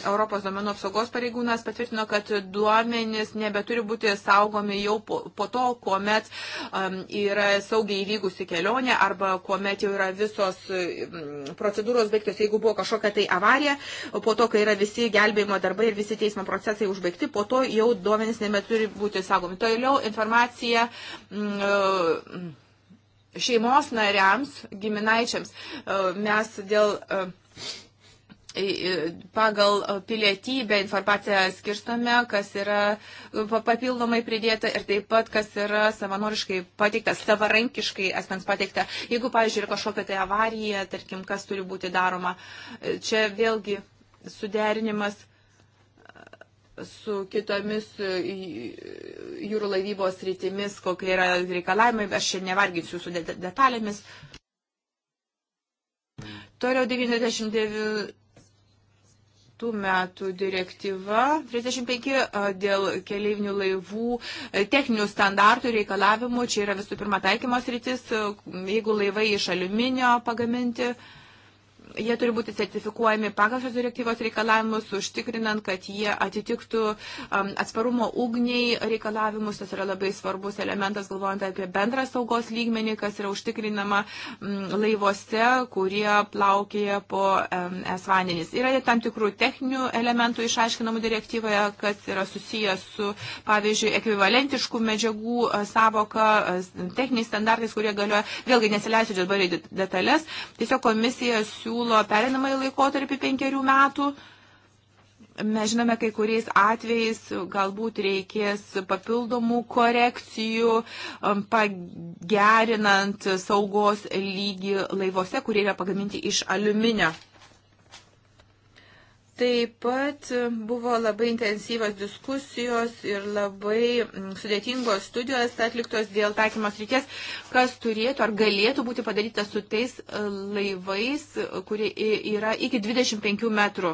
Europos duomenų apsaugos pareigūnas patvirtino, kad duomenys nebeturi būti saugomi jau po, po to, kuomet um, yra saugiai įvykusi kelionė arba kuomet jau yra visos um, procedūros baigtos, jeigu buvo kažkokia tai avarija, po to, kai yra visi gelbėjimo darbai ir visi teismo procesai užbaigti, po to jau duomenys nebeturi būti saugomi. Toliau informacija. Um, šeimos nariams, giminaičiams. E, mes dėl e, pagal pilietybę informaciją skirstome, kas yra e, papildomai pridėta ir taip pat, kas yra savanoriškai pateikta, savarankiškai asmens pateikta. Jeigu, pavyzdžiui, yra kažkokia tai avarija, tarkim, kas turi būti daroma, čia vėlgi suderinimas su kitomis e, jūrų laivybos rytimis, kokie yra reikalavimai, aš čia nevarginsiu su detalėmis. Toliau 99 tų metų direktyva 35 e, dėl keleivinių laivų e, techninių standartų reikalavimų. Čia yra visų pirma taikymos rytis, jeigu laivai iš aliuminio pagaminti. Uh, jie turi būti sertifikuojami pagal šios direktyvos reikalavimus, užtikrinant, kad jie atitiktų um, atsparumo ugniai reikalavimus. Tas yra labai svarbus elementas, galvojant apie bendrą saugos lygmenį, kas yra užtikrinama um, laivuose, kurie plaukėja po um, es vandenis. Yra tam tikrų techninių elementų išaiškinamų direktyvoje, kas yra susijęs su, pavyzdžiui, ekvivalentiškų medžiagų e, savoka, e, techniniais standartais, kurie galioja. Vėlgi nesileisiu dabar į detalės. Tiesiog komisija siūlo siūlo perinamąjį laikotarpį penkerių metų. Mes žinome, kai kuriais atvejais galbūt reikės papildomų korekcijų, um, pagerinant saugos lygį laivuose, kurie yra pagaminti iš aliuminio. Taip pat buvo labai intensyvos diskusijos ir labai mm, sudėtingos studijos atliktos dėl taikymos reikės, kas turėtų ar galėtų būti padaryta su tais e, laivais, kurie yra iki 25 metrų.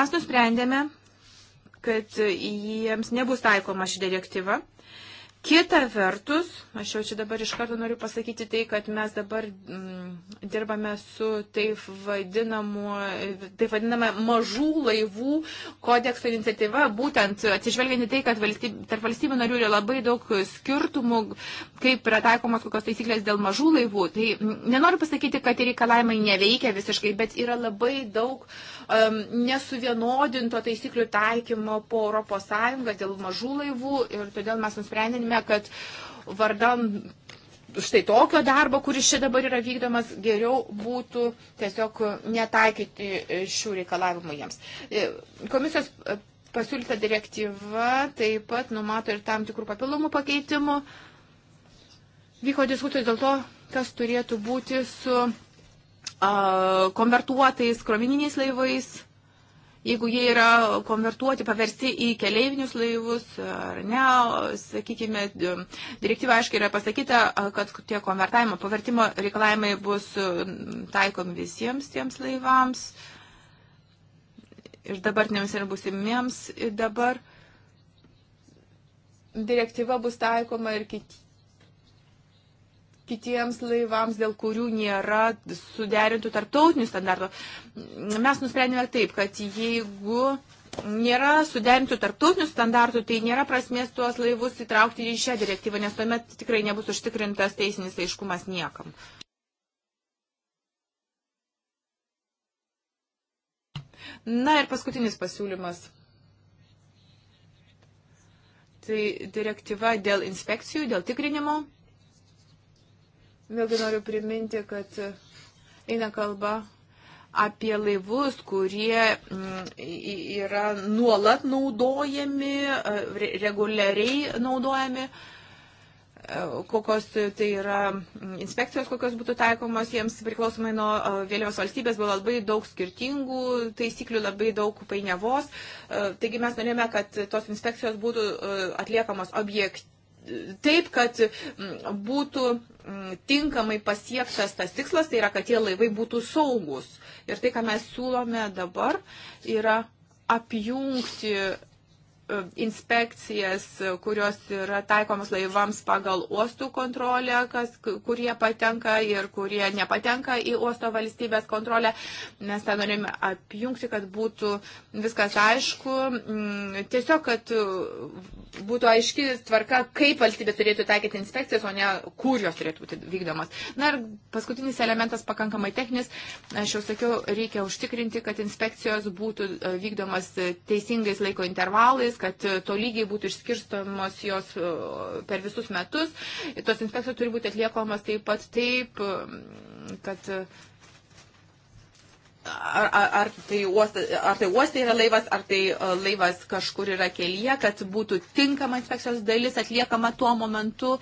Mes nusprendėme, kad jiems nebus taikoma ši direktyva. Kita vertus, aš jau čia dabar iš karto noriu pasakyti tai, kad mes dabar m, mm, dirbame su taip, vadinamu, taip vadinama mažų laivų kodekso iniciatyva, būtent atsižvelgiant į tai, kad valstyb, tarp valstybių narių yra labai daug skirtumų, kaip yra taikomas kokios taisyklės dėl mažų laivų. Tai m, nenoriu pasakyti, kad reikalavimai neveikia visiškai, bet yra labai daug uh, um, nesuvienodinto taisyklių taikymo po ES dėl mažų laivų ir todėl mes nusprendėme, kad vardan štai tokio darbo, kuris čia dabar yra vykdomas, geriau būtų tiesiog netaikyti šių reikalavimų jiems. E, komisijos e, pasiūlyta direktyva taip pat numato ir tam tikrų papildomų pakeitimų. Vyko diskusijos dėl to, kas turėtų būti su konvertuotais krovininiais laivais, jeigu jie yra konvertuoti, paversti į keleivinius laivus ar ne, sakykime, direktyva aiškiai yra pasakyta, kad tie konvertavimo, pavertimo reikalavimai bus taikomi visiems tiems laivams ir dabartiniams ir būsimiems ir dabar direktyva bus taikoma ir kitiems kitiems laivams, dėl kurių nėra suderintų tarptautinių standartų. Mes nusprendėme taip, kad jeigu nėra suderintų tarptautinių standartų, tai nėra prasmės tuos laivus įtraukti į šią direktyvą, nes tuomet tikrai nebus užtikrintas teisinis aiškumas niekam. Na ir paskutinis pasiūlymas. Tai direktyva dėl inspekcijų, dėl tikrinimo. Vėlgi noriu priminti, kad eina kalba apie laivus, kurie mm, yra nuolat naudojami, e, reguliariai naudojami e, kokios tai yra mm, inspekcijos, kokios būtų taikomos jiems priklausomai nuo e, vėliavos valstybės, buvo labai daug skirtingų taisyklių, labai daug painiavos. Taigi mes norėjome, kad tos inspekcijos būtų atliekamos objektyviai. Taip, kad mm, būtų Mm, tinkamai pasiektas tas tikslas, tai yra, kad tie laivai būtų saugus. Ir tai, ką mes siūlome dabar, yra apjungti inspekcijas, kurios yra taikomas laivams pagal uostų kontrolę, kas, kurie patenka ir kurie nepatenka į uosto valstybės kontrolę. Mes tą norime apjungti, kad būtų viskas aišku. Mm, tiesiog, kad būtų aiški tvarka, kaip valstybė turėtų taikyti inspekcijas, o ne kur jos turėtų būti vykdomas. Na ir paskutinis elementas pakankamai techninis. Aš jau sakiau, reikia užtikrinti, kad inspekcijos būtų e, vykdomas e, teisingais laiko intervalais šalis, kad tolygiai būtų išskirstomos jos e, per visus metus. Tos inspekcijos turi būti atliekamas taip pat taip, mm, kad e, ar, ar, ar, tai uosta, ar tai uostai yra laivas, ar tai e, laivas kažkur yra kelyje, kad būtų tinkama inspekcijos dalis atliekama tuo momentu. Uh,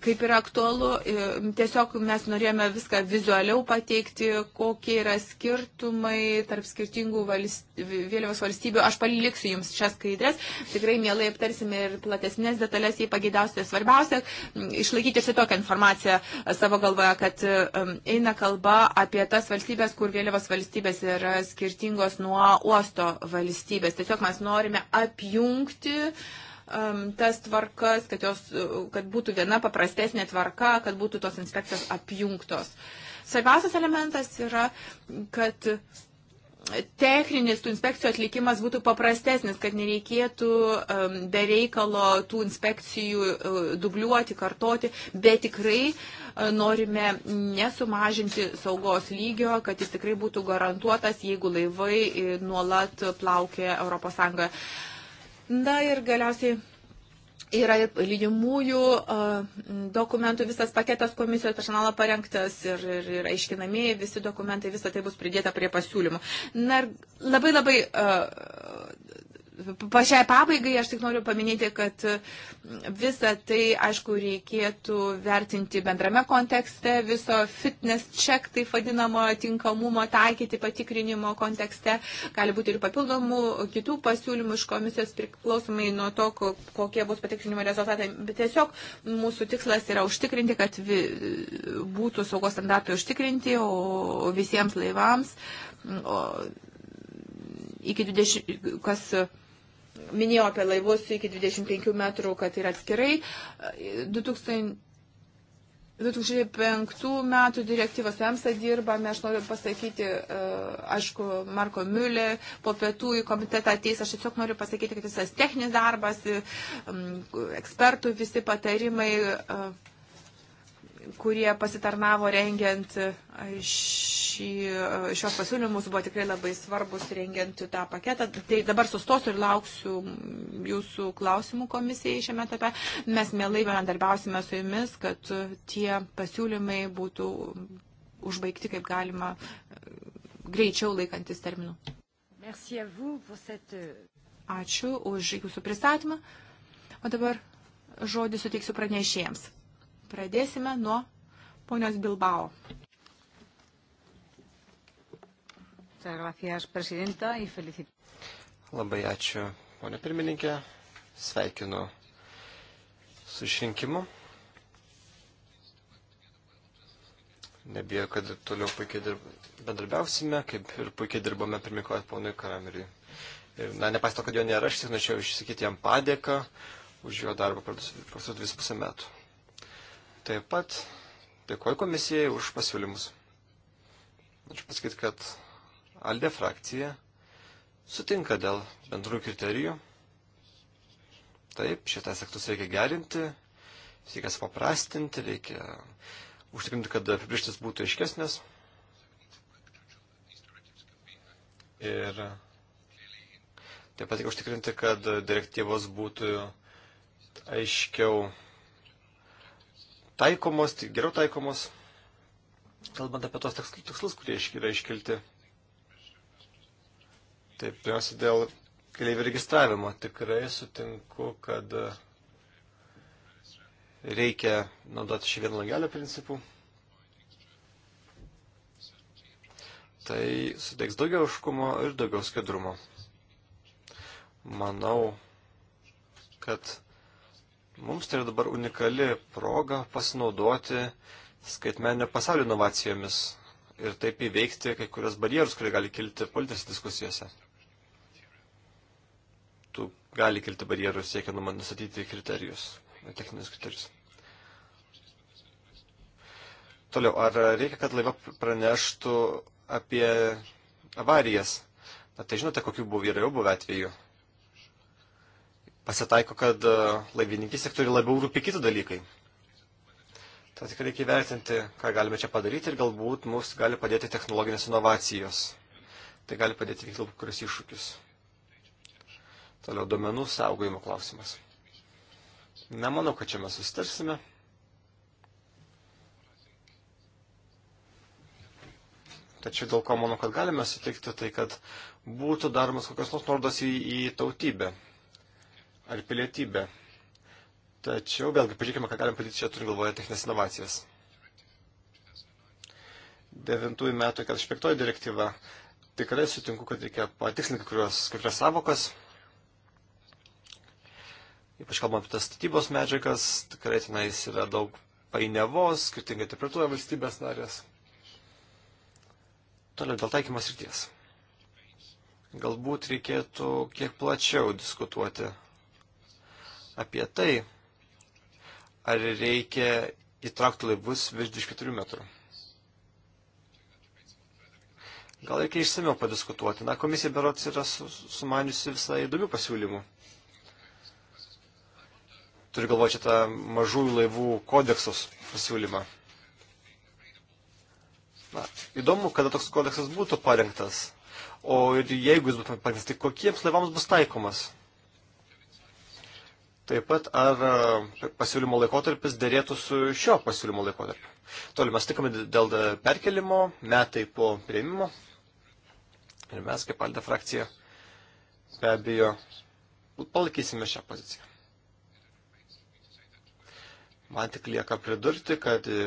kaip yra aktualu. E, tiesiog mes norėjome viską vizualiau pateikti, kokie yra skirtumai tarp skirtingų valst... vėliavos valstybių. Aš paliksiu Jums šias skaidrės. Tikrai mielai aptarsime ir platesnės detalės, jei pageidausite. Svarbiausia, išlaikyti štai tokią informaciją savo galvoje, kad e, eina kalba apie tas valstybės, kur vėliavos valstybės yra skirtingos nuo uosto valstybės. Tiesiog mes norime apjungti uh, um, tas tvarkas, kad, jos, kad būtų viena paprastesnė tvarka, kad būtų tos inspekcijos apjungtos. Svarbiausias elementas yra, kad techninis tų inspekcijų atlikimas būtų paprastesnis, kad nereikėtų um, be reikalo tų inspekcijų uh, dubliuoti, kartoti, bet tikrai uh, norime nesumažinti saugos lygio, kad jis tikrai būtų garantuotas, jeigu laivai e, nuolat plaukia ES. Na ir galiausiai Yra ir lydimųjų dokumentų visas paketas komisijos personalo parengtas ir, ir, ir aiškinamieji visi dokumentai, visa tai bus pridėta prie pasiūlymų. Na ir labai labai uh, pačiai pabaigai aš tik noriu paminėti, kad mm, visą tai, aišku, reikėtų vertinti bendrame kontekste, viso fitness check, taip vadinamo tinkamumo taikyti patikrinimo kontekste. Gali būti ir papildomų kitų pasiūlymų iš komisijos priklausomai nuo to, kokie bus patikrinimo rezultatai. Bet tiesiog mūsų tikslas yra užtikrinti, kad vi, būtų saugos standartai užtikrinti o, visiems laivams. O, iki 20, kas minėjau apie laivus iki 25 metrų, kad yra atskirai. 2000, e, 2005 metų direktyvos EMSA dirbame, aš noriu pasakyti, e, aišku, Marko Miulė po pietų į komitetą ateis, aš tiesiog noriu pasakyti, kad visas techninis darbas, e, ekspertų visi patarimai kurie pasitarnavo rengiant e, šį, e, šios pasiūlymus, buvo tikrai labai svarbus rengiant tą paketą. Tai dabar sustosiu ir lauksiu jūsų klausimų komisijai šiame etape. Mes mielai bendarbiausime su jumis, kad e, tie pasiūlymai būtų užbaigti kaip galima greičiau laikantis terminų. Euh, Ačiū už jūsų pristatymą. O dabar žodį suteiksiu pranešėjams. Pradėsime nuo ponios Bilbao. Labai ačiū, ponė pirmininkė. Sveikinu su išrinkimu. Nebijau, kad toliau puikiai dirb... bendarbiausime, kaip ir puikiai dirbame pirmikojant ponui Karamiriui. Ir, na, nepaisto, kad jo nėra, aš tik norėčiau išsakyti jam padėką už jo darbą prasidut visą pusę metų. Taip pat dėkoju komisijai už pasiūlymus. Ačiū pasakyti, kad Alde frakcija sutinka dėl bendrų kriterijų. Taip, šitą sektus reikia gerinti, reikia supaprastinti, reikia užtikrinti, kad apibrištis būtų aiškesnės. Ir taip pat reikia užtikrinti, kad direktyvos būtų aiškiau taikomos, tik geriau taikomos, kalbant apie tos tikslus, kurie yra iškelti. Taip, pirmiausia, dėl keliaivių registravimo. Tikrai sutinku, kad e, reikia naudoti šį vieną langelio principų. Tai suteiks daugiau užkumo ir daugiau skaidrumo. Manau, kad Mums tai yra dabar unikali proga pasinaudoti skaitmenio pasaulio inovacijomis ir taip įveikti kai kurias barjerus, kurie gali kilti politinėse diskusijose. Tu gali kilti barjerus siekia nustatyti kriterijus, techninius kriterijus. Toliau, ar reikia, kad laiva praneštų apie avarijas? Na tai žinote, kokių buvo yra jau buvę atvejų pasitaiko, kad e, laivininkis sektoriui labiau rūpi kiti dalykai. Tad tikrai reikia įvertinti, ką galime čia padaryti ir galbūt mums gali padėti technologinės inovacijos. Tai gali padėti vykti labai kuris iššūkius. Toliau duomenų saugojimo klausimas. Nemanau, kad čia mes sustarsime. Tačiau dėl ko manau, kad galime sutikti, tai kad būtų daromas kokios nors nuorodos į, į tautybę ar pilietybę. Tačiau vėlgi pažiūrėkime, ką galim padaryti čia turint galvoje techninės inovacijas. 9 metų 45 direktyva. Tikrai sutinku, kad reikia patikslinti kai kurias savokas. Ypač kalbant apie tas statybos medžiagas, tikrai tenais yra daug painiavos, skirtingai interpretuoja valstybės narės. Toliau dėl taikymas ryties. Galbūt reikėtų kiek plačiau diskutuoti apie tai, ar reikia įtraukti laivus virš 24 metrų. Gal reikia išsamiau padiskutuoti. Na, komisija berots yra sumaniusi visai įdomių pasiūlymų. Turiu galvoje šitą mažųjų laivų kodeksus pasiūlymą. Na, įdomu, kada toks kodeksas būtų parengtas. O ir jeigu jis būtų parengtas, tai kokiems laivams bus taikomas? Taip pat ar e, pasiūlymo laikotarpis dėrėtų su šio pasiūlymo laikotarpiu. Toliau mes tikame dėl perkelimo, metai po prieimimo. Ir mes kaip Alde frakcija be abejo palaikysime šią poziciją. Man tik lieka pridurti, kad e,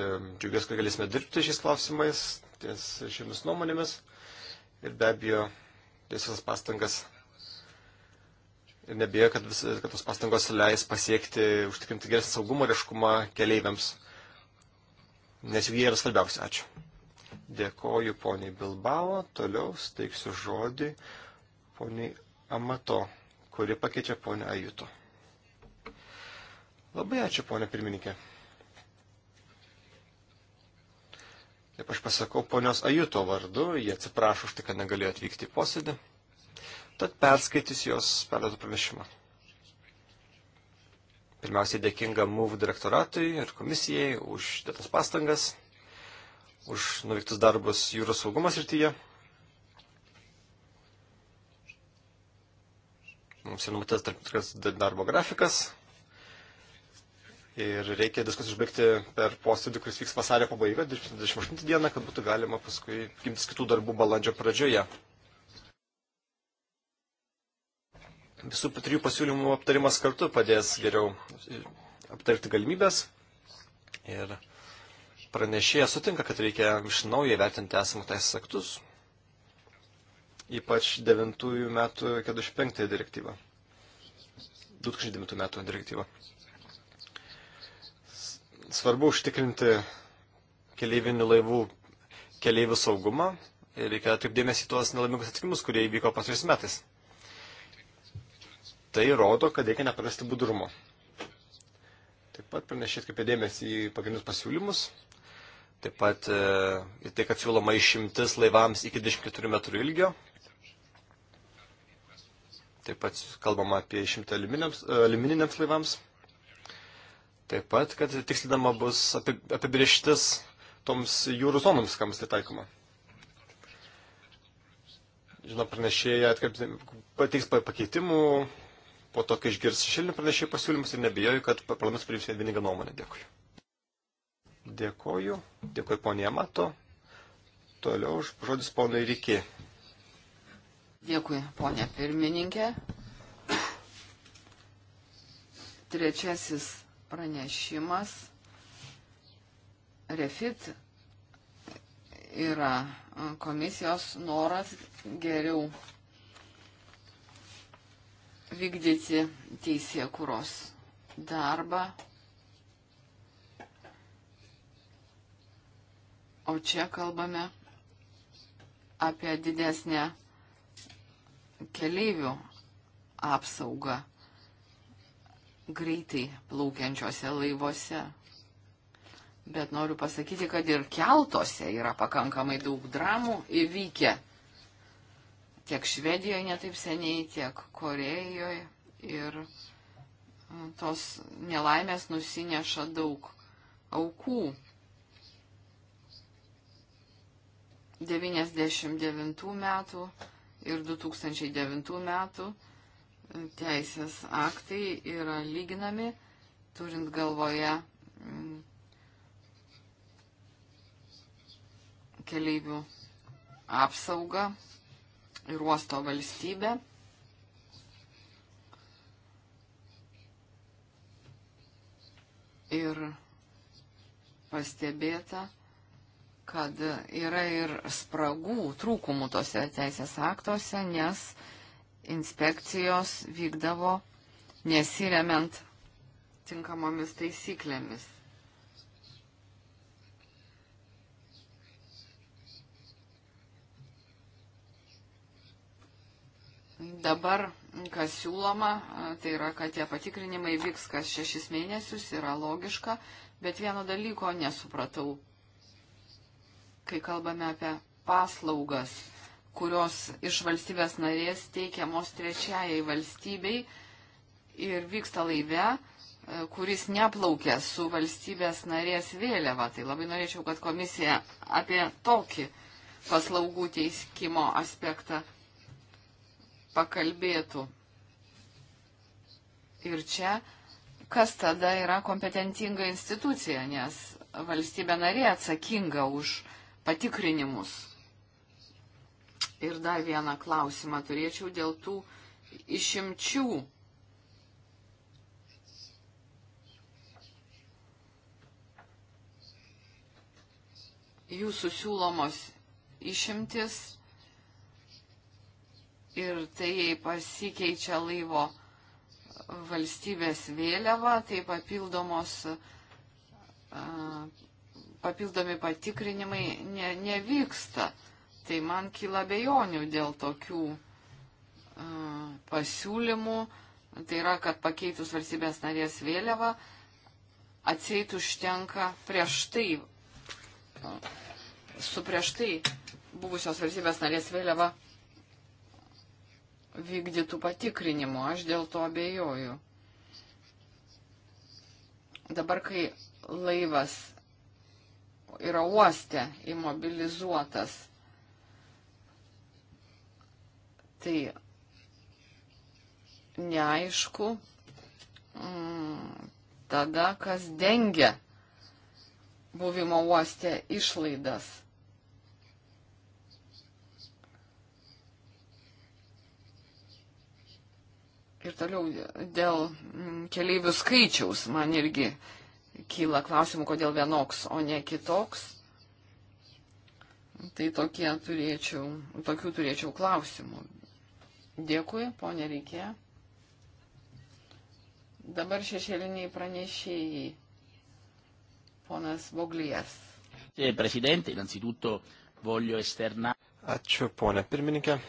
džiugiuosi, kad galėsime dirbti šiais klausimais, ties šiomis nuomonėmis ir be abejo visas pastangas ir nebijau, kad, vis, kad tos pastangos leis pasiekti, užtikrinti geresnį saugumą ir iškumą keleiviams. Nes jie yra svarbiausia. Ačiū. Dėkoju poniai Bilbao. Toliau steiksiu žodį poniai Amato, kuri pakeičia ponią Ajuto. Labai ačiū, ponė pirmininkė. Taip aš pasakau ponios Ajuto vardu, jie atsiprašo už tai, kad negalėjo atvykti į posėdį tad perskaitys jos perduotų pranešimą. Pirmiausiai dėkinga MUV direktoratui ir komisijai už dėtas pastangas, už nuveiktus darbus jūros saugumos rytyje. Mums yra numatytas tarp tikras darbo grafikas ir reikia diskus užbaigti per posėdį, kuris vyks vasario pabaigoje, 28 dieną, kad būtų galima paskui imtis kitų darbų balandžio pradžioje. Visų trijų pasiūlymų aptarimas kartu padės geriau aptarti galimybės ir pranešėja sutinka, kad reikia iš naujo vertinti esamus teisės aktus, ypač 9 metų 45 direktyvą. 2009 metų direktyvą. Svarbu užtikrinti keleivinių laivų keleivių saugumą ir reikia atkreipdėmės į tuos nelaimingus atsitikimus, kurie įvyko pasais metais. Tai rodo, kad reikia neprarasti budrumo. Taip pat pranešėt kaip įdėmėsi į pagrindinius pasiūlymus. Taip pat e, į tai, kad siūloma išimtis laivams iki 24 metrų ilgio. Taip pat kalbama apie išimtį alimininiams e, laivams. Taip pat, kad tikslinama bus apibrieštis toms jūrų zonoms, kams tai taikoma. Žinoma, pranešėja atkreipti, pateiks pakeitimų, po to, kai išgirs šilinių pranešėjų pasiūlymus ir nebijoju, kad parlamentas priims vieningą nuomonę. Dėkui. Dėkoju. Dėkoju ponė Mato. Toliau žodis ponui Rikė. Dėkui, ponė pirmininkė. Trečiasis pranešimas. Refit yra komisijos noras geriau vykdyti teisėje kūros darbą. O čia kalbame apie didesnę keleivių apsaugą greitai plaukiančiose laivuose. Bet noriu pasakyti, kad ir keltose yra pakankamai daug dramų įvykę tiek Švedijoje netaip seniai, tiek Korejoje. Ir e, tos nelaimės nusineša daug aukų. 99 metų ir 2009 metų e, teisės aktai yra lyginami, turint galvoje keleivių apsaugą ir uosto valstybė. Ir pastebėta, kad yra ir spragų, trūkumų tose teisės aktuose, nes inspekcijos vykdavo nesiremiant tinkamomis taisyklėmis. Dabar, kas siūloma, tai yra, kad tie patikrinimai vyks kas šešis mėnesius, yra logiška, bet vieno dalyko nesupratau, kai kalbame apie paslaugas, kurios iš valstybės narės teikiamos trečiajai valstybei ir vyksta laive, e, kuris neplaukė su valstybės narės vėliava. Tai labai norėčiau, kad komisija apie tokį paslaugų teiskimo aspektą pakalbėtų. Ir čia, kas tada yra kompetentinga institucija, nes valstybė narė atsakinga už patikrinimus. Ir dar vieną klausimą turėčiau dėl tų išimčių. Jūsų siūlomos išimtis ir tai jei pasikeičia laivo valstybės vėliava, tai papildomos, papildomi patikrinimai ne, nevyksta. Tai man kyla bejonių dėl tokių pasiūlymų. Tai yra, kad pakeitus valstybės narės vėliavą atseit užtenka prieš tai, su prieš tai buvusios valstybės narės vėliava vykdytų patikrinimų. Aš dėl to abejoju. Dabar, kai laivas yra uoste imobilizuotas, tai neaišku mm, tada, kas dengia buvimo uoste išlaidas. Ir toliau dėl mm, keleivių skaičiaus man irgi kyla klausimų, kodėl vienoks, o ne kitoks. Tai tokie turėčiau, tokių turėčiau klausimų. Dėkui, ponė Reikė. Dabar šešėliniai pranešėjai. Ponas Boglijas. Ačiū, ponė pirmininkė.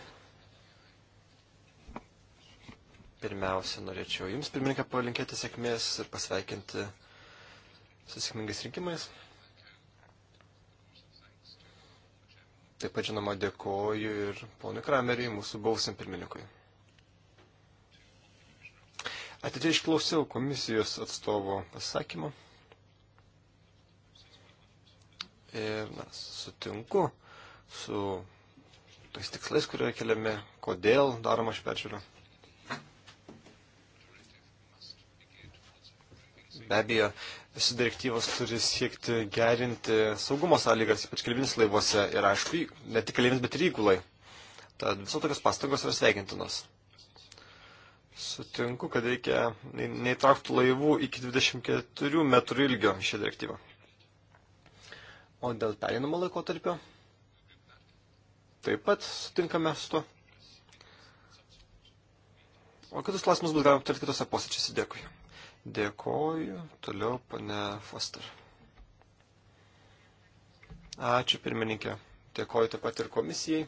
Pirmiausia, norėčiau Jums, pirmininką, palinkėti sėkmės ir pasveikinti su sėkmingais rinkimais. Taip pat, žinoma, dėkoju ir ponui Krameriai, mūsų bausim pirmininkui. Atidžiai išklausiau komisijos atstovo pasakymą. Ir na, sutinku su tais tikslais, kurie keliami, kodėl daroma aš peržiūrą. Be abejo, ši direktyvos turi siekti gerinti saugumo sąlygas, ypač kalvinis laivuose ir aišku, ne tik kalvinis, bet ir įgulai. Tad visos tokios pastangos yra sveikintinos. Sutinku, kad reikia neįtraukti laivų iki 24 metrų ilgio šią direktyvą. O dėl pereinamo laikotarpio taip pat sutinkame su to. O kitus klausimus bus galima aptarti kitose posėdžiuose. Dėkui. Dėkoju. Toliau, pane Foster. Ačiū, pirmininkė. Dėkoju taip pat ir komisijai.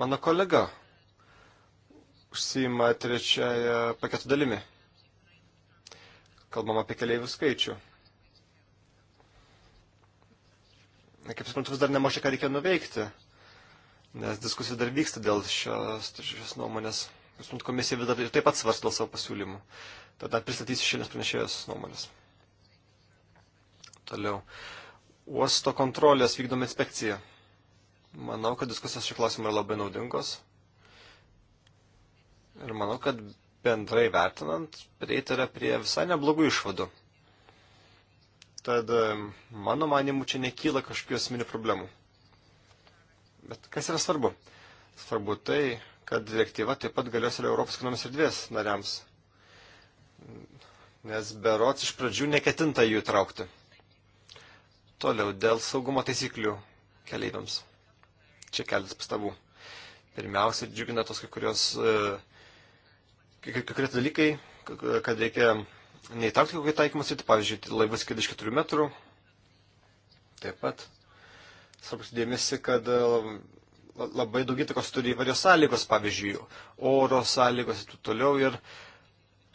Mano kolega užsima trečiąją paketų dalimi. Kalbam apie keliaivių skaičių. Kaip suprantu, vis dar nemažai ką reikia nuveikti, nes diskusija dar vyksta dėl šios, šios nuomonės komisija vis dar ir taip pat svarsto savo pasiūlymų. Tada pristatysiu šiandien pranešėjos nuomonės. Toliau. Uosto kontrolės vykdoma inspekcija. Manau, kad diskusijos šį klausimą yra labai naudingos. Ir manau, kad bendrai vertinant, prieita yra prie visai neblogų išvadų. Tad mano manimu čia nekyla kažkokių esminių problemų. Bet kas yra svarbu? Svarbu tai, kad direktyva taip pat galios ir Europos ekonomijos erdvės nariams. Nes berots iš pradžių neketinta jų traukti. Toliau, dėl saugumo taisyklių keleiviams. Čia keletas pastabų. Pirmiausia, džiugina tos kai kurios, e, kai kurie dalykai, kad reikia neįtraukti kokį taikymą sritį, pavyzdžiui, tai laivas skirti iš 4 metrų. Taip pat, svarbus dėmesį, kad e, labai daug įtakos turi įvairios sąlygos, pavyzdžiui, oro sąlygos ir taip toliau. Ir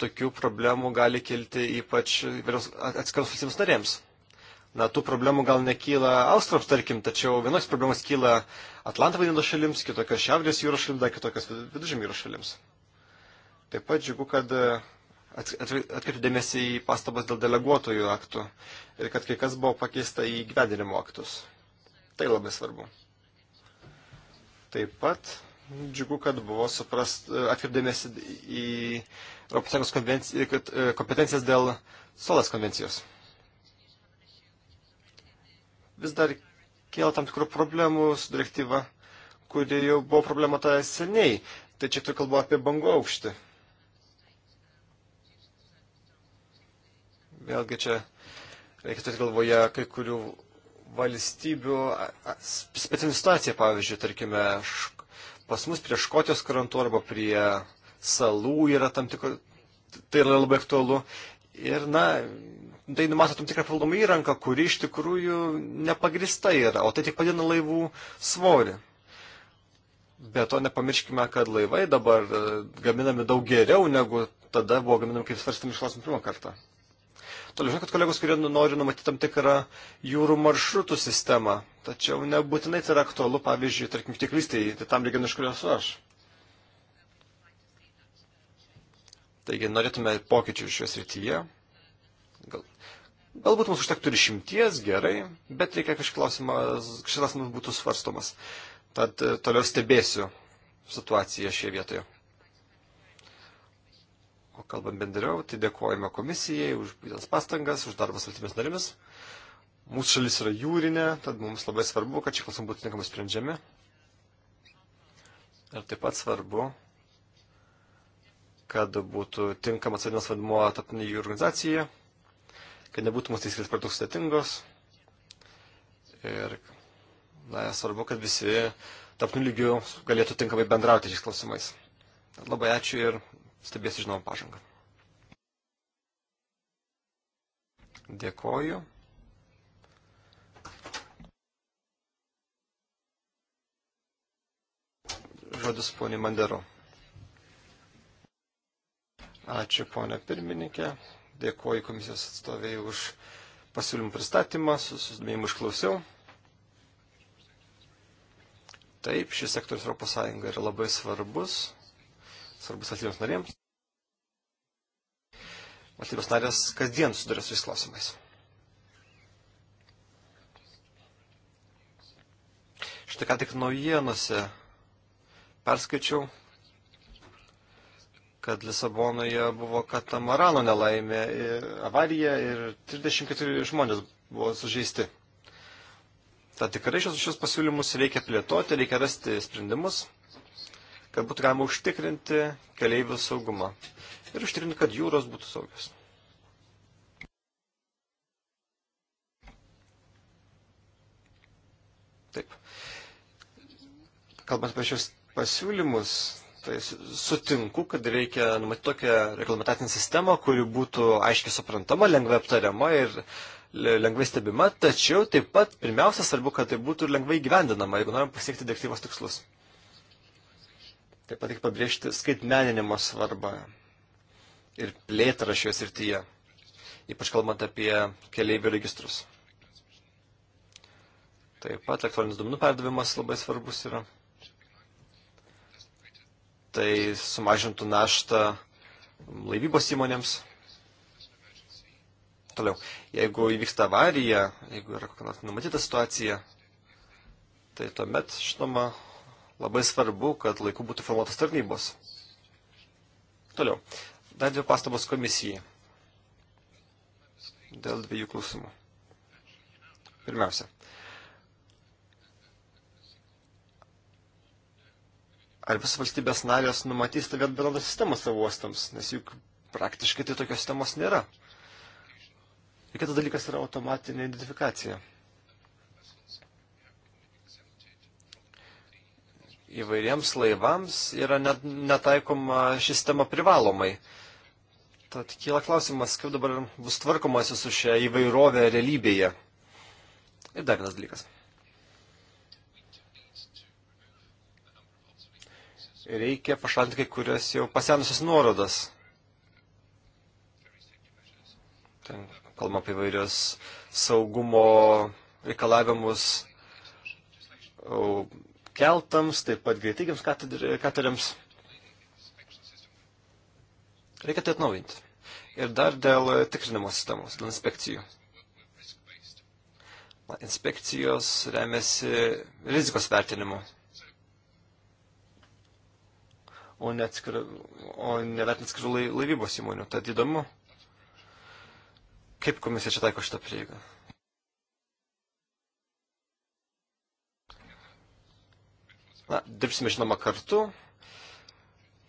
tokių problemų gali kilti ypač atskiros valstybės narėms. Na, tų problemų gal nekyla Austrams, tarkim, tačiau vienoks problemas kyla Atlanto vandenų šalims, kitokios Šiaurės jūros šalims, dar kitokios Viduržėmio jūros šalims. Taip pat džiugu, kad e, atkreipiu dėmesį į pastabas dėl deleguotojų aktų ir kad kai kas buvo pakeista į gyvendinimo aktus. Tai labai svarbu. Taip pat džiugu, kad buvo suprast, e, atkreipdėmėsi į ES e, e, kompetencijas dėl Solas konvencijos. Vis dar kėlė tam tikrų problemų su direktyva, kuri jau buvo problema ta seniai. Tai čia turiu kalbu apie bangų aukštį. Vėlgi čia reikia turėti galvoje kai kurių valstybių specifinė situacija, pavyzdžiui, tarkime, pas mus prie Škotijos krantų arba prie salų yra tam tikra, tai yra labai aktualu. Ir, na, tai numato tam tikrą papildomą įranką, kuri iš tikrųjų nepagrista yra, o tai tik padina laivų svorį. Be to nepamirškime, kad laivai dabar e, gaminami daug geriau negu tada buvo gaminami, kaip svarstami iš klausimų pirmą kartą. Toliau žinau, kad kolegos, kurie nu, nori numatyti tam tikrą jūrų maršrutų sistemą, tačiau nebūtinai tai yra aktualu, pavyzdžiui, tarkim, tikrystai, tai tam lygiai iš kurios aš. Taigi norėtume pokyčių šios rytyje. Gal, galbūt mums užtektų ir šimties, gerai, bet reikia kažkaip klausimas, kažkas klausimas būtų svarstomas. Tad e, toliau stebėsiu situaciją šioje vietoje. O kalbant bendriau, tai dėkojame komisijai už būtent pastangas, už darbą su valstybės narimis. Mūsų šalis yra jūrinė, tad mums labai svarbu, kad šie klausimai būtų tinkamai sprendžiami. Ir taip pat svarbu, kad būtų tinkamas vadinamas vadimo tarptautinėje organizacijoje, kad nebūtų mūsų taisyklės per daug sudėtingos. Ir na, svarbu, kad visi tarptautinių lygių galėtų tinkamai bendrauti šiais klausimais. Labai ačiū ir stebės žinom pažangą. Dėkoju. Žodis poniai Mandero. Ačiū ponia pirmininkė. Dėkoju komisijos atstoviai už pasiūlymų pristatymą, susidomėjimą išklausiau. Taip, šis sektorius Europos Sąjunga yra labai svarbus svarbus valstybės narėms. Valstybės narės kasdien suduria su jais klausimais. Štai ką tik naujienose perskaičiau, kad Lisabonoje buvo katamarano nelaimė, avarija ir 34 žmonės buvo sužeisti. Ta tikrai šios, šios pasiūlymus reikia plėtoti, reikia rasti sprendimus, kad būtų galima užtikrinti keleivių saugumą ir užtikrinti, kad jūros būtų saugios. Taip. Kalbant apie šios pasiūlymus, tai sutinku, kad reikia numatyti tokią reglamentacinę sistemą, kuri būtų aiškiai suprantama, lengvai aptariama ir lengvai stebima, tačiau taip pat pirmiausia svarbu, kad tai būtų ir lengvai gyvendinama, jeigu norim pasiekti direktyvos tikslus. Taip pat reikia pabrėžti skaitmeninimo svarbą ir plėtrą šioje srityje, ypač kalbant apie keliaivių registrus. Taip pat elektroninis duomenų perdavimas labai svarbus yra. Tai sumažintų naštą laivybos įmonėms. Toliau, jeigu įvyksta avarija, jeigu yra kokia nors numatyta situacija, tai tuomet, žinoma, labai svarbu, kad laiku būtų formuotos tarnybos. Toliau. Dar dvi pastabos komisijai. Dėl dviejų klausimų. Pirmiausia. Ar visos valstybės narės numatys tokią vienodą sistemą savo uostams, nes juk praktiškai tai tokios sistemos nėra. Ir kitas dalykas yra automatinė identifikacija. įvairiems laivams yra net, netaikoma ši sistema privalomai. Tad kyla klausimas, kaip dabar bus tvarkomasi su šia įvairovė realybėje. Ir dar vienas dalykas. Reikia pašalinti kai kurias jau pasenusias nuorodas. Ten kalbam apie įvairius saugumo reikalavimus keltams, taip pat greitigiams kateriams. Reikia tai atnaujinti. Ir dar dėl e, tikrinimo sistemos, dėl inspekcijų. Na, inspekcijos remiasi rizikos vertinimu, o ne, atskir... o ne vertinti atskirų laivybos įmonių. Tad įdomu, kaip komisija čia taiko šitą prieigą. Na, dirbsime žinoma kartu,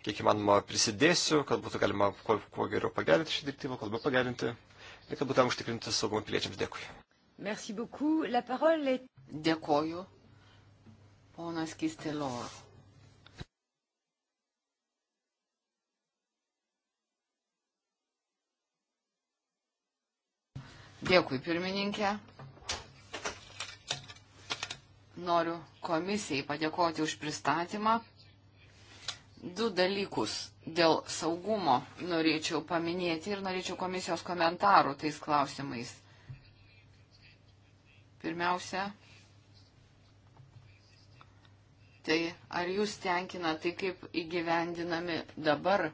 kiek įmanoma prisidėsiu, kad būtų galima kuo, kuo geriau pagerinti šią direktyvą, kalbą pagerinti ir kad būtų galima užtikrinti saugumą piliečiams. Dėkui. Merci beaucoup. La parole est... Dėkoju. Ponas Kistelor. Dėkui, pirmininkė noriu komisijai padėkoti už pristatymą. Du dalykus dėl saugumo norėčiau paminėti ir norėčiau komisijos komentarų tais klausimais. Pirmiausia, tai ar jūs tenkina tai, kaip įgyvendinami dabar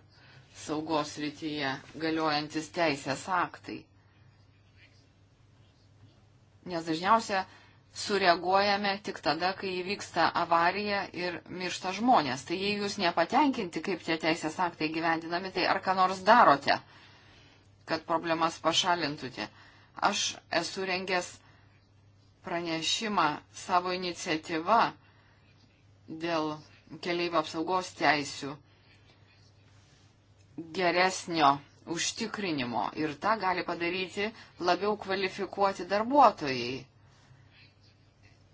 saugos rytyje galiojantis teisės aktai? Nes dažniausiai sureaguojame tik tada, kai įvyksta avarija ir miršta žmonės. Tai jei jūs nepatenkinti, kaip tie teisės aktai gyvendinami, tai ar ką nors darote, kad problemas pašalintute. Aš esu rengęs pranešimą savo iniciatyvą dėl keliaivių apsaugos teisių geresnio užtikrinimo ir tą gali padaryti labiau kvalifikuoti darbuotojai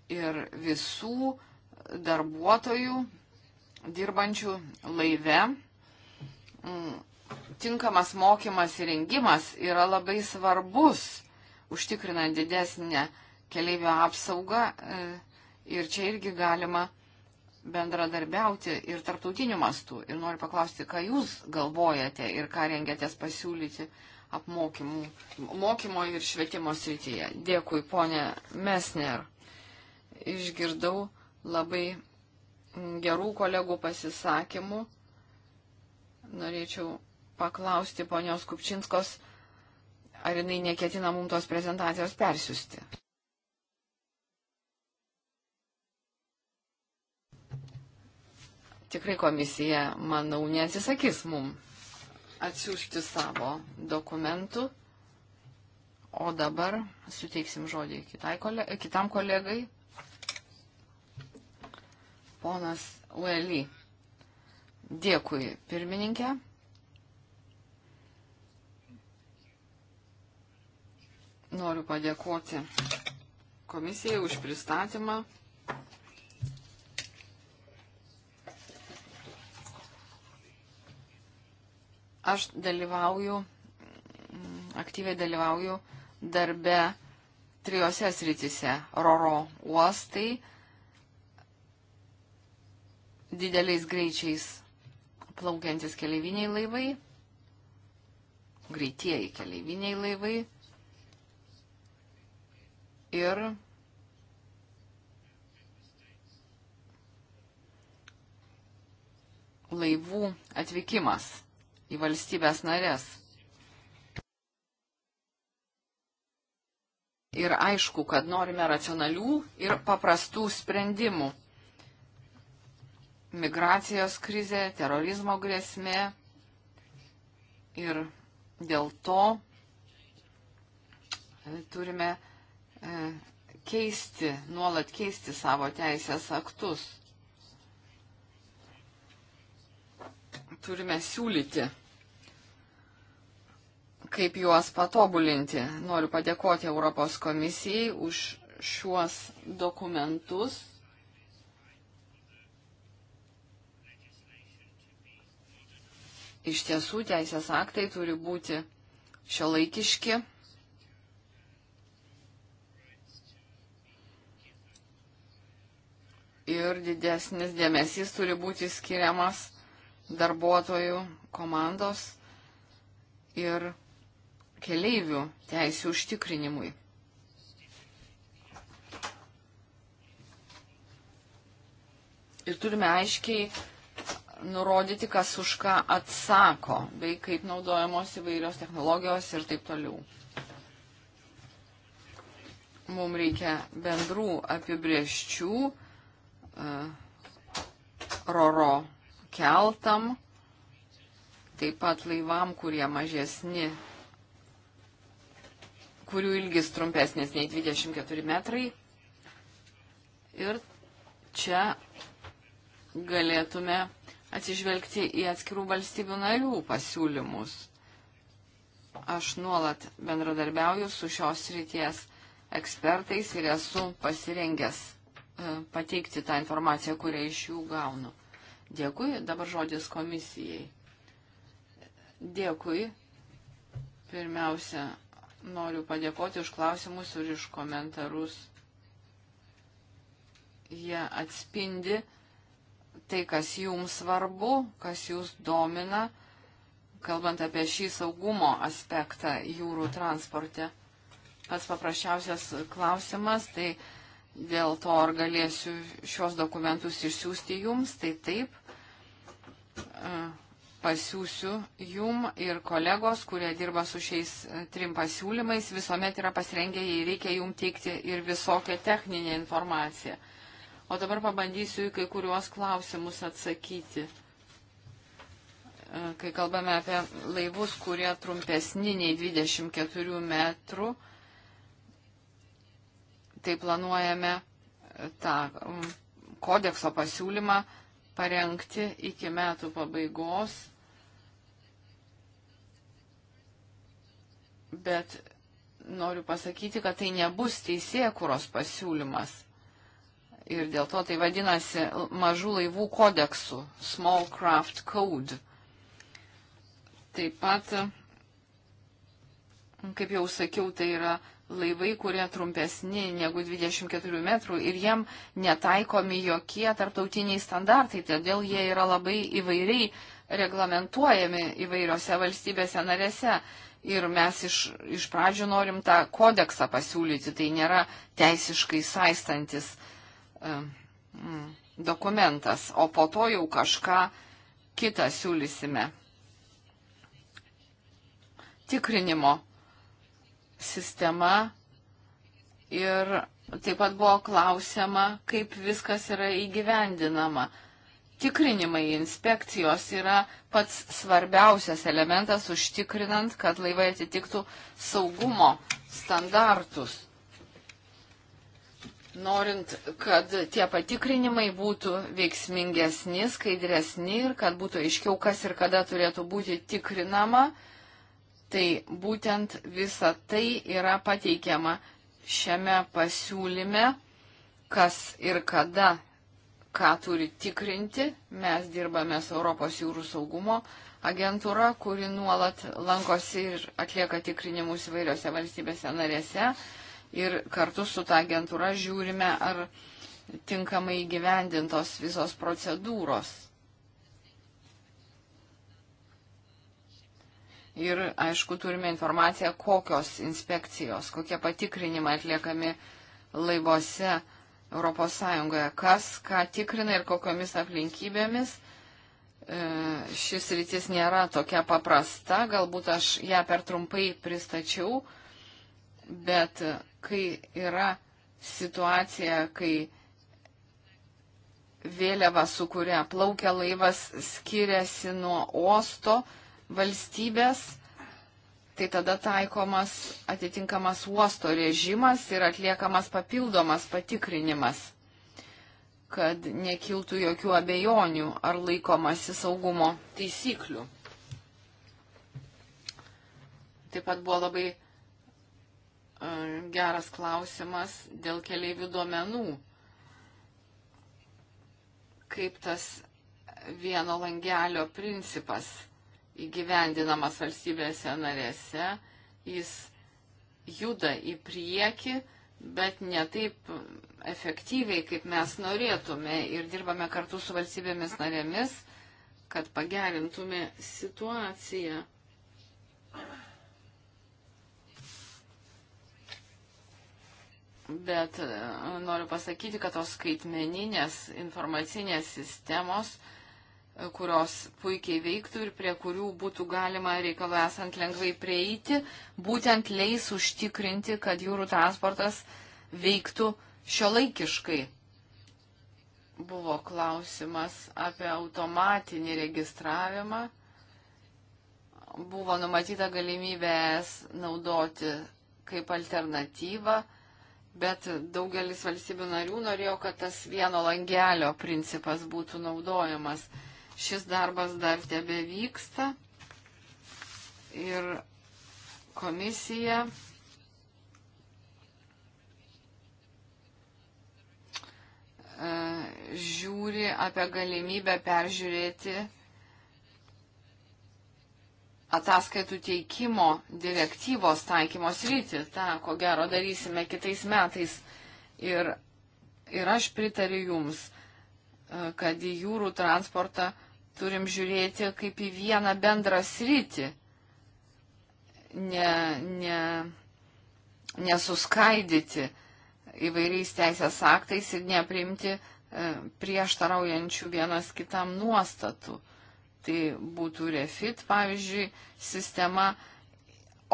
ir visų darbuotojų dirbančių laive. Mm, tinkamas mokymas ir rengimas yra labai svarbus, užtikrinant didesnę keliaivių apsaugą e, ir čia irgi galima bendradarbiauti ir tarptautiniu mastu. Ir noriu paklausti, ką jūs galvojate ir ką rengiatės pasiūlyti apmokymų, mokymo ir švietimo srityje. Dėkui, ponė Mesner išgirdau labai gerų kolegų pasisakymų. Norėčiau paklausti ponios Kupčinskos, ar jinai neketina mums tos prezentacijos persiųsti. Tikrai komisija, manau, neatsisakys mum atsiųsti savo dokumentų. O dabar suteiksim žodį kole, kitam kolegai ponas Ueli. Dėkui, pirmininkė. Noriu padėkoti komisijai už pristatymą. Aš dalyvauju, aktyviai dalyvauju darbe trijose sritise - Roro uostai, dideliais greičiais plaukiantis keleiviniai laivai, greitieji keleiviniai laivai ir laivų atvykimas į valstybės narės. Ir aišku, kad norime racionalių ir paprastų sprendimų migracijos krizė, terorizmo grėsmė ir dėl to e, turime e, keisti, nuolat keisti savo teisės aktus. Turime siūlyti, kaip juos patobulinti. Noriu padėkoti Europos komisijai už šiuos dokumentus. Iš tiesų, teisės aktai turi būti šio laikiški. Ir didesnis dėmesys turi būti skiriamas darbuotojų komandos ir keleivių teisų užtikrinimui. Ir turime aiškiai nurodyti, kas už ką atsako, bei kaip naudojamos įvairios technologijos ir taip toliau. Mums reikia bendrų apibrieščių e, roro keltam, taip pat laivam, kurie mažesni, kurių ilgis trumpesnis nei 24 metrai. Ir čia galėtume atsižvelgti į atskirų valstybių narių pasiūlymus. Aš nuolat bendradarbiauju su šios ryties ekspertais ir esu pasirengęs e, pateikti tą informaciją, kurią iš jų gaunu. Dėkui, dabar žodis komisijai. Dėkui. Pirmiausia, noriu padėkoti už klausimus ir iš komentarus. Jie atspindi, tai, kas jums svarbu, kas jūs domina, kalbant apie šį saugumo aspektą jūrų transporte. Pats paprasčiausias klausimas, tai dėl to ar galėsiu šios dokumentus išsiųsti jums, tai taip, e, pasiūsiu jum ir kolegos, kurie dirba su šiais e, trim pasiūlymais, visuomet yra pasirengę, jei reikia jum teikti ir visokią techninę informaciją. O dabar pabandysiu į kai kuriuos klausimus atsakyti. E, kai kalbame apie laivus, kurie trumpesni nei 24 metrų, tai planuojame tą um, kodekso pasiūlymą parengti iki metų pabaigos. Bet noriu pasakyti, kad tai nebus teisėkuros pasiūlymas ir dėl to tai vadinasi mažų laivų kodeksų, Small Craft Code. Taip pat, kaip jau sakiau, tai yra laivai, kurie trumpesni negu 24 metrų ir jiem netaikomi jokie tarptautiniai standartai, todėl jie yra labai įvairiai reglamentuojami įvairiose valstybėse narėse. Ir mes iš, iš pradžių norim tą kodeksą pasiūlyti, tai nėra teisiškai saistantis uh, E, dokumentas, o po to jau kažką kitą siūlysime. Tikrinimo sistema ir taip pat buvo klausima, kaip viskas yra įgyvendinama. Tikrinimai inspekcijos yra pats svarbiausias elementas užtikrinant, kad laivai atitiktų saugumo standartus norint, kad tie patikrinimai būtų veiksmingesni, skaidresni ir kad būtų aiškiau, kas ir kada turėtų būti tikrinama, tai būtent visa tai yra pateikiama šiame pasiūlyme, kas ir kada, ką turi tikrinti. Mes dirbame su Europos jūrų saugumo agentūra, kuri nuolat lankosi ir atlieka tikrinimus įvairiose valstybėse narėse ir kartu su ta agentūra žiūrime, ar tinkamai gyvendintos visos procedūros. Ir, aišku, turime informaciją, kokios inspekcijos, kokie patikrinimai atliekami laivuose ES, kas ką tikrina ir kokiomis aplinkybėmis. E, šis rytis nėra tokia paprasta, galbūt aš ją per trumpai pristačiau, bet kai yra situacija, kai vėliava, su kuria plaukia laivas, skiriasi nuo osto valstybės, tai tada taikomas atitinkamas uosto režimas ir atliekamas papildomas patikrinimas, kad nekiltų jokių abejonių ar laikomasi saugumo taisyklių. Taip pat buvo labai geras klausimas dėl keliaivių duomenų. Kaip tas vieno langelio principas įgyvendinamas valstybėse narėse, jis juda į priekį, bet ne taip efektyviai, kaip mes norėtume ir dirbame kartu su valstybėmis narėmis, kad pagerintume situaciją. Bet e, noriu pasakyti, kad tos skaitmeninės informacinės sistemos, e, kurios puikiai veiktų ir prie kurių būtų galima reikalų esant lengvai prieiti, būtent leis užtikrinti, kad jūrų transportas veiktų šio laikiškai. Buvo klausimas apie automatinį registravimą. Buvo numatyta galimybė naudoti kaip alternatyvą bet daugelis valstybių narių norėjo, kad tas vieno langelio principas būtų naudojamas. Šis darbas dar tebe vyksta ir komisija e, žiūri apie galimybę peržiūrėti ataskaitų teikimo direktyvos taikymos rytį. Ta, ko gero, darysime kitais metais. Ir, ir aš pritariu Jums, e, kad į jūrų transportą turim žiūrėti kaip į vieną bendrą sritį. Ne, ne, nesuskaidyti įvairiais teisės aktais ir nepriimti e, prieštaraujančių vienas kitam nuostatų tai būtų refit, pavyzdžiui, sistema,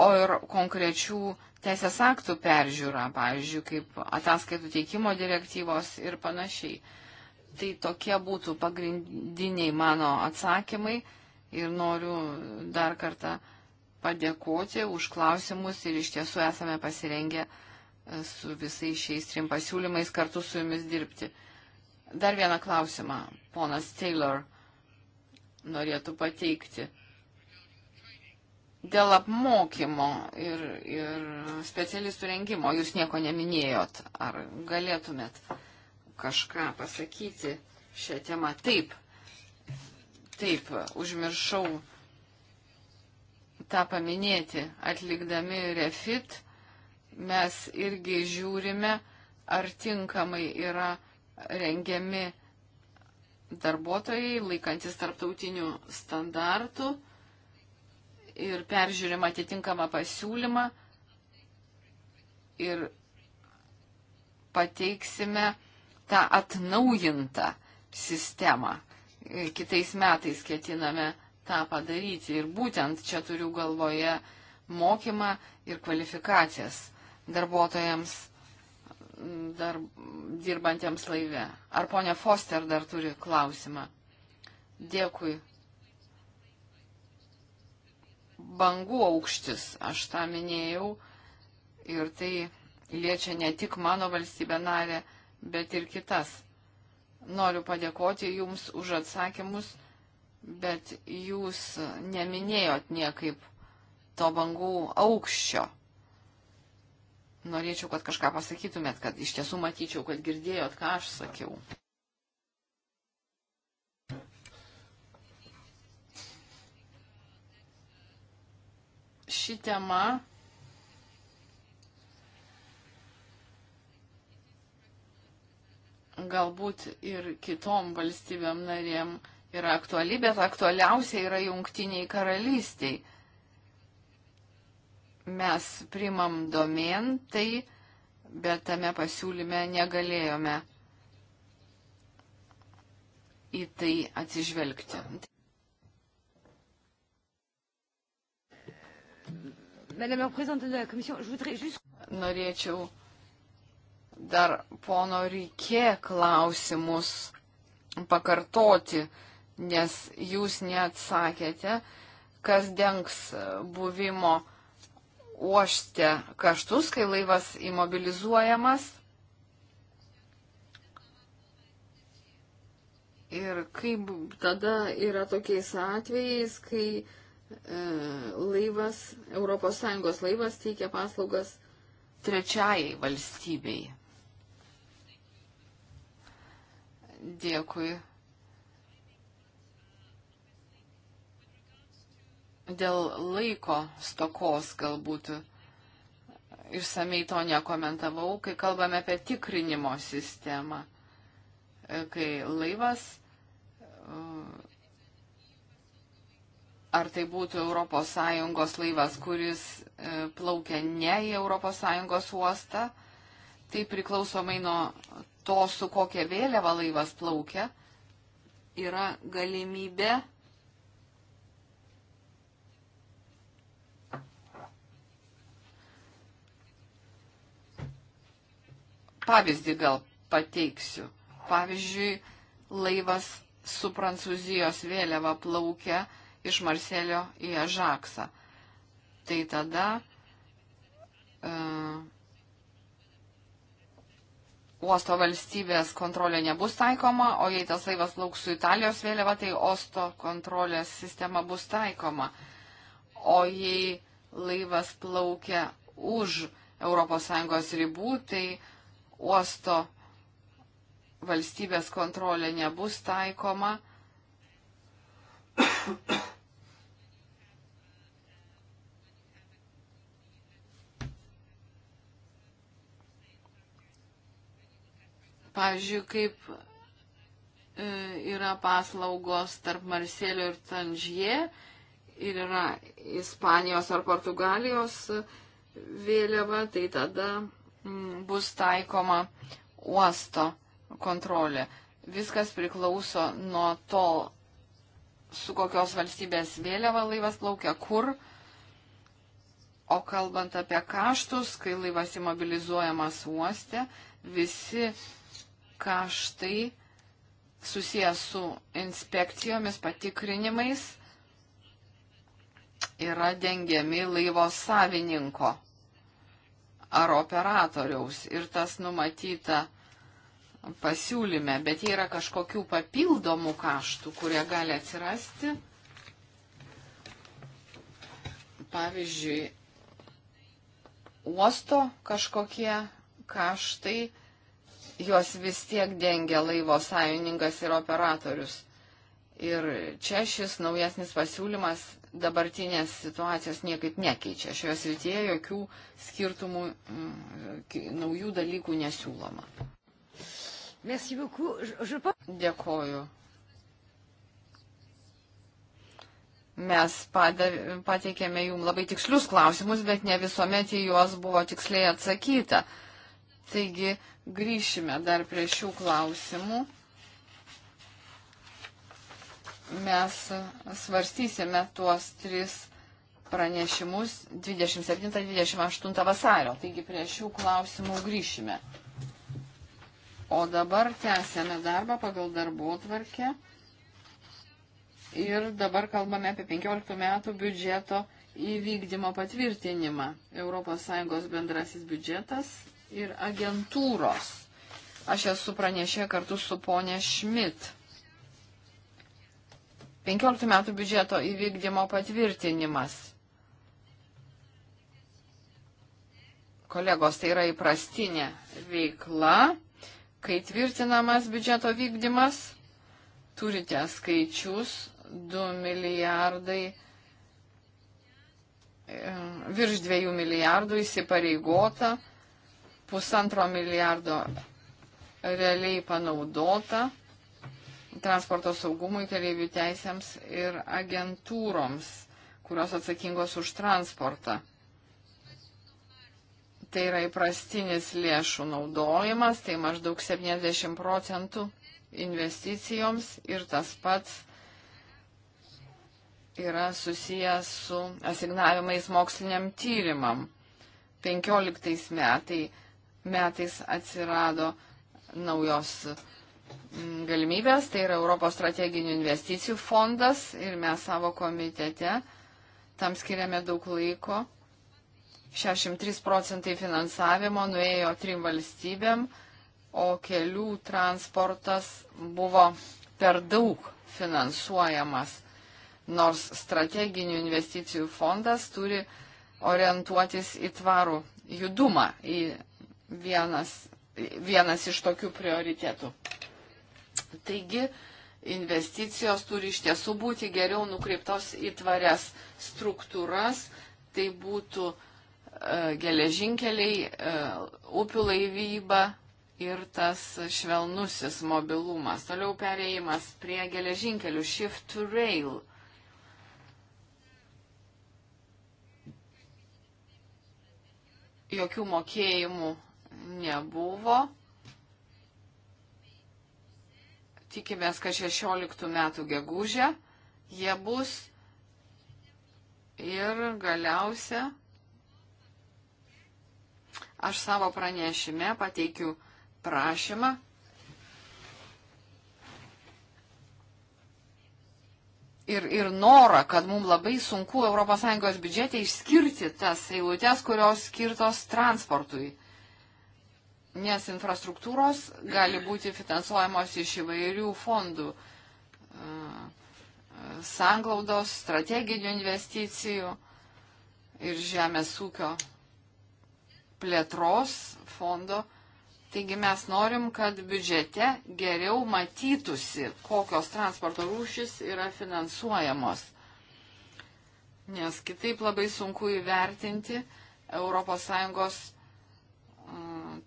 o ir konkrečių teisės aktų peržiūra, pavyzdžiui, kaip ataskaitų teikimo direktyvos ir panašiai. Tai tokie būtų pagrindiniai mano atsakymai ir noriu dar kartą padėkoti už klausimus ir iš tiesų esame pasirengę e, su visais šiais trim pasiūlymais kartu su jumis dirbti. Dar vieną klausimą, ponas Taylor norėtų pateikti. Dėl apmokymo ir, ir specialistų rengimo jūs nieko neminėjot. Ar galėtumėt kažką pasakyti šią temą? Taip, taip, užmiršau tą paminėti. Atlikdami refit mes irgi žiūrime, ar tinkamai yra rengiami darbuotojai, laikantis tarptautinių standartų ir peržiūrim atitinkamą pasiūlymą ir pateiksime tą atnaujintą sistemą. Kitais metais ketiname tą padaryti ir būtent čia turiu galvoje mokymą ir kvalifikacijas darbuotojams dar dirbantiems laive. Ar ponia Foster dar turi klausimą? Dėkui. Bangų aukštis, aš tą minėjau, ir tai liečia ne tik mano valstybę narę, bet ir kitas. Noriu padėkoti Jums už atsakymus, bet Jūs neminėjot niekaip to bangų aukščio. Norėčiau, kad kažką pasakytumėt, kad iš tiesų matyčiau, kad girdėjot, ką aš sakiau. Ši tema galbūt ir kitom valstybėm narėm yra aktuali, bet aktualiausia yra jungtiniai karalystiai mes primam domen, tai, bet tame pasiūlyme negalėjome į tai atsižvelgti. Norėčiau dar pono Rykė klausimus pakartoti, nes jūs neatsakėte, kas dengs buvimo uoste kaštus, kai laivas imobilizuojamas. Ir kaip tada yra tokiais atvejais, kai e, laivas, ES laivas teikia paslaugas trečiajai valstybei. Dėkui. dėl laiko stokos galbūt išsamei to nekomentavau, kai kalbame apie tikrinimo sistemą, kai laivas, ar tai būtų ES laivas, kuris e, plaukia ne į ES uostą, tai priklausomai nuo to, su kokia vėliava laivas plaukia, yra galimybė Pavyzdį gal pateiksiu. Pavyzdžiui, laivas su Prancūzijos vėliava plaukia iš Marselio į Ažaksą. Tai tada uh, uosto valstybės kontrolė nebus taikoma, o jei tas laivas plauks su Italijos vėliava, tai uosto kontrolės sistema bus taikoma. O jei laivas plaukia už ES ribų, tai uh, uosto valstybės kontrolė nebus taikoma. Pavyzdžiui, kaip e, yra paslaugos tarp Marselio ir Tanžie ir yra Ispanijos ar Portugalijos vėliava, tai tada Mm, bus taikoma uosto kontrolė. Viskas priklauso nuo to, su kokios valstybės vėliava laivas plaukia, kur. O kalbant apie kaštus, kai laivas įmobilizuojamas uoste, visi kaštai susijęs su inspekcijomis, patikrinimais yra dengiami laivo savininko ar operatoriaus ir tas numatyta pasiūlyme, bet jie yra kažkokių papildomų kaštų, kurie gali atsirasti. Pavyzdžiui, uosto kažkokie kaštai, juos vis tiek dengia laivo sąjungininkas ir operatorius. Ir čia šis naujasnis pasiūlymas dabartinės situacijos niekaip nekeičia. Šioje srityje jokių skirtumų, mm, naujų dalykų nesiūloma. Dėkoju. Mes pateikėme jums labai tikslius klausimus, bet ne visuomet į juos buvo tiksliai atsakyta. Taigi grįšime dar prie šių klausimų mes svarstysime tuos tris pranešimus 27-28 vasario. Taigi prie šių klausimų grįšime. O dabar tęsėme darbą pagal darbo tvarkę. Ir dabar kalbame apie 15 metų biudžeto įvykdymo patvirtinimą. ES bendrasis biudžetas ir agentūros. Aš esu pranešė kartu su ponė Šmit. 15 metų biudžeto įvykdymo patvirtinimas. Kolegos, tai yra įprastinė veikla, kai tvirtinamas biudžeto vykdymas, turite skaičius 2 milijardai e, virš 2 milijardų įsipareigota, pusantro milijardo realiai panaudota, transporto saugumui, keliaivių teisėms ir agentūroms, kurios atsakingos už transportą. Tai yra įprastinis lėšų naudojimas, tai maždaug 70 procentų investicijoms ir tas pats yra susijęs su asignavimais moksliniam tyrimam. 15 metai, metais atsirado naujos galimybės, tai yra Europos strateginių investicijų fondas ir mes savo komitete tam skiriame daug laiko. 63 procentai finansavimo nuėjo trim valstybėm, o kelių transportas buvo per daug finansuojamas, nors strateginių investicijų fondas turi orientuotis į tvarų judumą, į vienas, vienas iš tokių prioritėtų. Taigi, investicijos turi iš tiesų būti geriau nukreiptos į tvarias struktūras, tai būtų e, geležinkeliai, e, upių laivyba ir tas švelnusis mobilumas. Toliau pereimas prie geležinkelių, shift to rail. Jokių mokėjimų nebuvo Tikimės, kad 16 metų gegužę jie bus ir galiausia aš savo pranešime pateikiu prašymą ir, ir norą, kad mums labai sunku ES biudžete išskirti tas eilutes, kurios skirtos transportui nes infrastruktūros gali būti finansuojamos iš įvairių fondų sanglaudos, strateginių investicijų ir žemės ūkio plėtros fondo. Taigi mes norim, kad biudžete geriau matytųsi, kokios transporto rūšis yra finansuojamos. Nes kitaip labai sunku įvertinti ES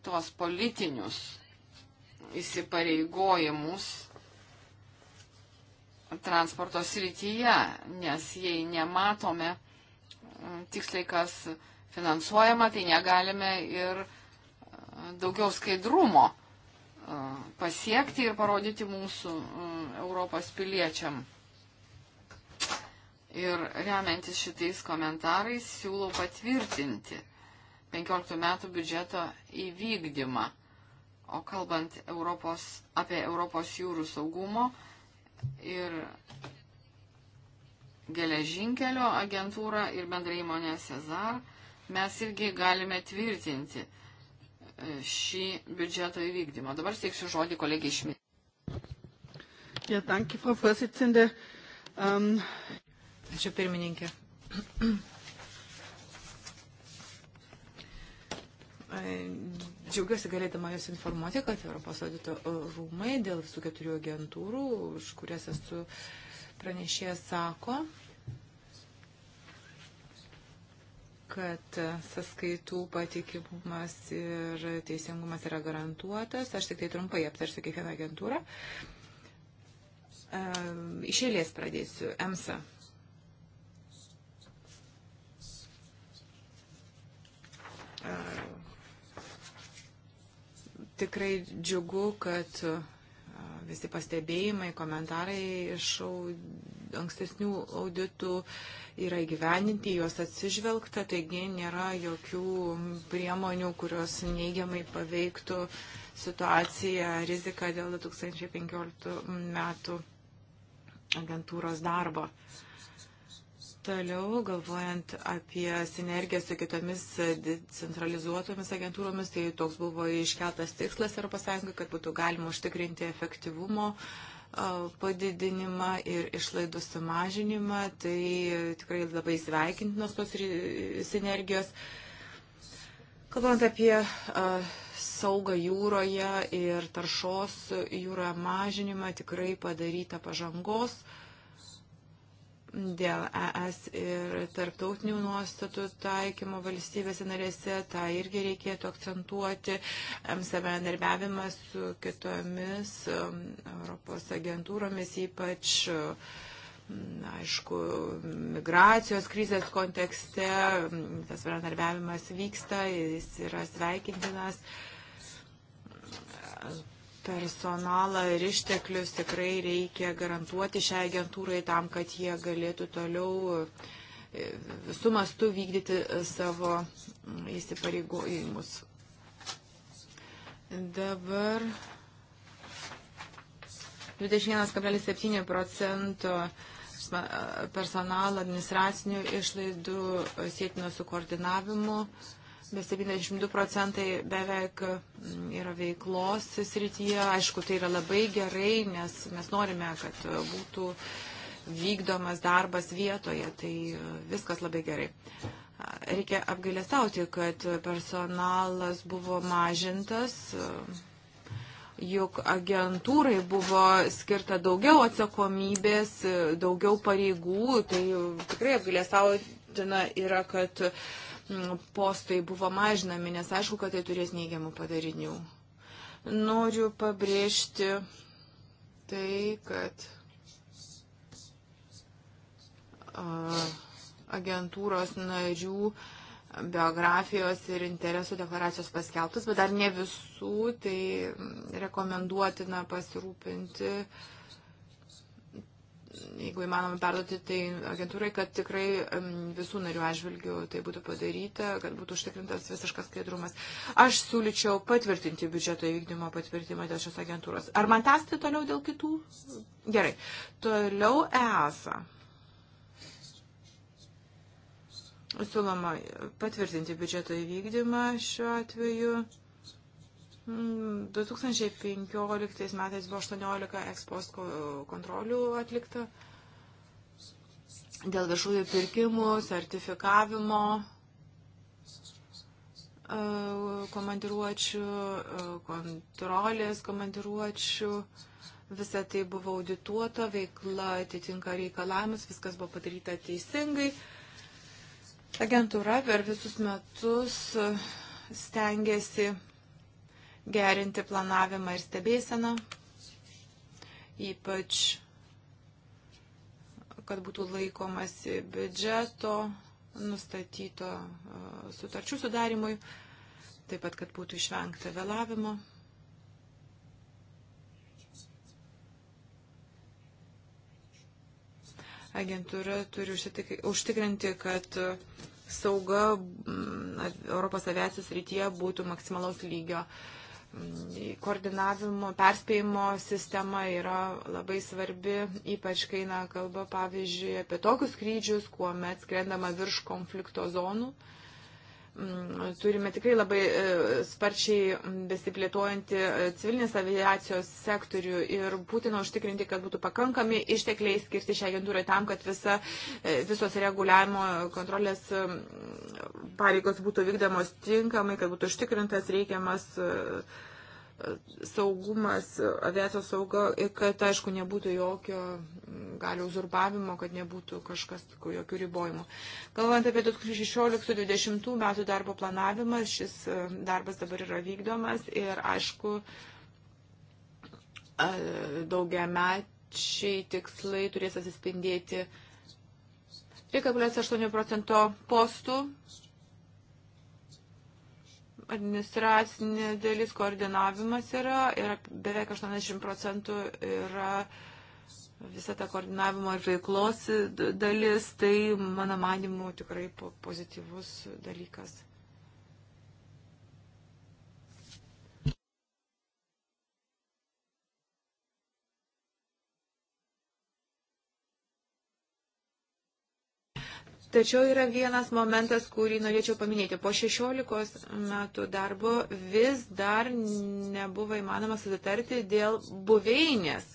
tuos politinius įsipareigojimus transporto srityje, nes jei nematome tiksliai, kas finansuojama, tai negalime ir e, daugiau skaidrumo e, pasiekti ir parodyti mūsų e, Europos piliečiam. Ir remiantis šitais komentarais siūlau patvirtinti 15 metų biudžeto įvykdymą. O kalbant Europos, apie Europos jūrų saugumo ir geležinkelio agentūrą ir bendrai įmonę Cezar, mes irgi galime tvirtinti e, šį biudžeto įvykdymą. Dabar steiksiu žodį kolegiai Šmit. Ja, danke, Frau Vorsitzende. Um... Ačiū pirmininkė. Džiaugiuosi galėdama Jūs informuoti, kad Europos audito rūmai dėl visų keturių agentūrų, už kurias esu pranešėjęs, sako, kad saskaitų patikimumas ir teisingumas yra garantuotas. Aš tik tai trumpai aptarsiu kiekvieną agentūrą. Iš eilės pradėsiu. EMSA. Uh, Tikrai džiugu, kad visi pastebėjimai, komentarai iš ankstesnių auditų yra įgyveninti, juos atsižvelgta, taigi nėra jokių priemonių, kurios neigiamai paveiktų situaciją, riziką dėl 2015 metų agentūros darbo. Uh, Toliau, galvojant apie sinergiją su kitomis centralizuotomis agentūromis, tai toks buvo iškeltas tikslas Europos Sąjungai, kad būtų galima užtikrinti efektyvumo padidinimą ir išlaidų sumažinimą. Tai tikrai labai sveikintinos tos sinergijos. Kalbant apie saugą jūroje ir taršos jūroje mažinimą, tikrai padaryta pažangos. Uh, dėl ES ir tarptautinių nuostatų taikymo valstybėse narėse, tą irgi reikėtų akcentuoti, bendarbiavimas su kitomis Europos agentūromis, ypač, aišku, migracijos krizės kontekste, tas bendarbiavimas vyksta, jis yra sveikintinas personalą ir išteklius tikrai reikia garantuoti šiai agentūrai tam, kad jie galėtų toliau e, visų mastų vykdyti e, savo įsipareigojimus. Dabar 21,7 procento e, personalo administracinių išlaidų sėtino su koordinavimu. Uh, bet 72 procentai beveik mm, yra veiklos srityje. Aišku, tai yra labai gerai, nes mes norime, kad būtų vykdomas darbas vietoje, tai viskas labai gerai. Reikia apgailestauti, kad personalas buvo mažintas, juk agentūrai buvo skirta daugiau atsakomybės, daugiau pareigų, tai tikrai apgailestautina yra, kad uh, postai buvo mažinami, nes aišku, kad tai turės neigiamų padarinių. Noriu pabrėžti tai, kad agentūros narių biografijos ir interesų deklaracijos paskelbtas, bet dar ne visų, tai rekomenduotina pasirūpinti uh, jeigu įmanoma perduoti tai agentūrai, kad tikrai visų narių atžvilgių tai būtų padaryta, kad būtų užtikrintas visiškas skaidrumas. Aš siūlyčiau patvirtinti biudžeto įvykdymo patvirtimą dėl šios agentūros. Ar man tęsti toliau dėl kitų? Gerai. Toliau EASA. Siūloma patvirtinti biudžeto įvykdymą šiuo atveju. 2015 mm, metais buvo 18 ekspost kontrolių atlikta dėl viešųjų pirkimų, sertifikavimo e, komandiruočių, e, kontrolės komandiruočių. Visa tai buvo audituota, veikla atitinka reikalavimus, viskas buvo padaryta teisingai. Agentūra per visus metus e, stengiasi gerinti planavimą ir stebėseną, ypač kad būtų laikomasi biudžeto nustatyto e, sutarčių sudarimui, taip pat, kad būtų išvengta vėlavimo. Agentūra turi užtikrinti, kad sauga mm, Europos aviacijos rytyje būtų maksimalaus lygio. Uh, koordinavimo, perspėjimo sistema yra labai svarbi, ypač kai na, kalba, pavyzdžiui, apie tokius skrydžius, kuomet skrendama virš konflikto zonų. Uh, Mm, turime tikrai labai e, sparčiai besiplėtojantį e, civilinės aviacijos sektorių ir būtina užtikrinti, kad būtų pakankami ištekliai skirti šią agentūrą tam, kad visa, e, visos reguliavimo kontrolės mm, pareigos būtų vykdamos tinkamai, kad būtų užtikrintas reikiamas uh, saugumas, aviacijos sauga, kad aišku nebūtų jokio galio uzurpavimo, kad nebūtų kažkas jokių ribojimų. Galvant apie 2016-2020 metų darbo planavimą, šis e, darbas dabar yra vykdomas ir aišku e, daugiamečiai tikslai turės atsispindėti 3,8 procento postų administracinė dalis koordinavimas yra ir beveik 80 procentų yra visa ta koordinavimo ir veiklos dalis, tai mano manimu tikrai pozityvus dalykas. Tačiau yra vienas momentas, kurį norėčiau paminėti. Po 16 metų darbo vis dar nebuvo įmanoma susitarti dėl buveinės.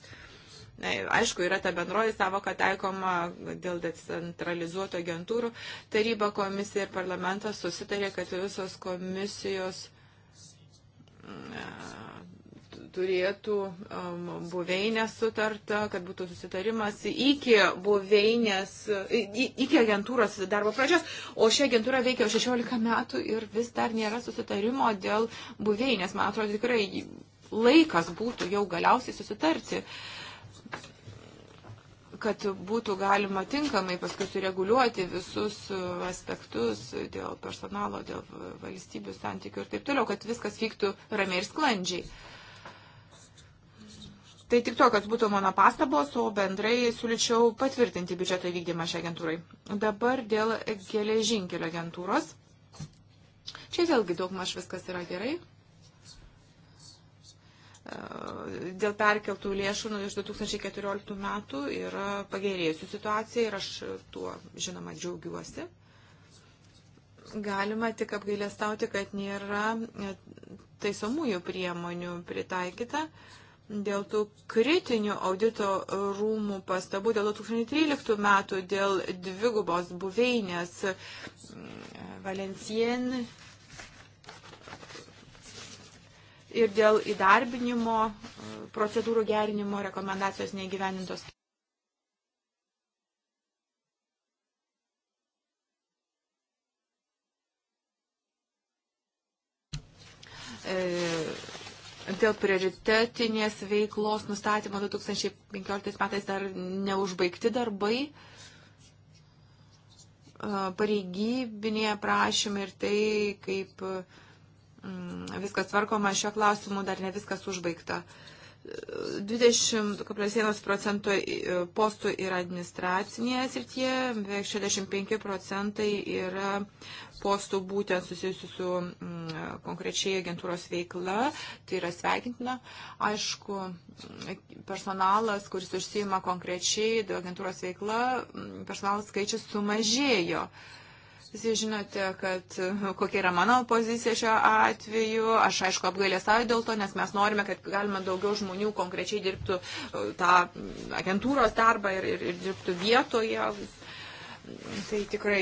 Aišku, yra ta bendroji savoka taikoma dėl decentralizuoto agentūrų. Taryba komisija ir parlamentas susitarė, kad visos komisijos turėtų um, buveinę sutartą, kad būtų susitarimas iki buveinės, iki agentūros darbo pradžios, o ši agentūra veikia 16 metų ir vis dar nėra susitarimo dėl buveinės. Man atrodo, tikrai laikas būtų jau galiausiai susitarti kad būtų galima tinkamai paskui sureguliuoti visus uh, aspektus dėl personalo, dėl valstybių santykių ir taip toliau, kad viskas vyktų ramiai ir sklandžiai. Tai tik tokios būtų mano pastabos, o bendrai siūlyčiau patvirtinti biudžeto įvykdymą šią agentūrai. Dabar dėl geležinkelio agentūros. Čia vėlgi daugmaž viskas yra gerai. Dėl perkeltų lėšų nu, iš 2014 metų yra pagerėjusi situacija ir aš tuo, žinoma, džiaugiuosi. Galima tik apgailėstauti, kad nėra e, taisomųjų priemonių pritaikyta. Uh, dėl tų kritinių audito rūmų pastabų dėl 2013 metų, dėl dvigubos buveinės mm, Valencien ir dėl įdarbinimo mm, procedūrų gerinimo rekomendacijos neįgyvenintos. E, dėl prioritetinės veiklos nustatymo 2015 metais dar neužbaigti darbai pareigybinėje prašymai ir tai, kaip mm, viskas tvarkoma šio klausimu, dar ne viskas užbaigta. Uh, 20,1 procento e, postų yra administracinėje srityje, beveik 65 procentai yra postų būtent susijusių su m, mm, konkrečiai agentūros veikla, tai yra sveikintina. Aišku, personalas, kuris užsijima konkrečiai agentūros veikla, mm, personalas skaičius sumažėjo. Uh, Jūs žinote, kad kokia yra mano pozicija šiuo atveju. Aš aišku apgailėsauju dėl to, nes mes norime, kad galima daugiau žmonių konkrečiai dirbtų e, tą agentūros darbą ir, ir, ir dirbtų vietoje. Tai tikrai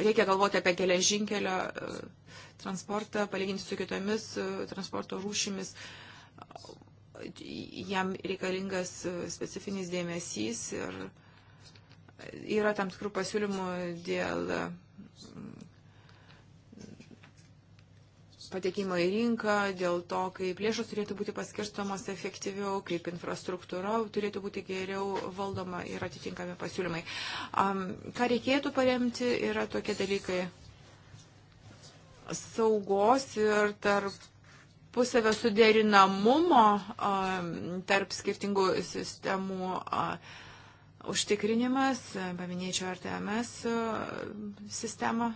reikia galvoti apie geležinkelio e, transportą, palyginti su kitomis e, transporto rūšimis jam reikalingas specifinis dėmesys ir Yra tam tikrų pasiūlymų dėl mm, patekimo į rinką, dėl to, kaip lėšos turėtų būti paskirstamos efektyviau, kaip infrastruktūra turėtų būti geriau valdoma ir atitinkami pasiūlymai. Um, ką reikėtų paremti, yra tokie dalykai saugos ir tarp pusavio suderinamumo um, tarp skirtingų sistemų. Uh, užtikrinimas, paminėčiau RTMS e, sistemą.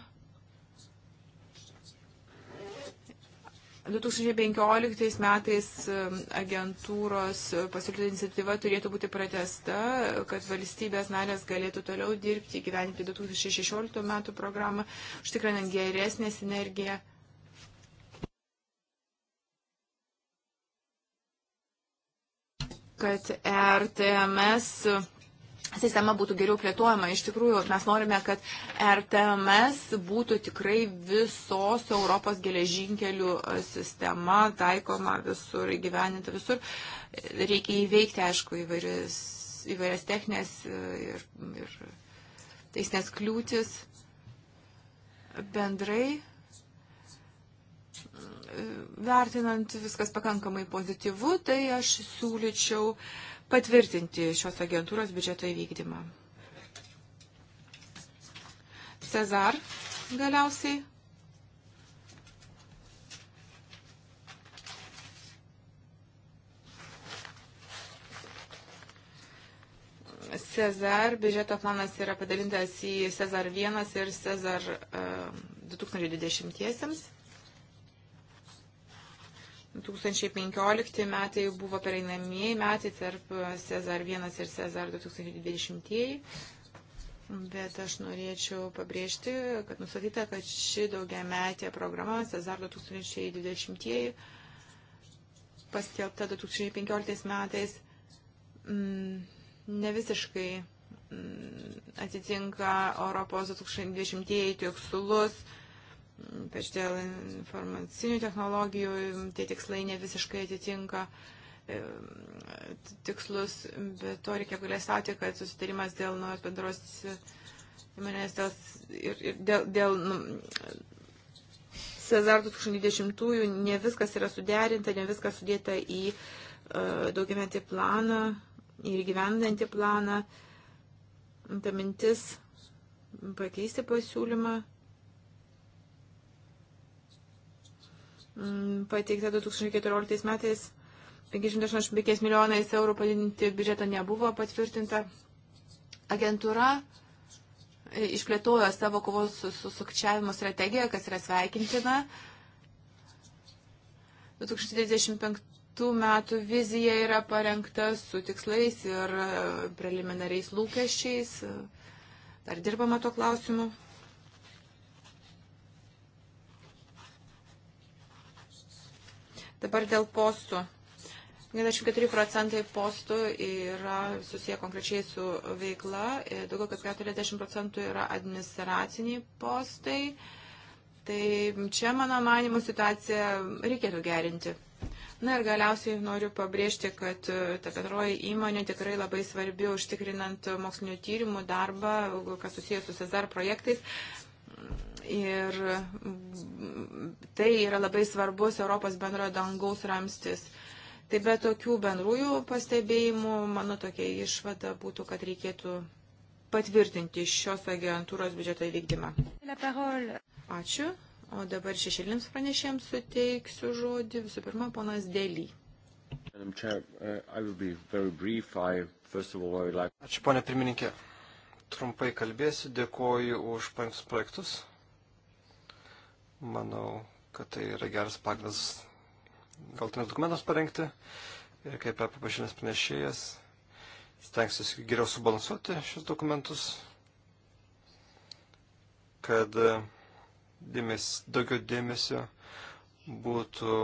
2015 metais e, agentūros pasiūlyta iniciatyva turėtų būti pratesta, kad valstybės narės galėtų toliau dirbti, gyventi 2016 metų programą, užtikrinant geresnę sinergiją. kad RTMS sistema būtų geriau plėtojama. Iš tikrųjų, mes norime, kad RTMS būtų tikrai visos Europos geležinkelių e, sistema taikoma visur, įgyveninta visur. Reikia įveikti, aišku, įvairias, įvairias techninės e, ir, ir teisinės kliūtis. Bendrai e, vertinant viskas pakankamai pozityvu, tai aš siūlyčiau uh, patvirtinti šios agentūros biudžeto įvykdymą. Cezar galiausiai. Cezar biudžeto planas yra padalintas į Cezar 1 ir Cezar uh, 2020. -iesiams. 2015 metai buvo pereinamieji metai tarp Cezar 1 ir Cezar 2020. Bet aš norėčiau pabrėžti, kad nustatyta, kad ši daugiametė programa Cezar 2020 paskelbta 2015 metais mm, ne visiškai mm, atitinka Europos 2020 tikslus ypač dėl informacinių technologijų, tie tikslai ne visiškai atitinka e, tikslus, bet to reikia galėsauti, kad susitarimas dėl naujos bendros įmonės dėl, ir, ir dėl, dėl nu, Cezar 2020-ųjų ne viskas yra suderinta, ne viskas sudėta į uh, daugiametį planą ir gyvendantį planą. Ta mintis pakeisti pasiūlymą Mm, pateikta 2014 metais 585 milijonais eurų padidinti biudžetą nebuvo patvirtinta. Agentūra e, išplėtojo savo kovos su, su sukčiavimu strategiją, kas yra sveikintina. 2035 metų vizija yra parengta su tikslais ir e, preliminariais lūkesčiais. Dar dirbama to klausimu. Dabar dėl postų. 94 procentai postų yra susiję konkrečiai su veikla, e, daugiau kaip 40 procentų yra administraciniai postai. Tai čia, mano manimo, situaciją reikėtų gerinti. Na ir galiausiai noriu pabrėžti, kad e, ta bendroji įmonė tikrai labai svarbi užtikrinant mokslinio tyrimų darbą, kas susijęs su CESAR projektais. Ir tai yra labai svarbus Europos bendrojo dangaus ramstis. Tai be tokių bendrųjų pastebėjimų, mano tokia išvada būtų, kad reikėtų patvirtinti šios agentūros biudžeto įvykdymą. Ačiū. O dabar šešėlėms pranešėjams suteiksiu žodį. Visų pirma, ponas Dėly. Uh, Ačiū, ponė pirmininkė. Trumpai kalbėsiu. Dėkoju už paimtus projektus. Manau, kad tai yra geras pagrindas galtinės dokumentos parengti ir kaip apipažinęs pranešėjas stengsiuosi geriau subalansuoti šios dokumentus, kad dėmes, daugiau dėmesio būtų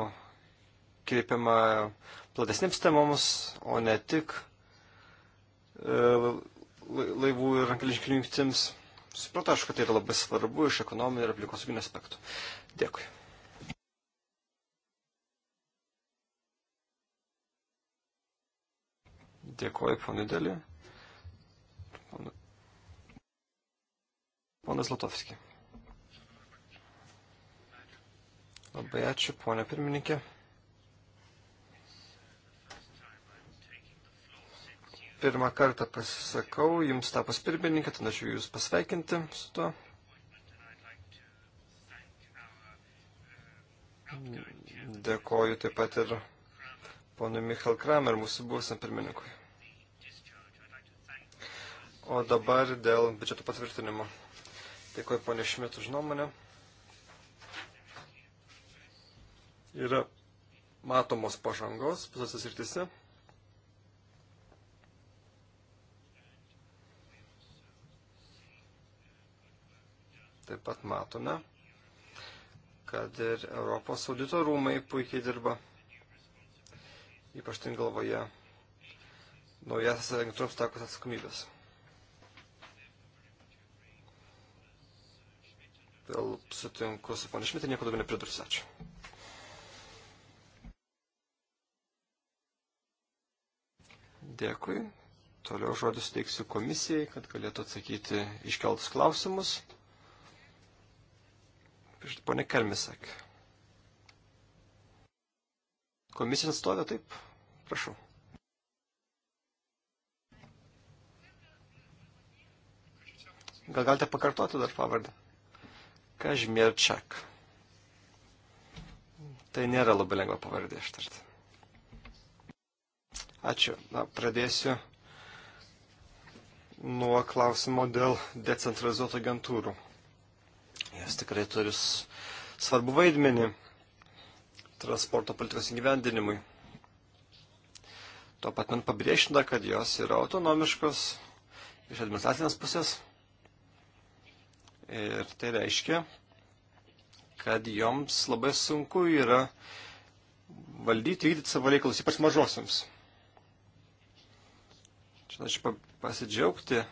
kreipiama platesnėms temoms, o ne tik e, laivų ir rankeliškinių jungtims. Supratau, aišku, tai yra labai svarbu iš ekonominio ir aplikosauginio aspektų. Dėkui. Dėkuoju, ponė Dėlė. Ponas Latovski. Labai ačiū, ponė pirmininkė. pirmą kartą pasisakau, jums tapus pirmininkė, tad aš jūs pasveikinti su tuo. Dėkoju taip pat ir ponui Michal Kramer, mūsų buvusiam pirmininkui. O dabar dėl biudžeto patvirtinimo. Dėkoju ponė Šmit už nuomonę. Yra matomos pažangos visose srityse. Taip pat matome, kad ir Europos audito rūmai puikiai dirba. Ypač ten galvoje naujas agentūroms takos atsakomybės. Vėl sutinku su panašmitė, nieko daugiau nepridursiu. Ačiū. Dėkui. Toliau žodis teiksiu komisijai, kad galėtų atsakyti iškeltus klausimus. Pone Kalmisek. Komisijos atstovė, taip? Prašau. Gal galite pakartoti dar pavardę? Kažmirčak. Tai nėra labai lengva pavardė ištarti. Ačiū. Na, pradėsiu nuo klausimo dėl decentralizuotų agentūrų. Jos tikrai turi svarbu vaidmenį transporto politikos įgyvendinimui. Tuo pat man pabrėžtina, kad jos yra autonomiškos iš administracinės pusės. Ir tai reiškia, kad joms labai sunku yra valdyti, vykdyti savo reikalus, ypač mažosiams. Čia aš pasidžiaugti,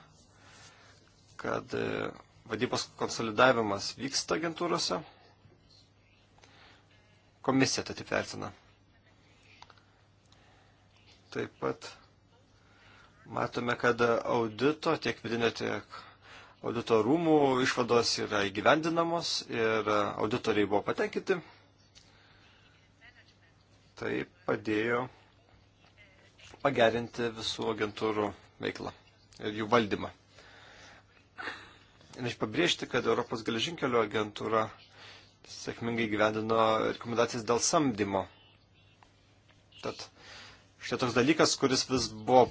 kad e, vadybos konsolidavimas vyksta agentūrose. Komisija tai taip vertina. Taip pat matome, kad audito, tiek vidinio, tiek audito rūmų išvados yra įgyvendinamos ir auditoriai buvo patenkinti. Tai padėjo pagerinti visų agentūrų veiklą ir jų valdymą reikia pabrėžti, kad Europos geležinkelio agentūra sėkmingai gyvendino rekomendacijas dėl samdymo. Tad štai toks dalykas, kuris vis buvo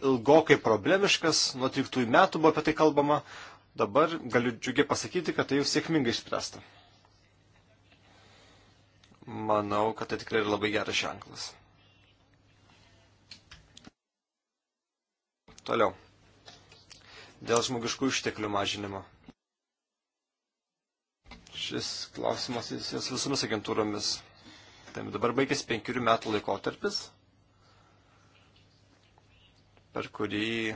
ilgokai problemiškas, nuo 13 metų buvo apie tai kalbama, dabar galiu džiugiai pasakyti, kad tai jau sėkmingai išspręsta. Manau, kad tai tikrai yra labai geras ženklas. Toliau dėl žmogiškų išteklių mažinimo. Šis klausimas jis visomis agentūromis. Tai dabar baigėsi penkerių metų laikotarpis, per kurį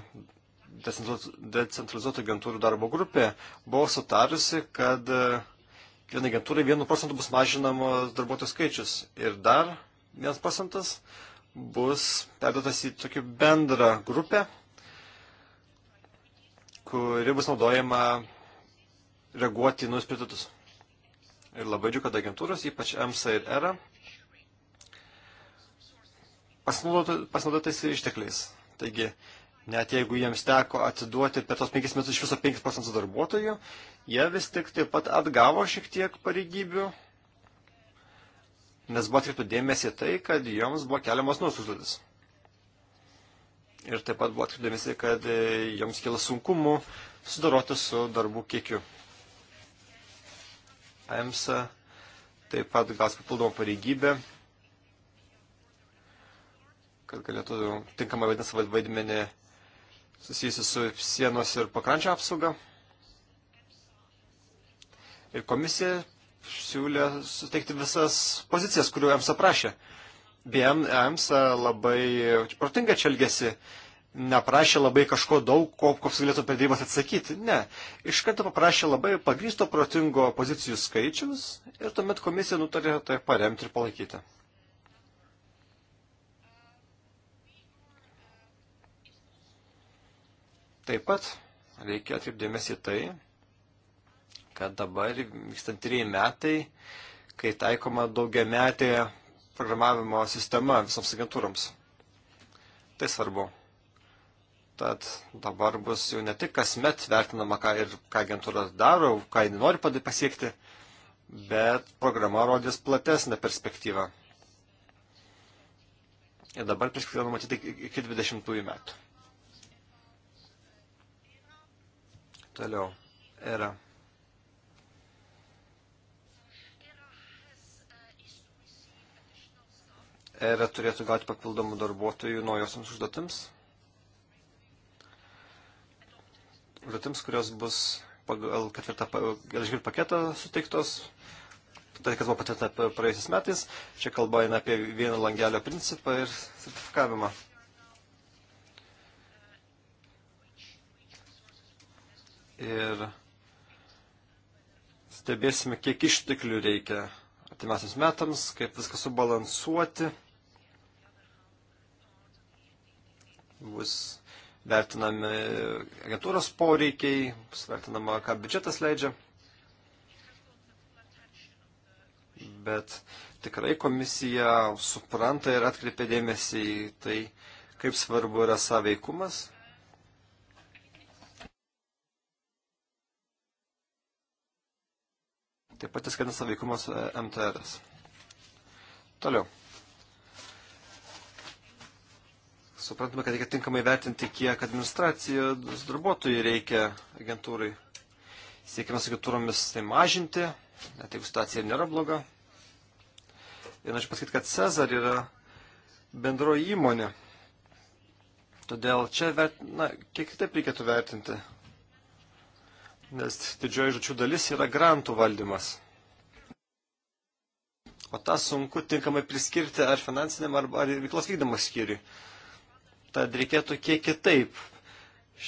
decentralizuotų agentūrų darbo grupė buvo sutarusi, kad kiekvienai agentūrai 1 procentu bus mažinamos darbuotojų skaičius ir dar 1 procentas bus perduotas į tokią bendrą grupę, kuri bus naudojama reaguoti į nuspiritutus. Ir labai džiugu, kad agentūros, ypač EMSA ir ERA, pasinaudotais ištekliais. Taigi, net jeigu jiems teko atiduoti per tos 5 metus iš viso 5 procentų darbuotojų, jie vis tik taip pat atgavo šiek tiek pareigybių, nes buvo atkreiptų dėmesį tai, kad joms buvo keliamos nuosužduotis ir taip pat buvo atkreipdėmėsi, kad e, joms kila sunkumų sudaroti su darbų kiekiu. AMSA taip pat gaus papildomą pareigybę, kad galėtų tinkamai vadinti savo vaidmenį susijusi su sienos ir pakrančio apsauga. Ir komisija siūlė suteikti visas pozicijas, kuriuo jiems aprašė. BM EMSA e, labai protinga čia elgesi, neprašė labai kažko daug, ko, koks galėtų per dėjimas atsakyti. Ne, iš karto paprašė labai pagrysto protingo pozicijų skaičius ir tuomet komisija nutarė tai paremti ir palaikyti. Taip pat reikia atkreipdėmėsi tai, kad dabar vykstant trijai metai, kai taikoma daugia metė programavimo sistema visoms agentūroms. Tai svarbu. Tad dabar bus jau ne tik kasmet vertinama, ką ir ką agentūra daro, ką jis nori pasiekti, bet programa rodys platesnę perspektyvą. Ir dabar perspektyva numatyti iki 20 metų. Toliau. Era. ERA turėtų gauti papildomų darbuotojų naujosiams užduotims? Užduotims, kurios bus pagal ketvirtą geležinkelių paketą suteiktos, tai kas buvo patvirtinta praėjusiais metais, čia kalba eina apie vieno langelio principą ir sertifikavimą. Ir stebėsime, kiek išteklių reikia atimiausiams metams, kaip viską subalansuoti. bus vertinami agentūros poreikiai, bus vertinama, ką biudžetas leidžia. Bet tikrai komisija supranta ir atkreipia dėmesį į tai, kaip svarbu yra saveikumas. Taip pat įskaitant saveikumas e, MTRS. Toliau. suprantame, kad reikia tinkamai vertinti, kiek administracijos darbuotojų reikia agentūrai. Siekime su agentūromis tai mažinti, net jeigu situacija nėra bloga. Ir noriu pasakyti, kad Cezar yra bendroji įmonė. Todėl čia, vert, na, kiek kitaip reikėtų vertinti. Nes didžioji žodžių dalis yra grantų valdymas. O tą sunku tinkamai priskirti ar finansiniam, ar, ar veiklos vykdomos skyriui. Tad reikėtų kiek kitaip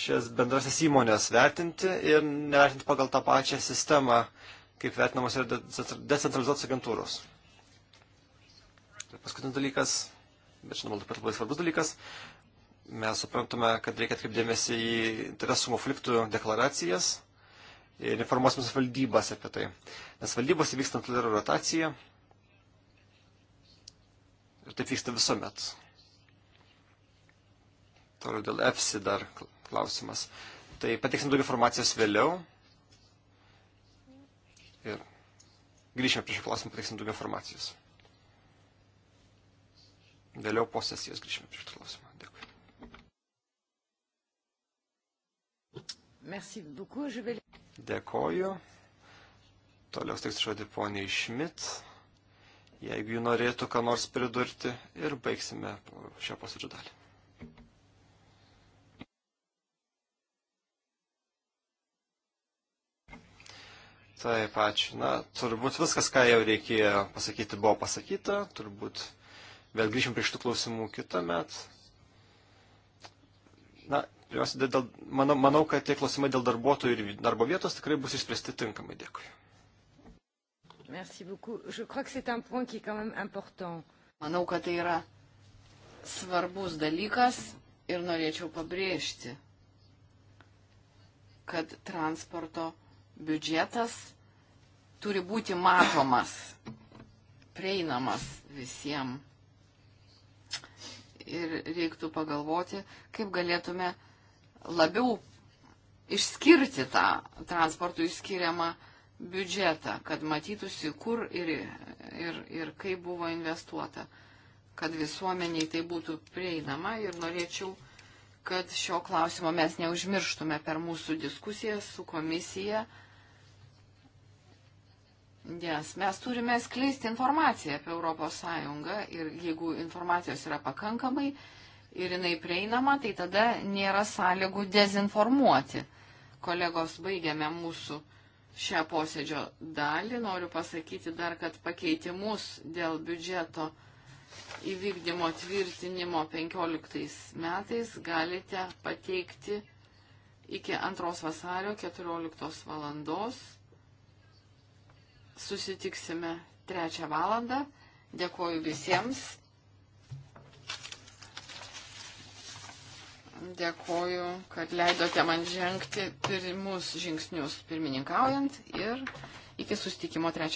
šias bendrasis įmonės vertinti ir nevertinti pagal tą pačią sistemą, kaip vertinamos yra decentralizuotos agentūros. Tai paskutinis dalykas, bet žinoma, taip pat labai svarbus dalykas, mes suprantame, kad reikia atkreipdėmėsi į interesų konfliktų deklaracijas ir informuosime valdybas apie tai. Nes valdybos įvykstant rotacija ir taip vyksta visuomet. Toliau dėl EFSI dar klausimas. Tai pateiksim daugiau informacijos vėliau. Ir grįšime prie šio klausimo, pateiksim daugiau informacijos. Vėliau po sesijos grįšime prie šio klausimo. Dėkui. Dėkoju. Toliau steiks žodį poniai Šmit. Jeigu jų norėtų ką nors pridurti ir baigsime šią posėdžio dalį. Taip, ačiū. Na, turbūt viskas, ką jau reikėjo pasakyti, buvo pasakyta. Turbūt vėl grįšim prie šitų klausimų kitą metą. Na, jos, dėl, manau, manau, kad tie klausimai dėl darbuotojų ir darbo vietos tikrai bus išspręsti tinkamai. Dėkui. Merci beaucoup. Je crois que c'est un point qui est quand même important. Manau, kad tai yra svarbus dalykas ir norėčiau pabrėžti, kad transporto biudžetas turi būti matomas, prieinamas visiems. Ir reiktų pagalvoti, kaip galėtume labiau išskirti tą transportui skiriamą biudžetą, kad matytųsi, kur ir, ir, ir kaip buvo investuota, kad visuomeniai tai būtų prieinama ir norėčiau kad šio klausimo mes neužmirštume per mūsų diskusiją su komisija Nes mes turime skleisti informaciją apie Europos Sąjungą ir jeigu informacijos yra pakankamai ir jinai prieinama, tai tada nėra sąlygų dezinformuoti. Kolegos, baigiame mūsų šią posėdžio dalį. Noriu pasakyti dar, kad pakeitimus dėl biudžeto įvykdymo tvirtinimo 15 metais galite pateikti iki 2 vasario 14 valandos susitiksime trečią valandą. Dėkuoju visiems. Dėkuoju, kad leidote man žengti pirmus žingsnius pirmininkaujant ir iki sustikimo trečią.